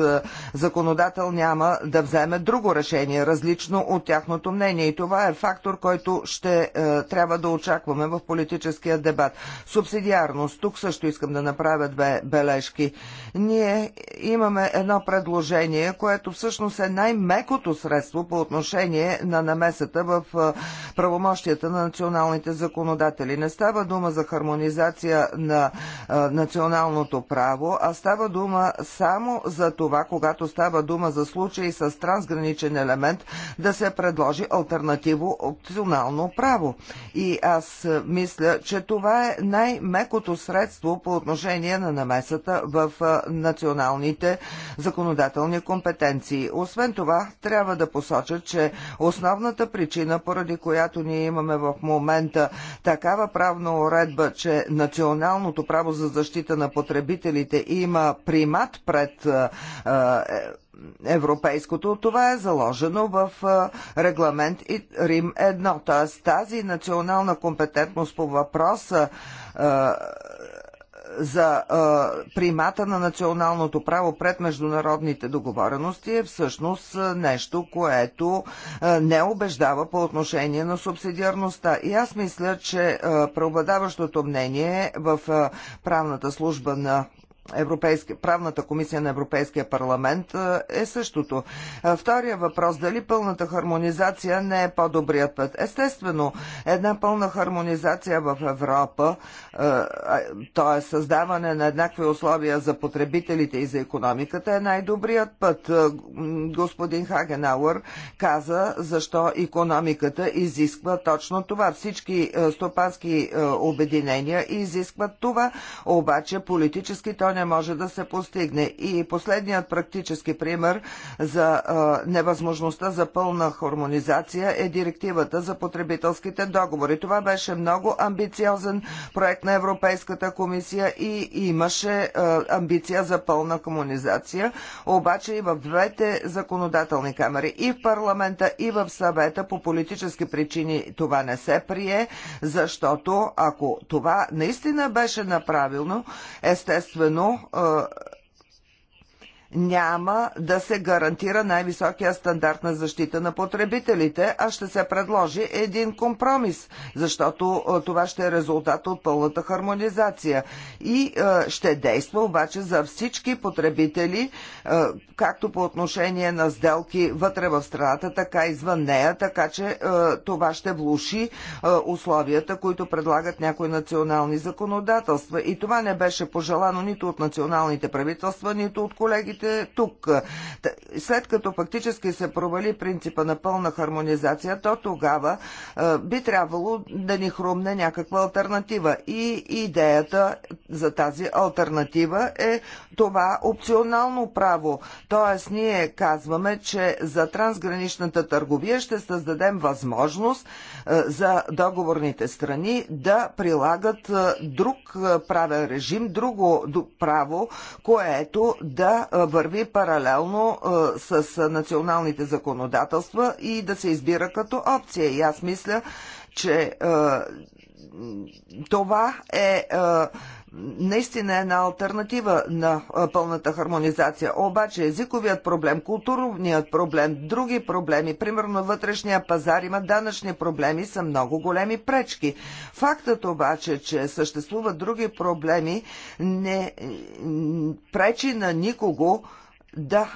законодател няма да вземе друго решение, различно от тяхното мнение. И това е фактор, който ще трябва да очакваме в политическия дебат. Субсидиарност. Тук също искам да направя две бележки. Ние имаме едно предложение, което всъщност е най-мекото средство по отношение на намесата в правомощията на националните законодатели. Не става дума за хармонизация на националното право, а става дума само за това, когато става дума за случаи с трансграничен елемент, да се предложи альтернативо опционално право. И аз мисля, че това е най-мекото средство по отношение на намесата в националните законодателни компетенции. Освен това, трябва да посоча, че основната причина, поради която ние имаме в момента такава правна уредба, че националната националното право за защита на потребителите има примат пред е, европейското, това е заложено в регламент Рим 1. Т.е. тази национална компетентност по въпроса за примата на националното право пред международните договорености е всъщност нещо, което не убеждава по отношение на субсидиарността. И аз мисля, че преобладаващото мнение в правната служба на Европейски, правната комисия на Европейския парламент е, е същото. Втория въпрос, дали пълната хармонизация не е по-добрият път? Естествено, една пълна хармонизация в Европа, т.е. Е създаване на еднакви условия за потребителите и за економиката е най-добрият път. Е, господин Хагенауър каза защо економиката изисква точно това. Всички стопански обединения изискват това, обаче политически то не не може да се постигне. И последният практически пример за невъзможността за пълна хармонизация е директивата за потребителските договори. Това беше много амбициозен проект на Европейската комисия и имаше амбиция за пълна комунизация, обаче и в двете законодателни камери, и в парламента, и в съвета по политически причини това не се прие, защото ако това наистина беше направено, естествено но няма да се гарантира най-високия стандарт на защита на потребителите, а ще се предложи един компромис, защото е, това ще е резултат от пълната хармонизация. И е, ще действа обаче за всички потребители, е, както по отношение на сделки вътре в страната, така и извън нея, така че това ще влуши условията, които предлагат някои национални законодателства. И това не беше пожелано нито от националните правителства, нито от колегите дискусиите тук. След като фактически се провали принципа на пълна хармонизация, то тогава е, би трябвало да ни хрумне някаква альтернатива. И идеята за тази альтернатива е това опционално право. Тоест ние казваме, че за трансграничната търговия ще създадем възможност е, за договорните страни да прилагат е, друг е, правен режим, друго право, което да върви паралелно с националните законодателства и да се избира като опция. И аз мисля, че това е, е наистина е една альтернатива на пълната хармонизация. Обаче езиковият проблем, културният проблем, други проблеми, примерно вътрешния пазар има данъчни проблеми, са много големи пречки. Фактът обаче, че съществуват други проблеми, не пречи на никого да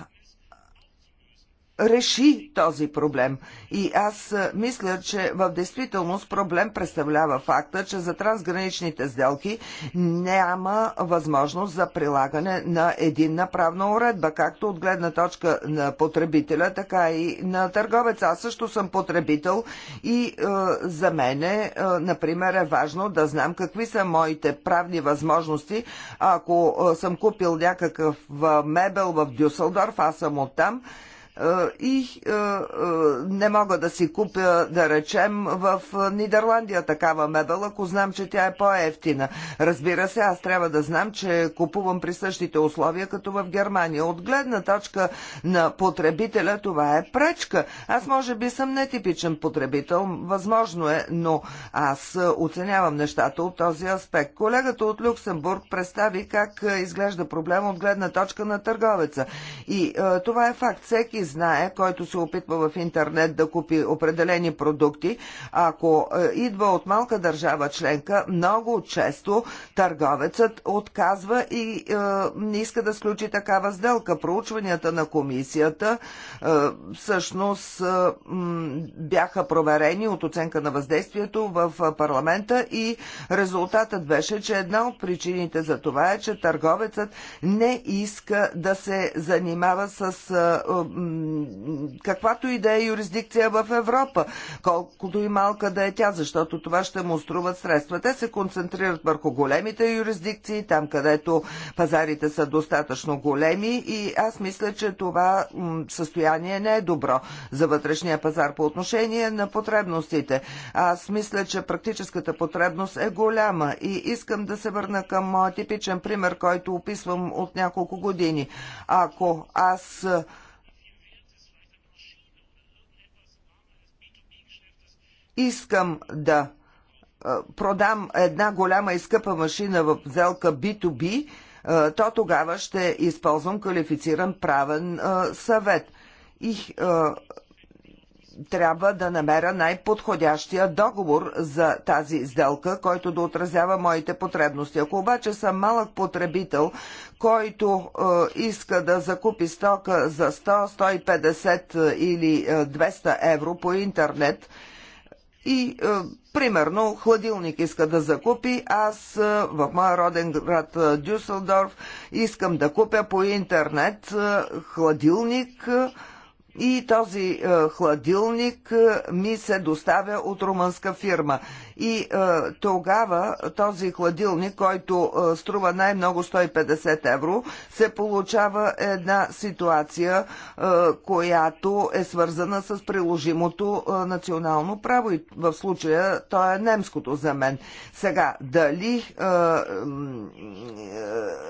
реши този проблем. И аз мисля, че в действителност проблем представлява факта, че за трансграничните сделки няма възможност за прилагане на единна правна уредба, както от гледна точка на потребителя, така и на търговеца. Аз също съм потребител и е, за мен, е, например, е важно да знам какви са моите правни възможности. Ако е, съм купил някакъв мебел в Дюсселдорф, аз съм оттам, там, е, и е, е, не мога да си купя, да речем, в Нидерландия такава мебел, ако знам, че тя е по-ефтина. Разбира се, аз трябва да знам, че купувам при същите условия, като в Германия. От гледна точка на потребителя това е пречка. Аз може би съм нетипичен потребител, възможно е, но аз оценявам нещата от този аспект. Колегата от Люксембург представи как изглежда проблем от гледна точка на търговеца. И това е факт. Всеки знае, който се опитва в интернет да купи определени продукти, ако е, идва от малка държава членка, много често търговецът отказва и е, не иска да сключи такава сделка. Проучванията на комисията е, всъщност е, бяха проверени от оценка на въздействието в е, парламента и резултатът беше, че една от причините за това е, че търговецът не иска да се занимава с е, каквато и да е юрисдикция в Европа, колкото и малка да е тя, защото това ще му струват средства. Те се концентрират върху големите юрисдикции, там където пазарите са достатъчно големи и аз мисля, че това състояние не е добро за вътрешния пазар по отношение на потребностите. Аз мисля, че практическата потребност е голяма и искам да се върна към моят типичен пример, който описвам от няколко години. Ако аз искам да продам една голяма и скъпа машина в сделка B2B, то тогава ще използвам квалифициран правен съвет. И трябва да намеря най-подходящия договор за тази сделка, който да отразява моите потребности. Ако обаче съм малък потребител, който е, иска да закупи стока за 100, 150 или 200 евро по интернет, и е, примерно хладилник иска да закупи, аз е, в моя роден град е, Дюселдорф искам да купя по интернет е, хладилник е, и този е, хладилник е, ми се доставя от румънска фирма и е, тогава този хладилник, който е, струва най-много 150 евро, се получава една ситуация, е, която е свързана с приложимото е, национално право и в случая то е немското за мен. Сега, дали е,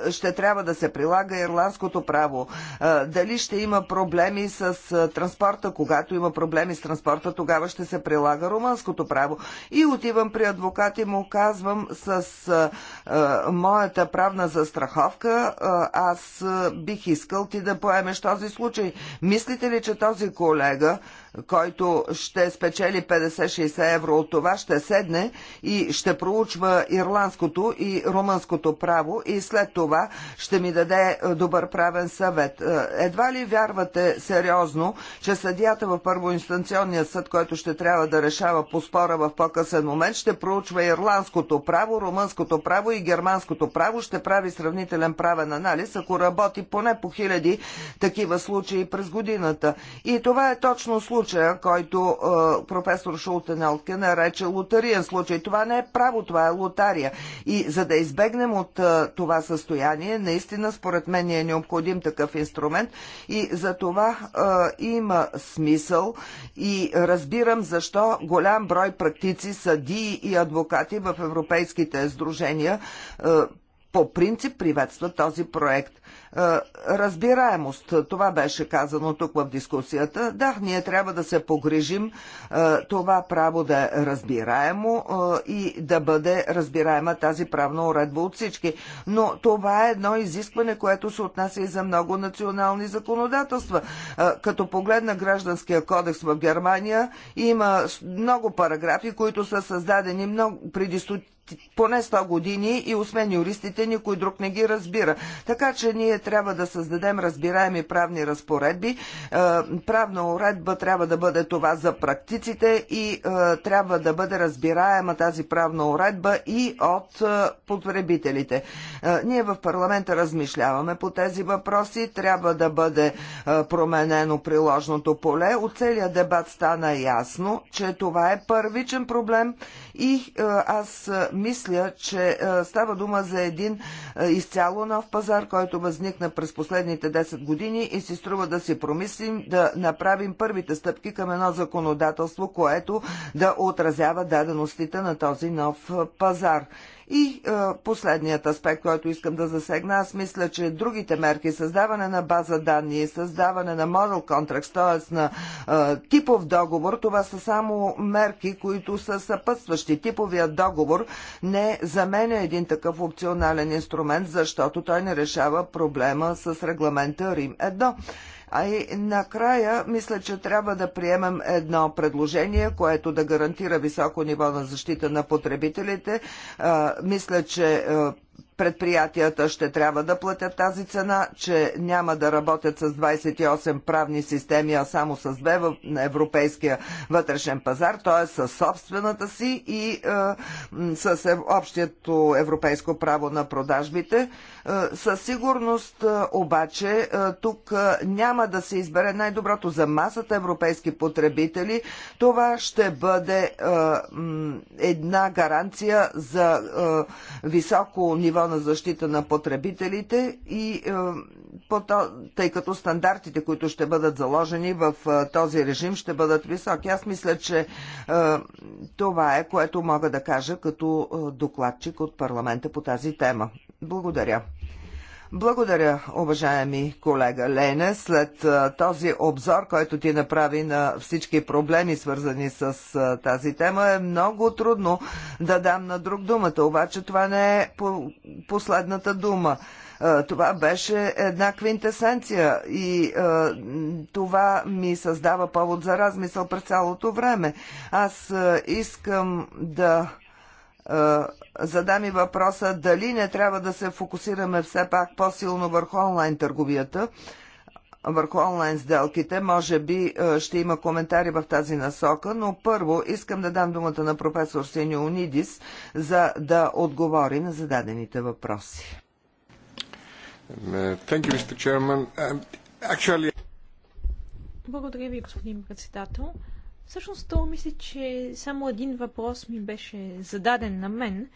е, ще трябва да се прилага ирландското право, е, дали ще има проблеми с е, транспорта, когато има проблеми с транспорта, тогава ще се прилага румънското право. И отива отивам при адвокат и му казвам с а, моята правна застраховка, а, аз а, бих искал ти да поемеш този случай. Мислите ли, че този колега, който ще спечели 50-60 евро от това, ще седне и ще проучва ирландското и румънското право и след това ще ми даде добър правен съвет. Едва ли вярвате сериозно, че съдията в първоинстанционния съд, който ще трябва да решава по спора в по-късен момент, момент ще проучва ирландското право, румънското право и германското право, ще прави сравнителен правен анализ, ако работи поне по хиляди такива случаи през годината. И това е точно случая, който е, професор Шултенелтке нарече лотариен случай. Това не е право, това е лотария. И за да избегнем от е, това състояние, наистина според мен е необходим такъв инструмент и за това е, има смисъл и разбирам защо голям брой практици съди съдии и адвокати в европейските сдружения е, по принцип приветстват този проект. Е, разбираемост. Това беше казано тук в дискусията. Да, ние трябва да се погрежим е, това право да е разбираемо е, и да бъде разбираема тази правна уредба от всички. Но това е едно изискване, което се отнася и за много национални законодателства. Като погледна гражданския кодекс в Германия, има много параграфи, които са създадени много преди поне 100 години и освен юристите никой друг не ги разбира. Така че ние трябва да създадем разбираеми правни разпоредби. Е, правна уредба трябва да бъде това за практиците и е, трябва да бъде разбираема тази правна уредба и от е, потребителите. Ние в парламента размишляваме по тези въпроси. Трябва да бъде променено приложното поле. От целият дебат стана ясно, че това е първичен проблем и е, аз е, мисля, че е, става дума за един изцяло нов пазар, който възникна през последните 10 години и си струва да си промислим да направим първите стъпки към едно законодателство, което да отразява даденостите на този нов пазар. И е, последният аспект, който искам да засегна, аз мисля, че другите мерки, създаване на база данни, създаване на moral contracts, т.е. на е, типов договор, това са само мерки, които са съпътстващи. Типовият договор не заменя един такъв опционален инструмент, защото той не решава проблема с регламента Рим 1. А и накрая, мисля, че трябва да приемем едно предложение, което да гарантира високо ниво на защита на потребителите. Мисля, че предприятията ще трябва да платят тази цена, че няма да работят с 28 правни системи, а само с две на европейския вътрешен пазар, т.е. с собствената си и е, с общото европейско право на продажбите. Е, със сигурност е, обаче е, тук няма да се избере най-доброто за масата европейски потребители. Това ще бъде е, една гаранция за е, високо ниво закона защита на потребителите и е, тъй като стандартите, които ще бъдат заложени в е, този режим, ще бъдат високи. Аз мисля, че е, това е, което мога да кажа като докладчик от парламента по тази тема. Благодаря. Благодаря, уважаеми колега Лене. След този обзор, който ти направи на всички проблеми, свързани с тази тема, е много трудно да дам на друг думата. Обаче това не е последната дума това беше една квинтесенция и а, това ми създава повод за размисъл през цялото време. Аз а, искам да а, задам и въпроса дали не трябва да се фокусираме все пак по-силно върху онлайн търговията, върху онлайн сделките. Може би е, ще има коментари в тази насока, но първо искам да дам думата на професор Синьо Унидис, за да отговори на зададените въпроси. Е, е, Благодаря ви, господин председател. Всъщност, то мисля, че само един въпрос ми беше зададен на мен,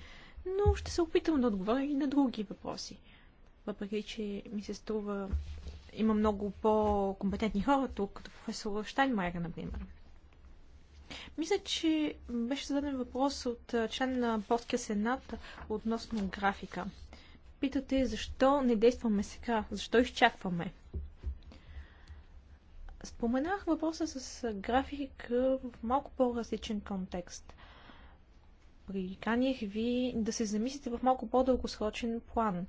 но ще се опитам да отговоря и на други въпроси. Въпреки, че ми се струва, има много по-компетентни хора тук, като професор Штайнмайер, например. Мисля, че беше зададен въпрос от член на Полския сенат относно графика. Питате защо не действаме сега, защо изчакваме. Споменах въпроса с графика в малко по-различен контекст. Приканих ви да се замислите в малко по-дългосрочен план,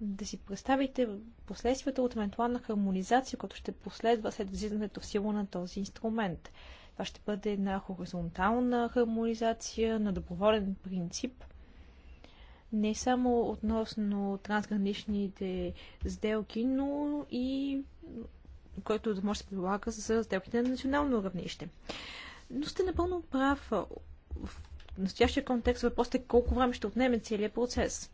да си представите последствията от евентуална хармонизация, която ще последва след влизането в сила на този инструмент. Това ще бъде една хоризонтална хармонизация на доброволен принцип, не само относно трансграничните сделки, но и който да може да се прилага за сделките на национално равнище. Но сте напълно прав. В настоящия контекст въпросът е колко време ще отнеме целият процес.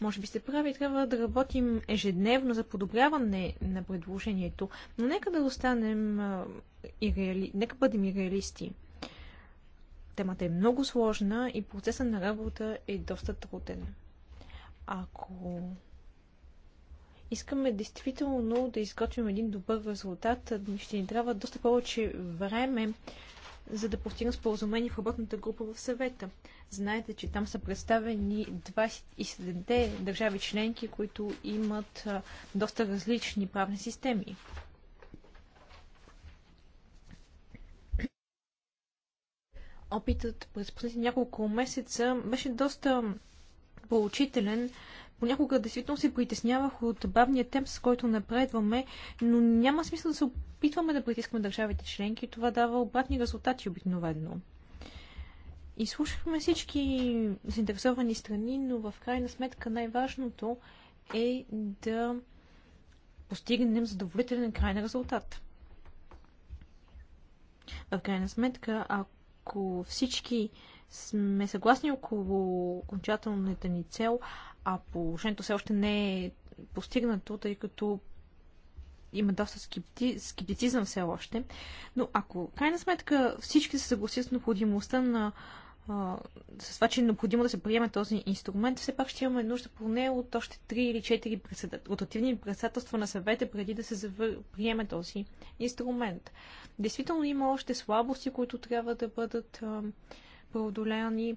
може би се прави, трябва да работим ежедневно за подобряване на предложението, но нека да останем и реали... нека бъдем и реалисти. Темата е много сложна и процесът на работа е доста труден. Ако искаме действително да изготвим един добър резултат, ще ни трябва доста повече време, за да постигнем споразумение в работната група в съвета. Знаете, че там са представени 27-те държави членки, които имат доста различни правни системи. Опитът през последните няколко месеца беше доста поучителен. Понякога действително се притеснявах от бавния темп, с който напредваме, но няма смисъл да се опитваме да притискаме държавите членки. Това дава обратни резултати обикновено. слушахме всички заинтересовани страни, но в крайна сметка най-важното е да постигнем задоволителен крайен резултат. В крайна сметка, ако всички сме съгласни около окончателната ни цел, а положението все още не е постигнато, тъй като има доста скепти, скептицизъм все още. Но ако, крайна сметка, всички се съгласят с необходимостта на а, с това, че е необходимо да се приеме този инструмент, все пак ще имаме нужда поне от още 3 или 4 председат... ротативни председателства на съвета, преди да се завър... приеме този инструмент. Действително има още слабости, които трябва да бъдат а, преодоляни.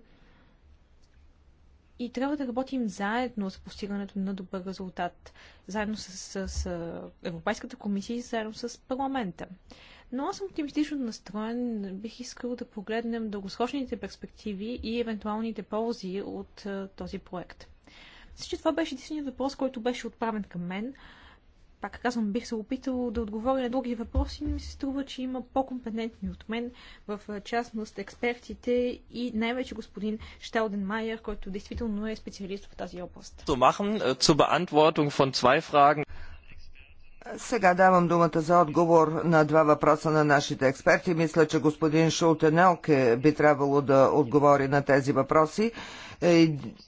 И трябва да работим заедно с постигането на добър резултат, заедно с, с, с Европейската комисия и заедно с парламента. Но аз съм оптимистично настроен. Бих искал да погледнем дългосрочните перспективи и евентуалните ползи от а, този проект. Всичко това беше единственият въпрос, който беше отправен към мен пак казвам, бих се опитал да отговоря на други въпроси, но ми се струва, че има по-компетентни от мен, в частност експертите и най-вече господин Майер, който действително е специалист в тази област. Сега давам думата за отговор на два въпроса на нашите експерти. Мисля, че господин Шултенелке би трябвало да отговори на тези въпроси.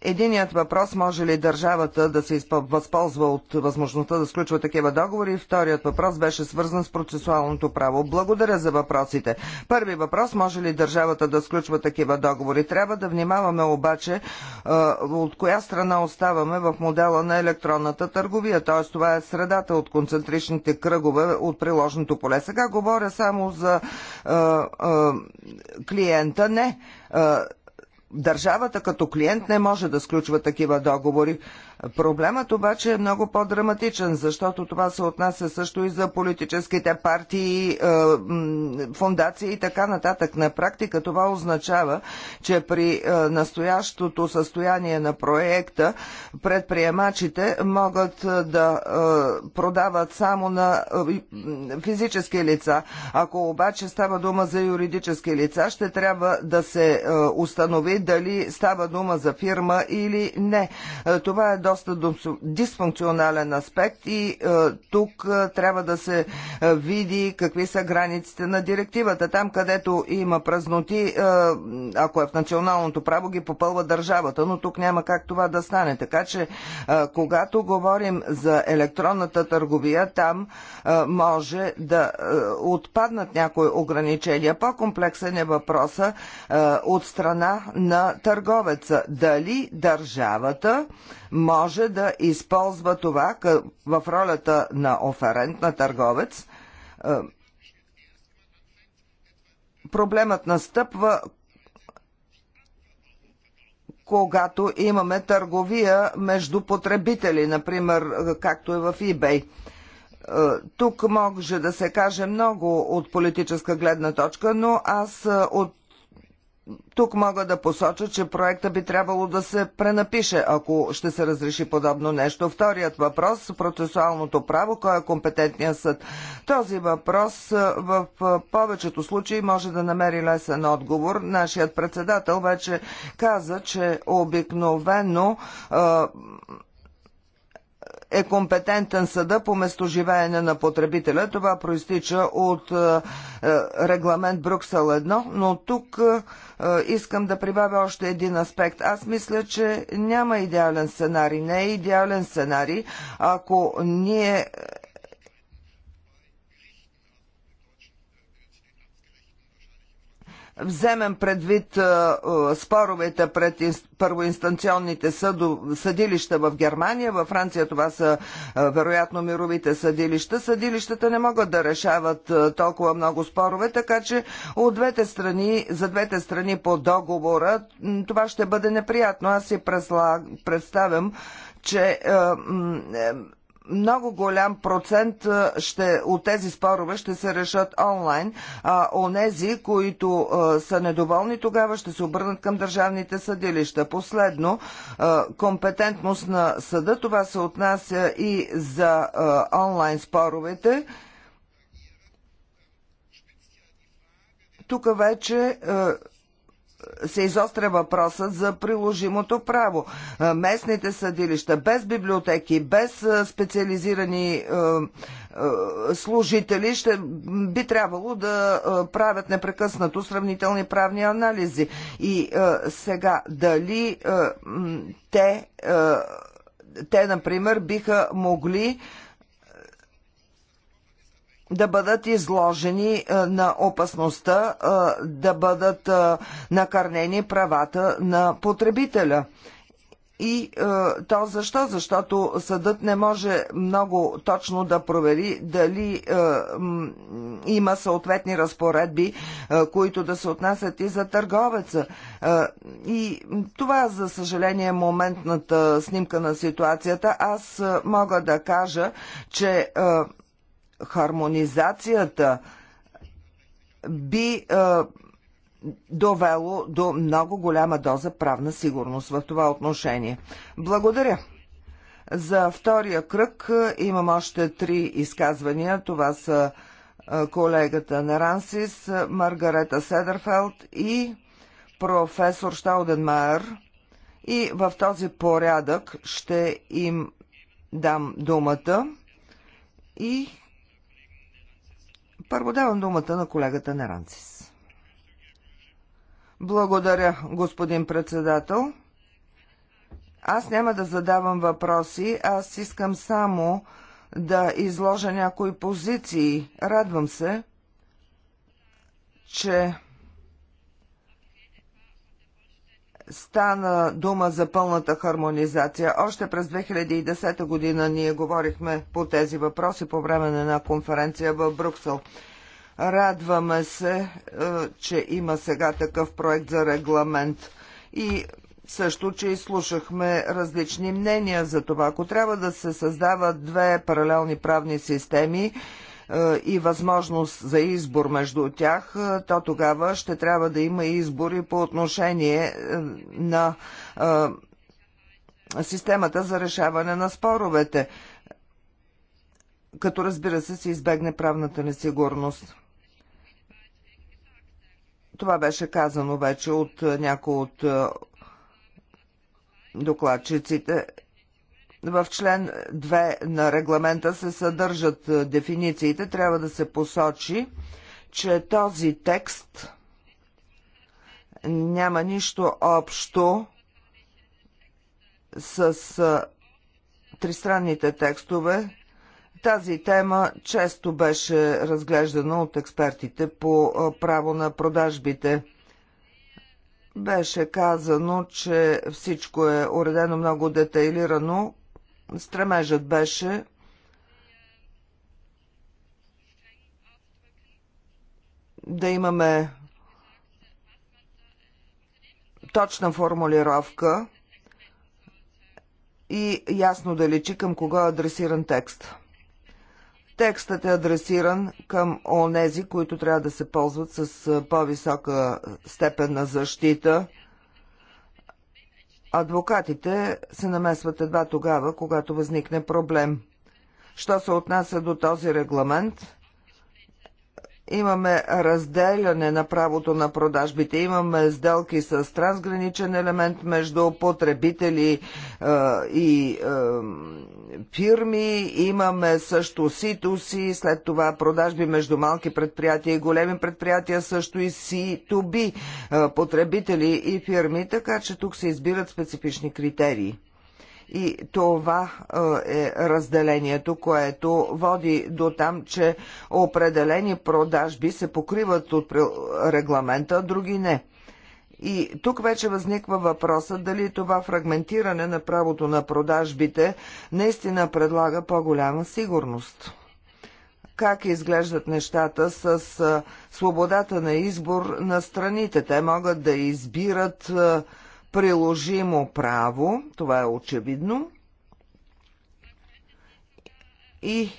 Единият въпрос може ли държавата да се възползва от възможността да сключва такива договори? Вторият въпрос беше свързан с процесуалното право. Благодаря за въпросите. Първи въпрос може ли държавата да сключва такива договори? Трябва да внимаваме обаче от коя страна оставаме в модела на електронната търговия, т.е. това е средата от концентричните кръгове от приложното поле. Сега говоря само за клиента. Не държавата като клиент не може да сключва такива договори. Проблемът обаче е много по-драматичен, защото това се отнася също и за политическите партии, е, фундации и така нататък. На практика това означава, че при е, настоящото състояние на проекта предприемачите могат е, да продават само на физически лица. Ако обаче става дума за юридически лица, ще трябва да се установи дали става дума за фирма или не. Това е доста дисфункционален аспект и е, тук е, трябва да се е, види какви са границите на директивата. Там, където има празноти, ако е в националното право, ги попълва държавата, но тук няма как това да стане. Така че, когато говорим за електронната търговия, там може да отпаднат някои ограничения. По-комплексен е въпроса от страна на търговеца. Дали държавата може да използва това в ролята на оферент, на търговец. Е, проблемът настъпва, когато имаме търговия между потребители, например, както е в eBay. Е, тук може да се каже много от политическа гледна точка, но аз е, от тук мога да посоча, че проекта би трябвало да се пренапише, ако ще се разреши подобно нещо. Вторият въпрос – процесуалното право, кой е компетентният съд. Този въпрос е, в е, повечето случаи може да намери лесен отговор. Нашият председател вече каза, че обикновено е, е компетентен съда по местоживеене на потребителя. Това проистича от е, е, регламент Брюксел 1, но тук е, искам да прибавя още един аспект. Аз мисля, че няма идеален сценарий. Не е идеален сценарий, ако ние вземем предвид споровете пред първоинстанционните съду, съдилища в Германия, във Франция това са вероятно мировите съдилища, съдилищата не могат да решават толкова много спорове, така че от двете страни, за двете страни по договора това ще бъде неприятно. Аз си представям, че е, много голям процент ще, от тези спорове ще се решат онлайн, а онези, които а, са недоволни, тогава ще се обърнат към държавните съдилища. Последно, а, компетентност на съда, това се отнася и за а, онлайн споровете. Тук вече а, се изостря въпросът за приложимото право. Местните съдилища без библиотеки, без специализирани служители ще би трябвало да правят непрекъснато сравнителни правни анализи. И сега дали те те, например, биха могли да бъдат изложени е, на опасността е, да бъдат е, накърнени правата на потребителя. И то защо? Защото съдът не може много точно да провери дали има съответни разпоредби, които да се отнасят и за търговеца. и това, за съжаление, е моментната снимка на ситуацията. Аз мога да кажа, че хармонизацията би е, довело до много голяма доза правна сигурност в това отношение. Благодаря. За втория кръг имам още три изказвания. Това са колегата Нерансис, Маргарета Седерфелд и професор Штауденмайер. И в този порядък ще им дам думата. И първо давам думата на колегата Наранцис. Благодаря, господин председател. Аз няма да задавам въпроси, аз искам само да изложа някои позиции. Радвам се, че стана дума за пълната хармонизация. Още през 2010 година ние говорихме по тези въпроси по време на една конференция в Бруксел. Радваме се, е, че има сега такъв проект за регламент и също, че изслушахме различни мнения за това. Ако трябва да се създават две паралелни правни системи, е, и възможност за избор между тях, е, то тогава ще трябва да има избори по отношение е, на системата за решаване на споровете, като разбира се се избегне правната несигурност. Това беше казано вече от някои от докладчиците. В член 2 на регламента се съдържат е, дефинициите. Трябва да се посочи, че този текст няма нищо общо с е, тристранните текстове. Тази тема често беше разглеждана от експертите по е, право на продажбите. Беше казано, че всичко е уредено много детайлирано, Стремежът беше да имаме точна формулировка и ясно да личи към кого е адресиран текст. Текстът е адресиран към онези, които трябва да се ползват с по-висока степен на защита – Адвокатите се намесват едва тогава, когато възникне проблем. Що се отнася до този регламент, Имаме разделяне на правото на продажбите, имаме сделки с трансграничен елемент между потребители е, и е, фирми, имаме също C2C, след това продажби между малки предприятия и големи предприятия, също и C2B, е, потребители и фирми, така че тук се избират специфични критерии. И това е, е разделението, което води до там, че определени продажби се покриват от регламента, други не. И тук вече възниква въпроса дали това фрагментиране на правото на продажбите наистина предлага по-голяма сигурност как изглеждат нещата с е, свободата на избор на страните. Те могат да избират е, приложимо право, това е очевидно, и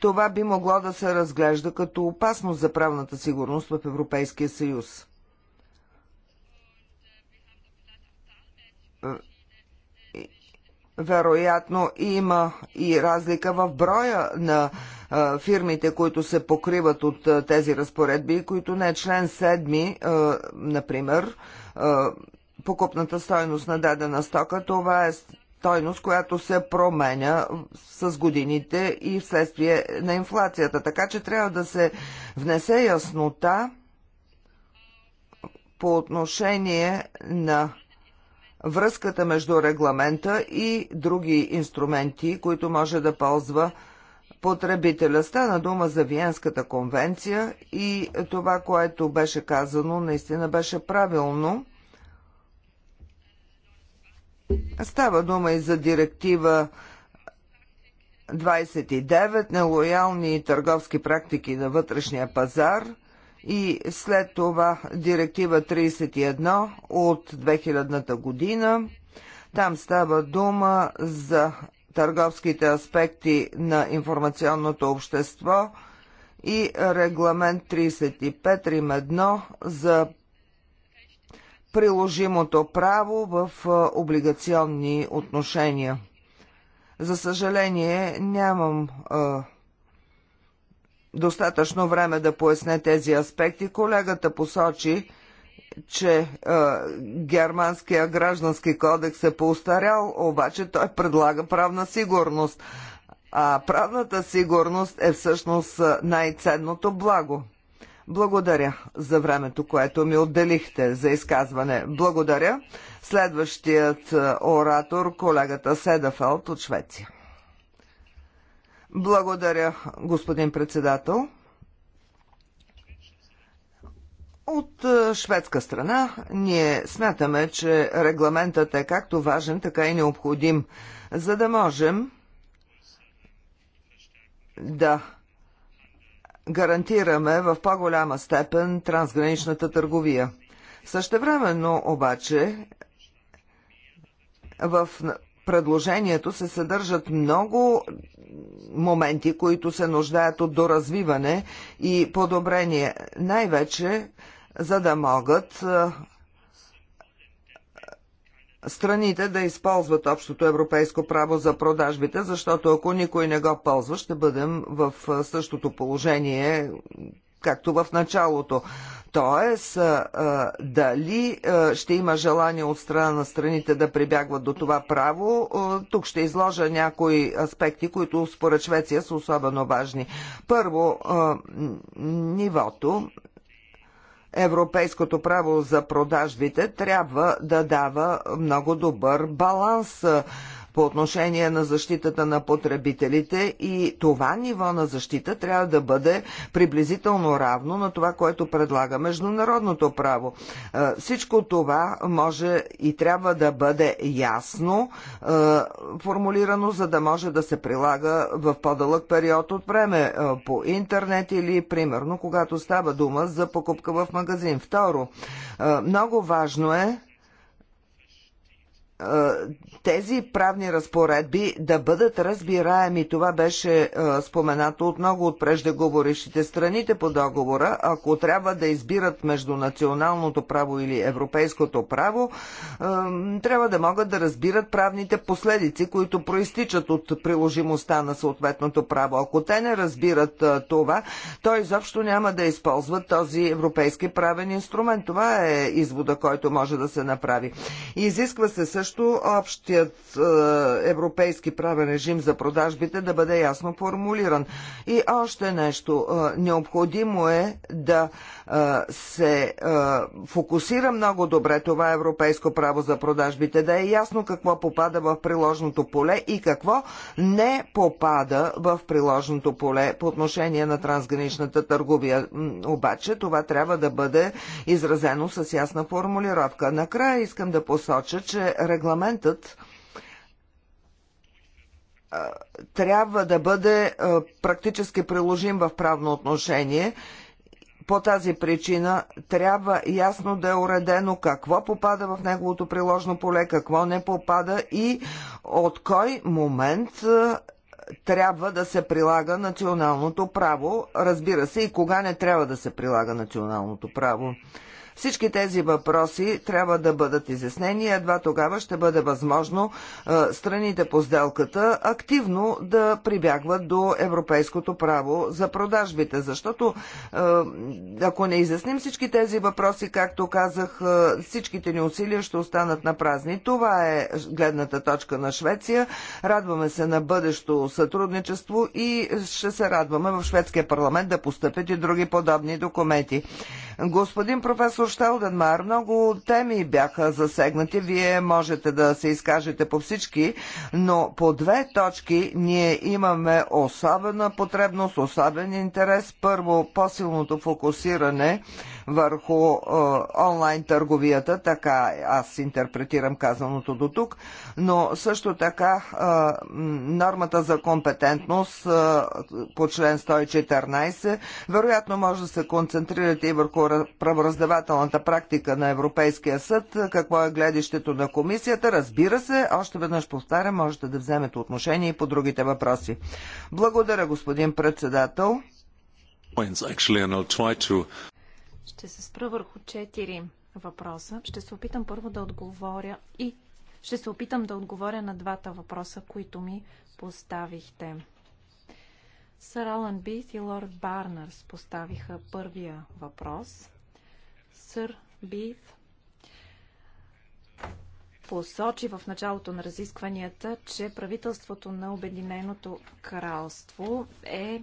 това би могло да се разглежда като опасност за правната сигурност в Европейския съюз вероятно има и разлика в броя на фирмите, които се покриват от тези разпоредби, които не е член 7, например, покупната стойност на дадена стока, това е стойност, която се променя с годините и вследствие на инфлацията. Така че трябва да се внесе яснота по отношение на връзката между регламента и други инструменти, които може да ползва потребителя. Стана дума за Виенската конвенция и това, което беше казано, наистина беше правилно. Става дума и за директива 29 нелоялни търговски практики на вътрешния пазар – и след това директива 31 от 2000 година. Там става дума за търговските аспекти на информационното общество и регламент 35 Рим 1 за приложимото право в облигационни отношения. За съжаление, нямам а, достатъчно време да поясне тези аспекти. Колегата посочи, че е, германския граждански кодекс е поустарял, обаче той предлага правна сигурност. А правната сигурност е всъщност е, най-ценното благо. Благодаря за времето, което ми отделихте за изказване. Благодаря. Следващият е, оратор, колегата Седафелт от Швеция. Благодаря, господин председател. От е, шведска страна ние смятаме, че регламентът е както важен, така и необходим, за да можем да гарантираме в по-голяма степен трансграничната търговия. Същевременно обаче в предложението се съдържат много моменти, които се нуждаят от доразвиване и подобрение. Най-вече, за да могат е, страните да използват общото европейско право за продажбите, защото ако никой не го ползва, ще бъдем в е, същото положение, както в началото. Тоест, дали ще има желание от страна на страните да прибягват до това право, тук ще изложа някои аспекти, които според Швеция са особено важни. Първо, нивото. Европейското право за продажбите трябва да дава много добър баланс по отношение на защитата на потребителите и това ниво на защита трябва да бъде приблизително равно на това, което предлага международното право. Е, всичко това може и трябва да бъде ясно е, формулирано, за да може да се прилага в по-дълъг период от време е, по интернет или примерно когато става дума за покупка в магазин. Второ, много важно е тези правни разпоредби да бъдат разбираеми. Това беше споменато от много от преждеговорившите страните по договора. Ако трябва да избират между националното право или европейското право, трябва да могат да разбират правните последици, които проистичат от приложимостта на съответното право. Ако те не разбират това, то изобщо няма да използват този европейски правен инструмент. Това е извода, който може да се направи. Изисква се също също общият е, европейски правен режим за продажбите да бъде ясно формулиран. И още нещо. Е, необходимо е да се фокусира много добре това европейско право за продажбите, да е ясно какво попада в приложното поле и какво не попада в приложното поле по отношение на трансграничната търговия. Обаче това трябва да бъде изразено с ясна формулировка. Накрая искам да посоча, че регламентът трябва да бъде практически приложим в правно отношение по тази причина трябва ясно да е уредено какво попада в неговото приложно поле, какво не попада и от кой момент е, трябва да се прилага националното право. Разбира се, и кога не трябва да се прилага националното право. Всички тези въпроси трябва да бъдат изяснени. Едва тогава ще бъде възможно е, страните по сделката активно да прибягват до европейското право за продажбите. Защото е, ако не изясним всички тези въпроси, както казах, е, всичките ни усилия ще останат на празни. Това е гледната точка на Швеция. Радваме се на бъдещо сътрудничество и ще се радваме в шведския парламент да постъпят и други подобни документи. Господин професор Шталденмар, много теми бяха засегнати. Вие можете да се изкажете по всички, но по две точки ние имаме особена потребност, особен интерес. Първо, по-силното фокусиране върху онлайн търговията, така аз интерпретирам казаното до тук, но също така нормата за компетентност по член 114 вероятно може да се концентрирате и върху правораздавателната практика на Европейския съд, какво е гледището на комисията. Разбира се, още веднъж повтарям, можете да вземете отношение и по другите въпроси. Благодаря, господин председател. Ще се спра върху четири въпроса. Ще се опитам първо да отговоря и ще се опитам да отговоря на двата въпроса, които ми поставихте. Сър Алан Бит и лорд Барнърс поставиха първия въпрос. Сър Бит посочи в началото на разискванията, че правителството на Обединеното кралство е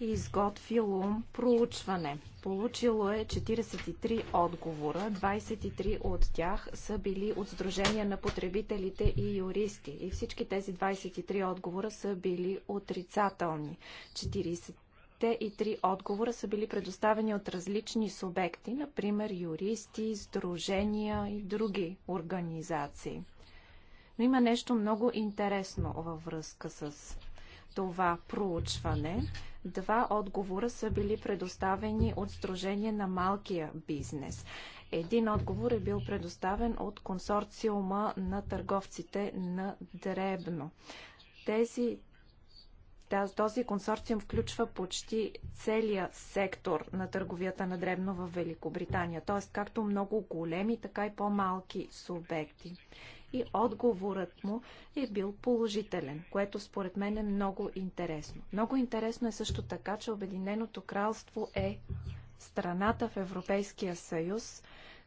изготвило проучване. Получило е 43 отговора. 23 от тях са били от Сдружения на потребителите и юристи. И всички тези 23 отговора са били отрицателни. 40 и три отговора са били предоставени от различни субекти, например юристи, сдружения и други организации. Но има нещо много интересно във връзка с това проучване. Два отговора са били предоставени от Сдружение на малкия бизнес. Един отговор е бил предоставен от консорциума на търговците на Дребно. Тези този консорциум включва почти целия сектор на търговията на дребно в Великобритания, т.е. както много големи, така и по-малки субекти и отговорът му е бил положителен, което според мен е много интересно. Много интересно е също така, че Обединеното кралство е страната в Европейския съюз,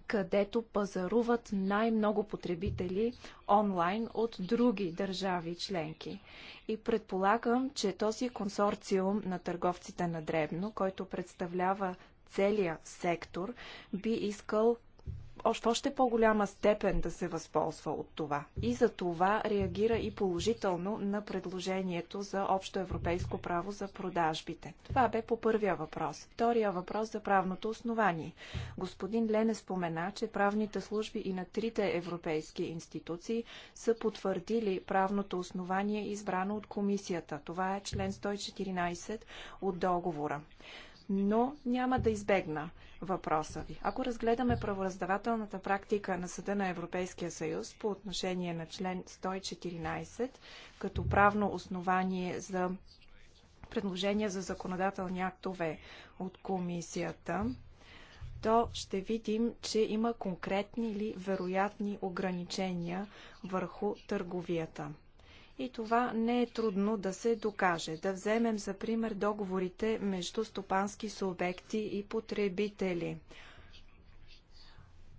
където пазаруват най-много потребители онлайн от други държави членки. И предполагам, че този консорциум на търговците на Дребно, който представлява целия сектор, би искал в още по-голяма степен да се възползва от това. И за това реагира и положително на предложението за общо европейско право за продажбите. Това бе по първия въпрос. Втория въпрос за правното основание. Господин Лене спомена, че правните служби и на трите европейски институции са потвърдили правното основание, избрано от комисията. Това е член 114 от договора но няма да избегна въпроса ви. Ако разгледаме правораздавателната практика на Съда на Европейския съюз по отношение на член 114 като правно основание за предложения за законодателни актове от комисията, то ще видим, че има конкретни или вероятни ограничения върху търговията и това не е трудно да се докаже. Да вземем за пример договорите между стопански субекти и потребители.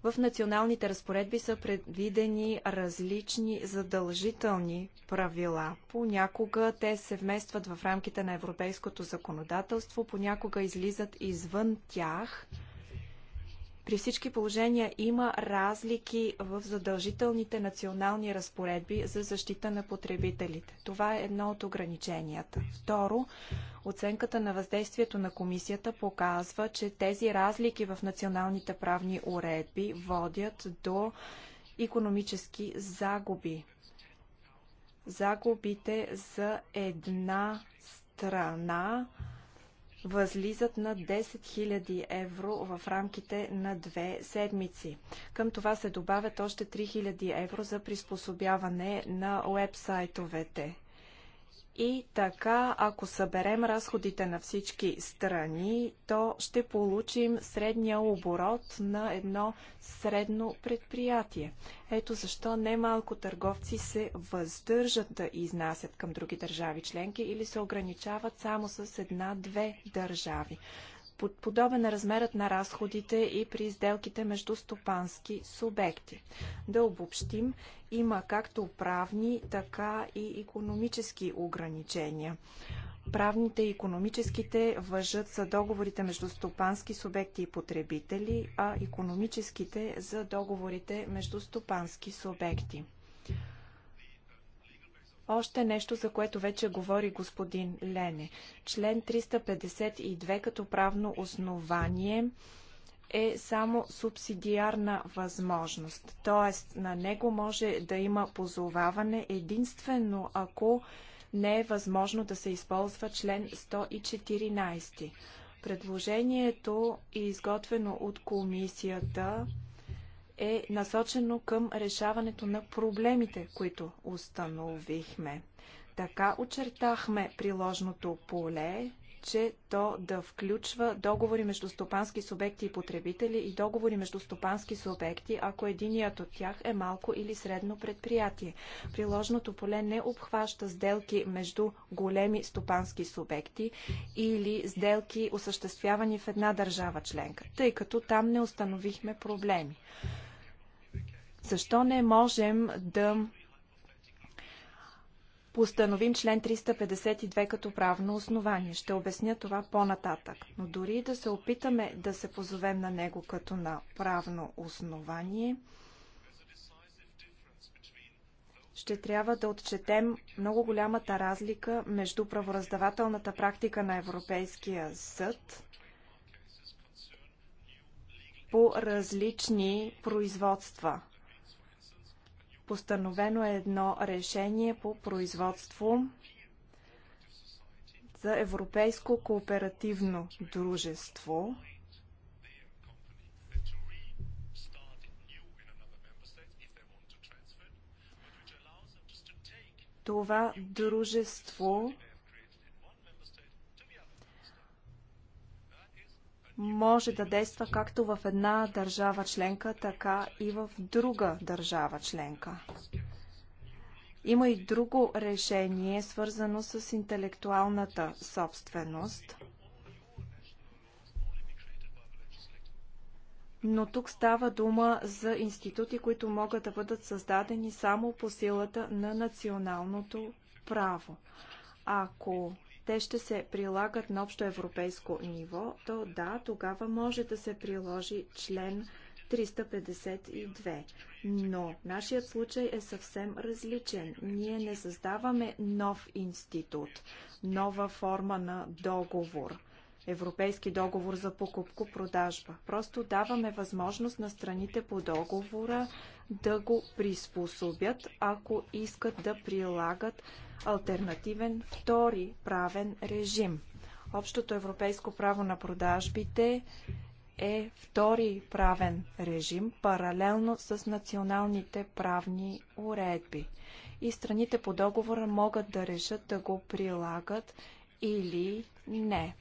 В националните разпоредби са предвидени различни задължителни правила. Понякога те се вместват в рамките на европейското законодателство, понякога излизат извън тях – при всички положения има разлики в задължителните национални разпоредби за защита на потребителите. Това е едно от ограниченията. Второ, оценката на въздействието на комисията показва, че тези разлики в националните правни уредби водят до економически загуби. Загубите за една страна възлизат на 10 000 евро в рамките на две седмици. Към това се добавят още 3 000 евро за приспособяване на уебсайтовете. И така, ако съберем разходите на всички страни, то ще получим средния оборот на едно средно предприятие. Ето защо немалко търговци се въздържат да изнасят към други държави членки или се ограничават само с една-две държави. Подобен размерът на разходите и при изделките между стопански субекти. Да обобщим, има както правни, така и економически ограничения. Правните и економическите въжат за договорите между стопански субекти и потребители, а економическите за договорите между стопански субекти. Още нещо, за което вече говори господин Лене. Член 352 като правно основание е само субсидиарна възможност. Тоест, на него може да има позоваване единствено ако не е възможно да се използва член 114. Предложението, е изготвено от комисията, е насочено към решаването на проблемите, които установихме. Така очертахме приложното поле, че то да включва договори между стопански субекти и потребители и договори между стопански субекти, ако единият от тях е малко или средно предприятие. Приложното поле не обхваща сделки между големи стопански субекти или сделки осъществявани в една държава членка, тъй като там не установихме проблеми. Защо не можем да постановим член 352 като правно основание. Ще обясня това по-нататък. Но дори да се опитаме да се позовем на него като на правно основание, ще трябва да отчетем много голямата разлика между правораздавателната практика на Европейския съд по различни производства – Постановено е едно решение по производство за Европейско кооперативно дружество. Това дружество може да действа както в една държава членка, така и в друга държава членка. Има и друго решение, свързано с интелектуалната собственост. Но тук става дума за институти, които могат да бъдат създадени само по силата на националното право. Ако те ще се прилагат на общо европейско ниво, то да, тогава може да се приложи член 352. Но нашият случай е съвсем различен. Ние не създаваме нов институт, нова форма на договор. Европейски договор за покупко-продажба. Просто даваме възможност на страните по договора да го приспособят, ако искат да прилагат альтернативен втори правен режим. Общото европейско право на продажбите е втори правен режим, паралелно с националните правни уредби. И страните по договора могат да решат да го прилагат или не.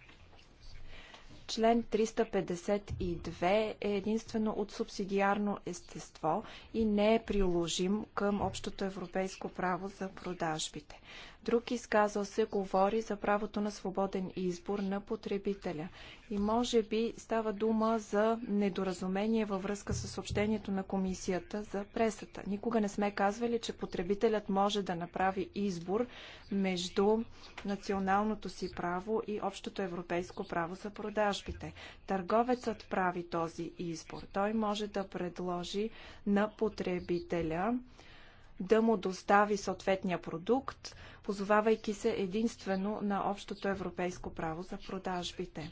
Член 352 е единствено от субсидиарно естество и не е приложим към общото европейско право за продажбите. Друг изказал се говори за правото на свободен избор на потребителя. И може би става дума за недоразумение във връзка с съобщението на комисията за пресата. Никога не сме казвали, че потребителят може да направи избор между националното си право и общото европейско право за продажбите. Търговецът прави този избор. Той може да предложи на потребителя да му достави съответния продукт позовавайки се единствено на общото европейско право за продажбите.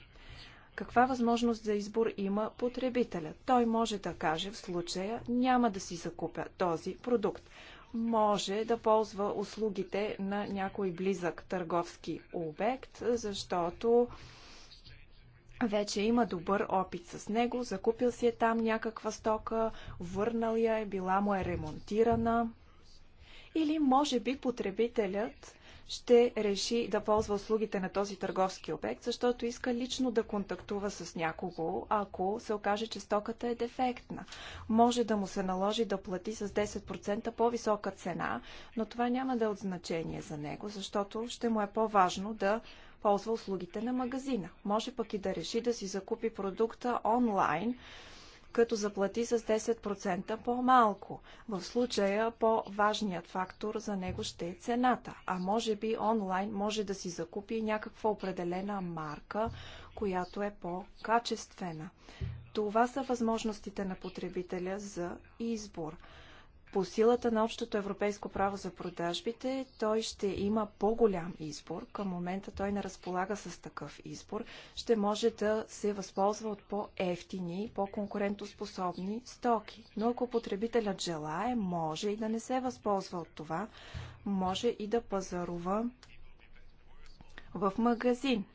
Каква възможност за избор има потребителя? Той може да каже в случая няма да си закупя този продукт. Може да ползва услугите на някой близък търговски обект, защото вече има добър опит с него, закупил си е там някаква стока, върнал я е, била му е ремонтирана. Или може би потребителят ще реши да ползва услугите на този търговски обект, защото иска лично да контактува с някого, ако се окаже, че стоката е дефектна. Може да му се наложи да плати с 10% по-висока цена, но това няма да е от значение за него, защото ще му е по-важно да ползва услугите на магазина. Може пък и да реши да си закупи продукта онлайн, като заплати с 10% по-малко. В случая по-важният фактор за него ще е цената, а може би онлайн може да си закупи някаква определена марка, която е по-качествена. Това са възможностите на потребителя за избор по силата на общото европейско право за продажбите, той ще има по-голям избор. Към момента той не разполага с такъв избор. Ще може да се възползва от по-ефтини, по-конкурентоспособни стоки. Но ако потребителят желае, може и да не се възползва от това. Може и да пазарува в магазин.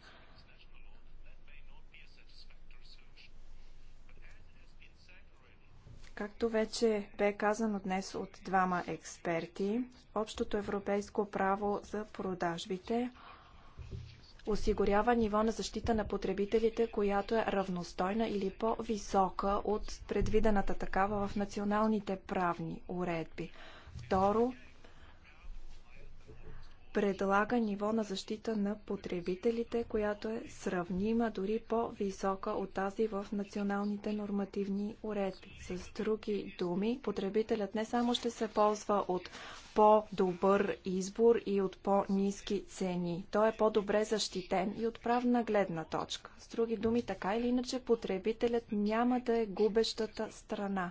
Както вече бе казано днес от двама експерти, общото европейско право за продажбите осигурява ниво на защита на потребителите, която е равностойна или по-висока от предвидената такава в националните правни уредби. Второ, предлага ниво на защита на потребителите, която е сравнима, дори по-висока от тази в националните нормативни уредби. С други думи, потребителят не само ще се ползва от по-добър избор и от по-низки цени. Той е по-добре защитен и от правна гледна точка. С други думи, така или иначе, потребителят няма да е губещата страна.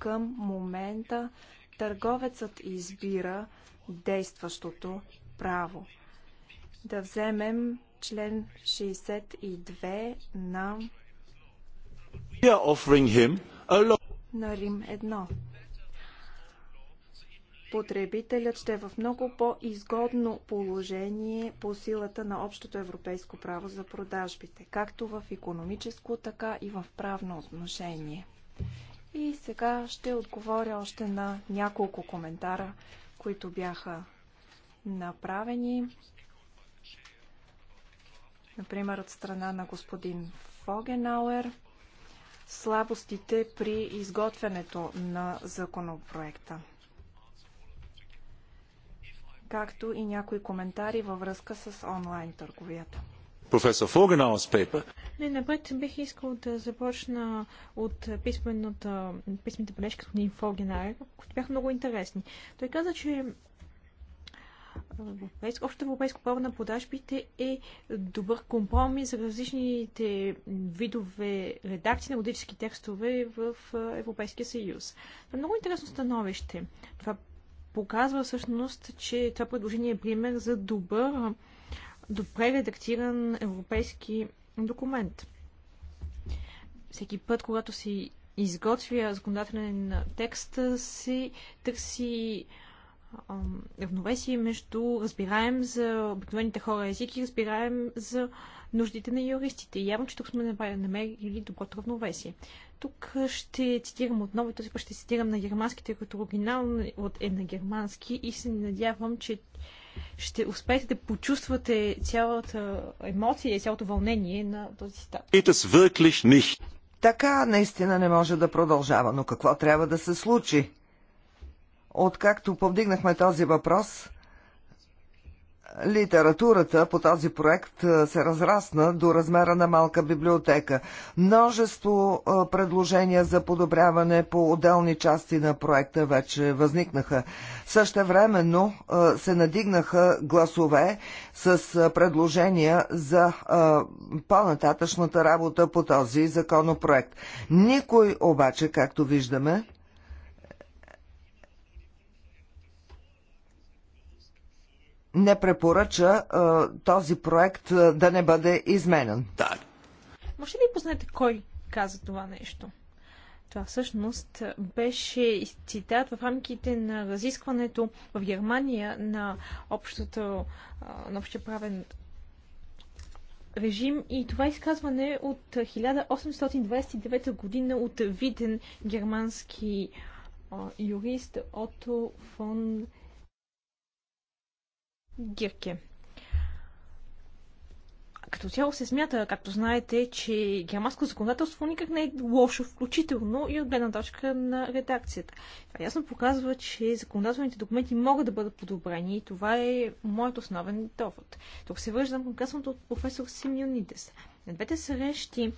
Към момента търговецът избира действащото право. Да вземем член 62 на на Рим 1. Потребителят ще е в много по-изгодно положение по силата на общото европейско право за продажбите, както в економическо, така и в правно отношение. И сега ще отговоря още на няколко коментара, които бяха направени. Например, от страна на господин Фогенауер, слабостите при изготвянето на законопроекта както и някои коментари във връзка с онлайн търговията професор пейпер. Не, напред бих искал да започна от писмената, писмените бележки от Нин Фогенар, които бяха много интересни. Той каза, че общото европейско право на продажбите е добър компромис за различните видове редакции на логически текстове в Европейския съюз. Това е много интересно становище. Това показва всъщност, че това предложение е пример за добър добре редактиран европейски документ. Всеки път, когато си изготвя законодателен текст, си търси равновесие между разбираем за обикновените хора език и разбираем за нуждите на юристите. И явно, че тук сме намерили доброто равновесие. Тук ще цитирам отново, и този път ще цитирам на германските, като оригинал е на германски и се надявам, че ще успеете да почувствате цялата емоция и цялото вълнение на този стат. Така наистина не може да продължава, но какво трябва да се случи? Откакто повдигнахме този въпрос, Литературата по този проект се разрасна до размера на малка библиотека. Множество предложения за подобряване по отделни части на проекта вече възникнаха. Същевременно се надигнаха гласове с предложения за по-нататъчната работа по този законопроект. Никой обаче, както виждаме, не препоръча този проект да не бъде изменен. Да. Може ли познаете кой каза това нещо? Това всъщност беше цитат в рамките на разискването в Германия на, общото, на общия правен режим и това изказване от 1829 година от виден германски юрист Ото фон Гирке. Като цяло се смята, както знаете, че германско законодателство никак не е лошо, включително и от гледна точка на редакцията. Това ясно показва, че законодателните документи могат да бъдат подобрени и това е моят основен довод. Тук се връщам към от професор Симеонидес. На двете срещи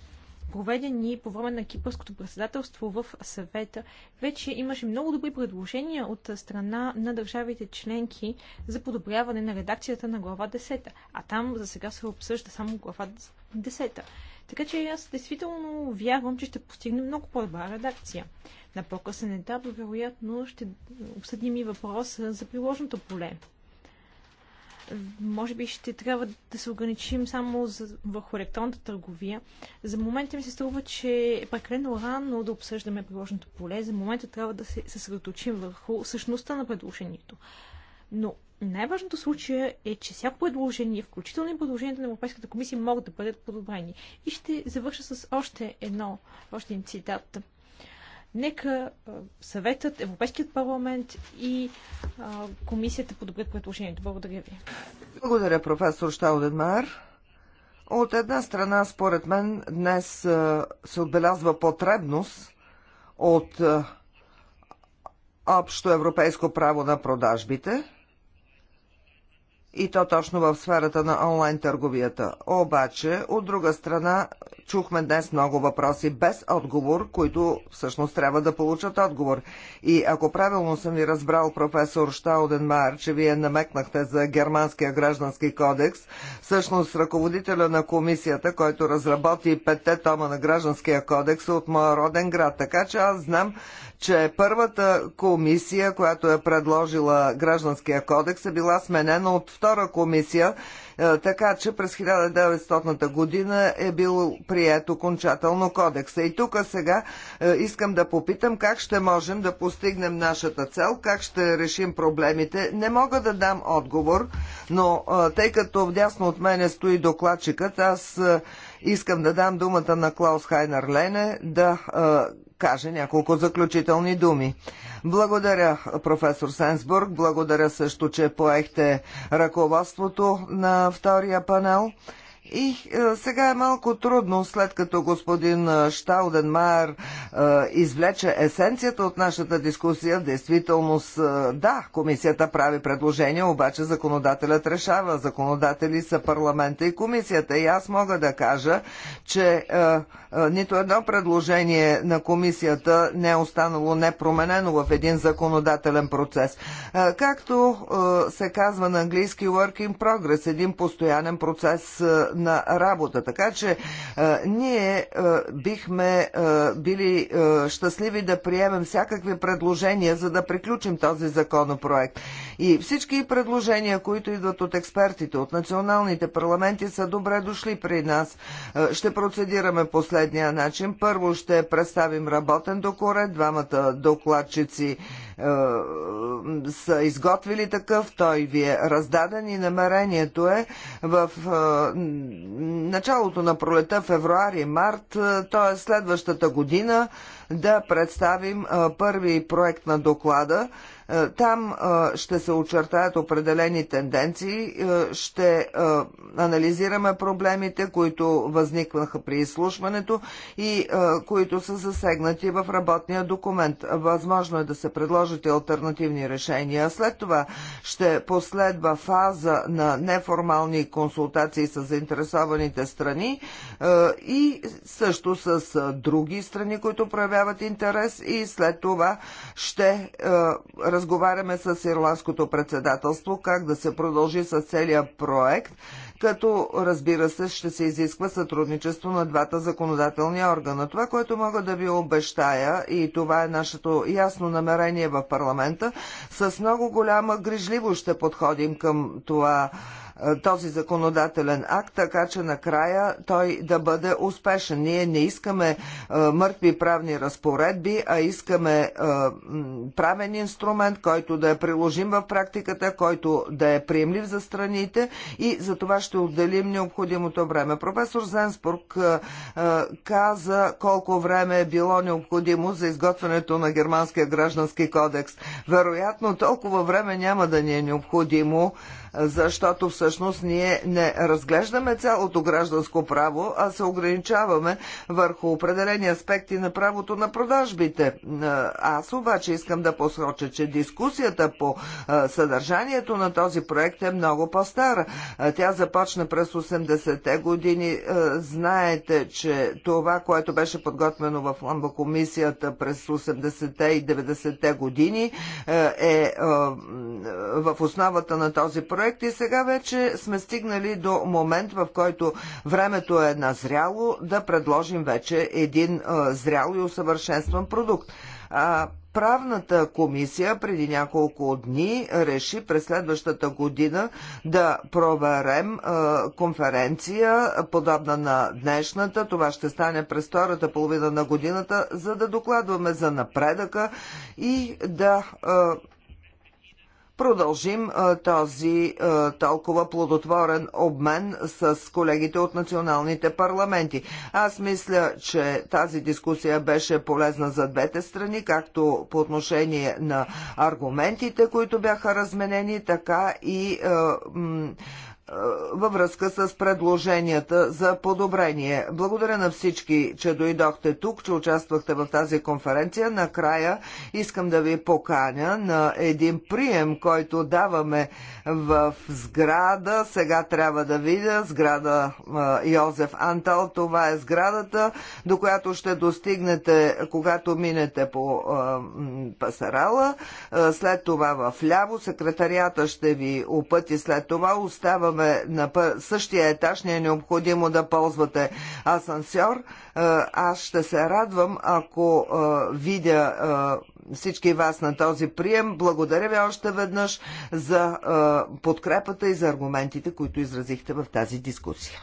проведени по време на кипърското председателство в съвета, вече имаше много добри предложения от страна на държавите членки за подобряване на редакцията на глава 10. А там за сега се обсъжда само глава 10. Така че аз действително вярвам, че ще постигне много по-добра редакция. На по-късен етап, вероятно, ще обсъдим и въпроса за приложното поле може би ще трябва да се ограничим само за, върху електронната търговия. За момента ми се струва, че е прекалено рано да обсъждаме приложното поле. За момента трябва да се съсредоточим върху същността на предложението. Но най-важното случая е, че всяко предложение, включително и предложението на Европейската комисия, могат да бъдат подобрени. И ще завърша с още едно, още един цитат Нека съветът, Европейският парламент и комисията подобрят предложението. Благодаря ви. Благодаря, професор Штауденмайер. От една страна, според мен, днес се отбелязва потребност от общо европейско право на продажбите – и то точно в сферата на онлайн търговията. Обаче, от друга страна, чухме днес много въпроси без отговор, които всъщност трябва да получат отговор. И ако правилно съм ви разбрал, професор Штауденмайер, че вие намекнахте за Германския граждански кодекс, всъщност ръководителя на комисията, който разработи петте тома на гражданския кодекс е от моя роден град. Така че аз знам, че първата комисия, която е предложила гражданския кодекс, е била сменена от втора комисия, е, така че през 1900 година е бил прият окончателно кодекса. И тук сега е, искам да попитам как ще можем да постигнем нашата цел, как ще решим проблемите. Не мога да дам отговор, но е, тъй като вдясно от мене стои докладчикът, аз Искам да дам думата на Клаус Хайнер Лене да каже няколко заключителни думи. Благодаря, професор Сенсбург. Благодаря също, че поехте ръководството на втория панел. И е, сега е малко трудно, след като господин е, Штауденмайер е, извлече есенцията от нашата дискусия. В действителност, е, да, комисията прави предложение, обаче законодателят решава. Законодатели са парламента и комисията. И аз мога да кажа, че е, е, нито едно предложение на комисията не е останало непроменено в един законодателен процес. Е, както е, се казва на английски Working Progress, един постоянен процес е, на работа. Така че е, ние е, бихме е, били щастливи да приемем всякакви предложения, за да приключим този законопроект. И всички предложения, които идват от експертите, от националните парламенти, са добре дошли при нас. Ще процедираме последния начин. Първо ще представим работен докорет. Двамата докладчици е, са изготвили такъв. Той ви е раздаден и намерението е в е, началото на пролета, февруари, март, т.е. Е следващата година, да представим е, първи проект на доклада е, там е, ще се очертаят определени тенденции, е, ще анализираме проблемите, които възникваха при изслушването и които са засегнати в работния документ. Възможно е да се предложат и альтернативни решения. След това ще последва фаза на неформални консултации с заинтересованите страни и също с други страни, които проявяват интерес и след това ще разговаряме с ирландското председателство как да се продължи с целият проект, като разбира се ще се изисква сътрудничество на двата законодателни органа. Това, което мога да ви обещая и това е нашето ясно намерение в парламента, с много голяма грижливо ще подходим към това е, този законодателен акт, така че накрая той да бъде успешен. Ние не искаме е, мъртви правни разпоредби, а искаме е, правен инструмент, който да е приложим в практиката, който да е приемлив за страните и за това ще отделим необходимото време. Професор Зенсбург каза колко време е било необходимо за изготвянето на германския граждански кодекс. Вероятно, толкова време няма да ни е необходимо защото всъщност ние не разглеждаме цялото гражданско право, а се ограничаваме върху определени аспекти на правото на продажбите. Аз обаче искам да посроча, че дискусията по съдържанието на този проект е много по-стара. Тя започна през 80-те години. Знаете, че това, което беше подготвено в Ламба комисията през 80-те и 90-те години е в основата на този проект проект и сега вече сме стигнали до момент, в който времето е назряло да предложим вече един зрял и усъвършенстван продукт. Правната комисия преди няколко дни реши през следващата година да проверем конференция, подобна на днешната. Това ще стане през втората половина на годината, за да докладваме за напредъка и да продължим този толкова плодотворен обмен с колегите от националните парламенти. Аз мисля, че тази дискусия беше полезна за двете страни, както по отношение на аргументите, които бяха разменени, така и във връзка с предложенията за подобрение. Благодаря на всички, че дойдохте тук, че участвахте в тази конференция. Накрая искам да ви поканя на един прием, който даваме в сграда. Сега трябва да видя сграда Йозеф Антал. Това е сградата, до която ще достигнете, когато минете по пасарала. След това в ляво секретарията ще ви опъти. След това оставаме блокове на същия етаж не е необходимо да ползвате асансьор. Аз ще се радвам, ако видя всички вас на този прием. Благодаря ви още веднъж за подкрепата и за аргументите, които изразихте в тази дискусия.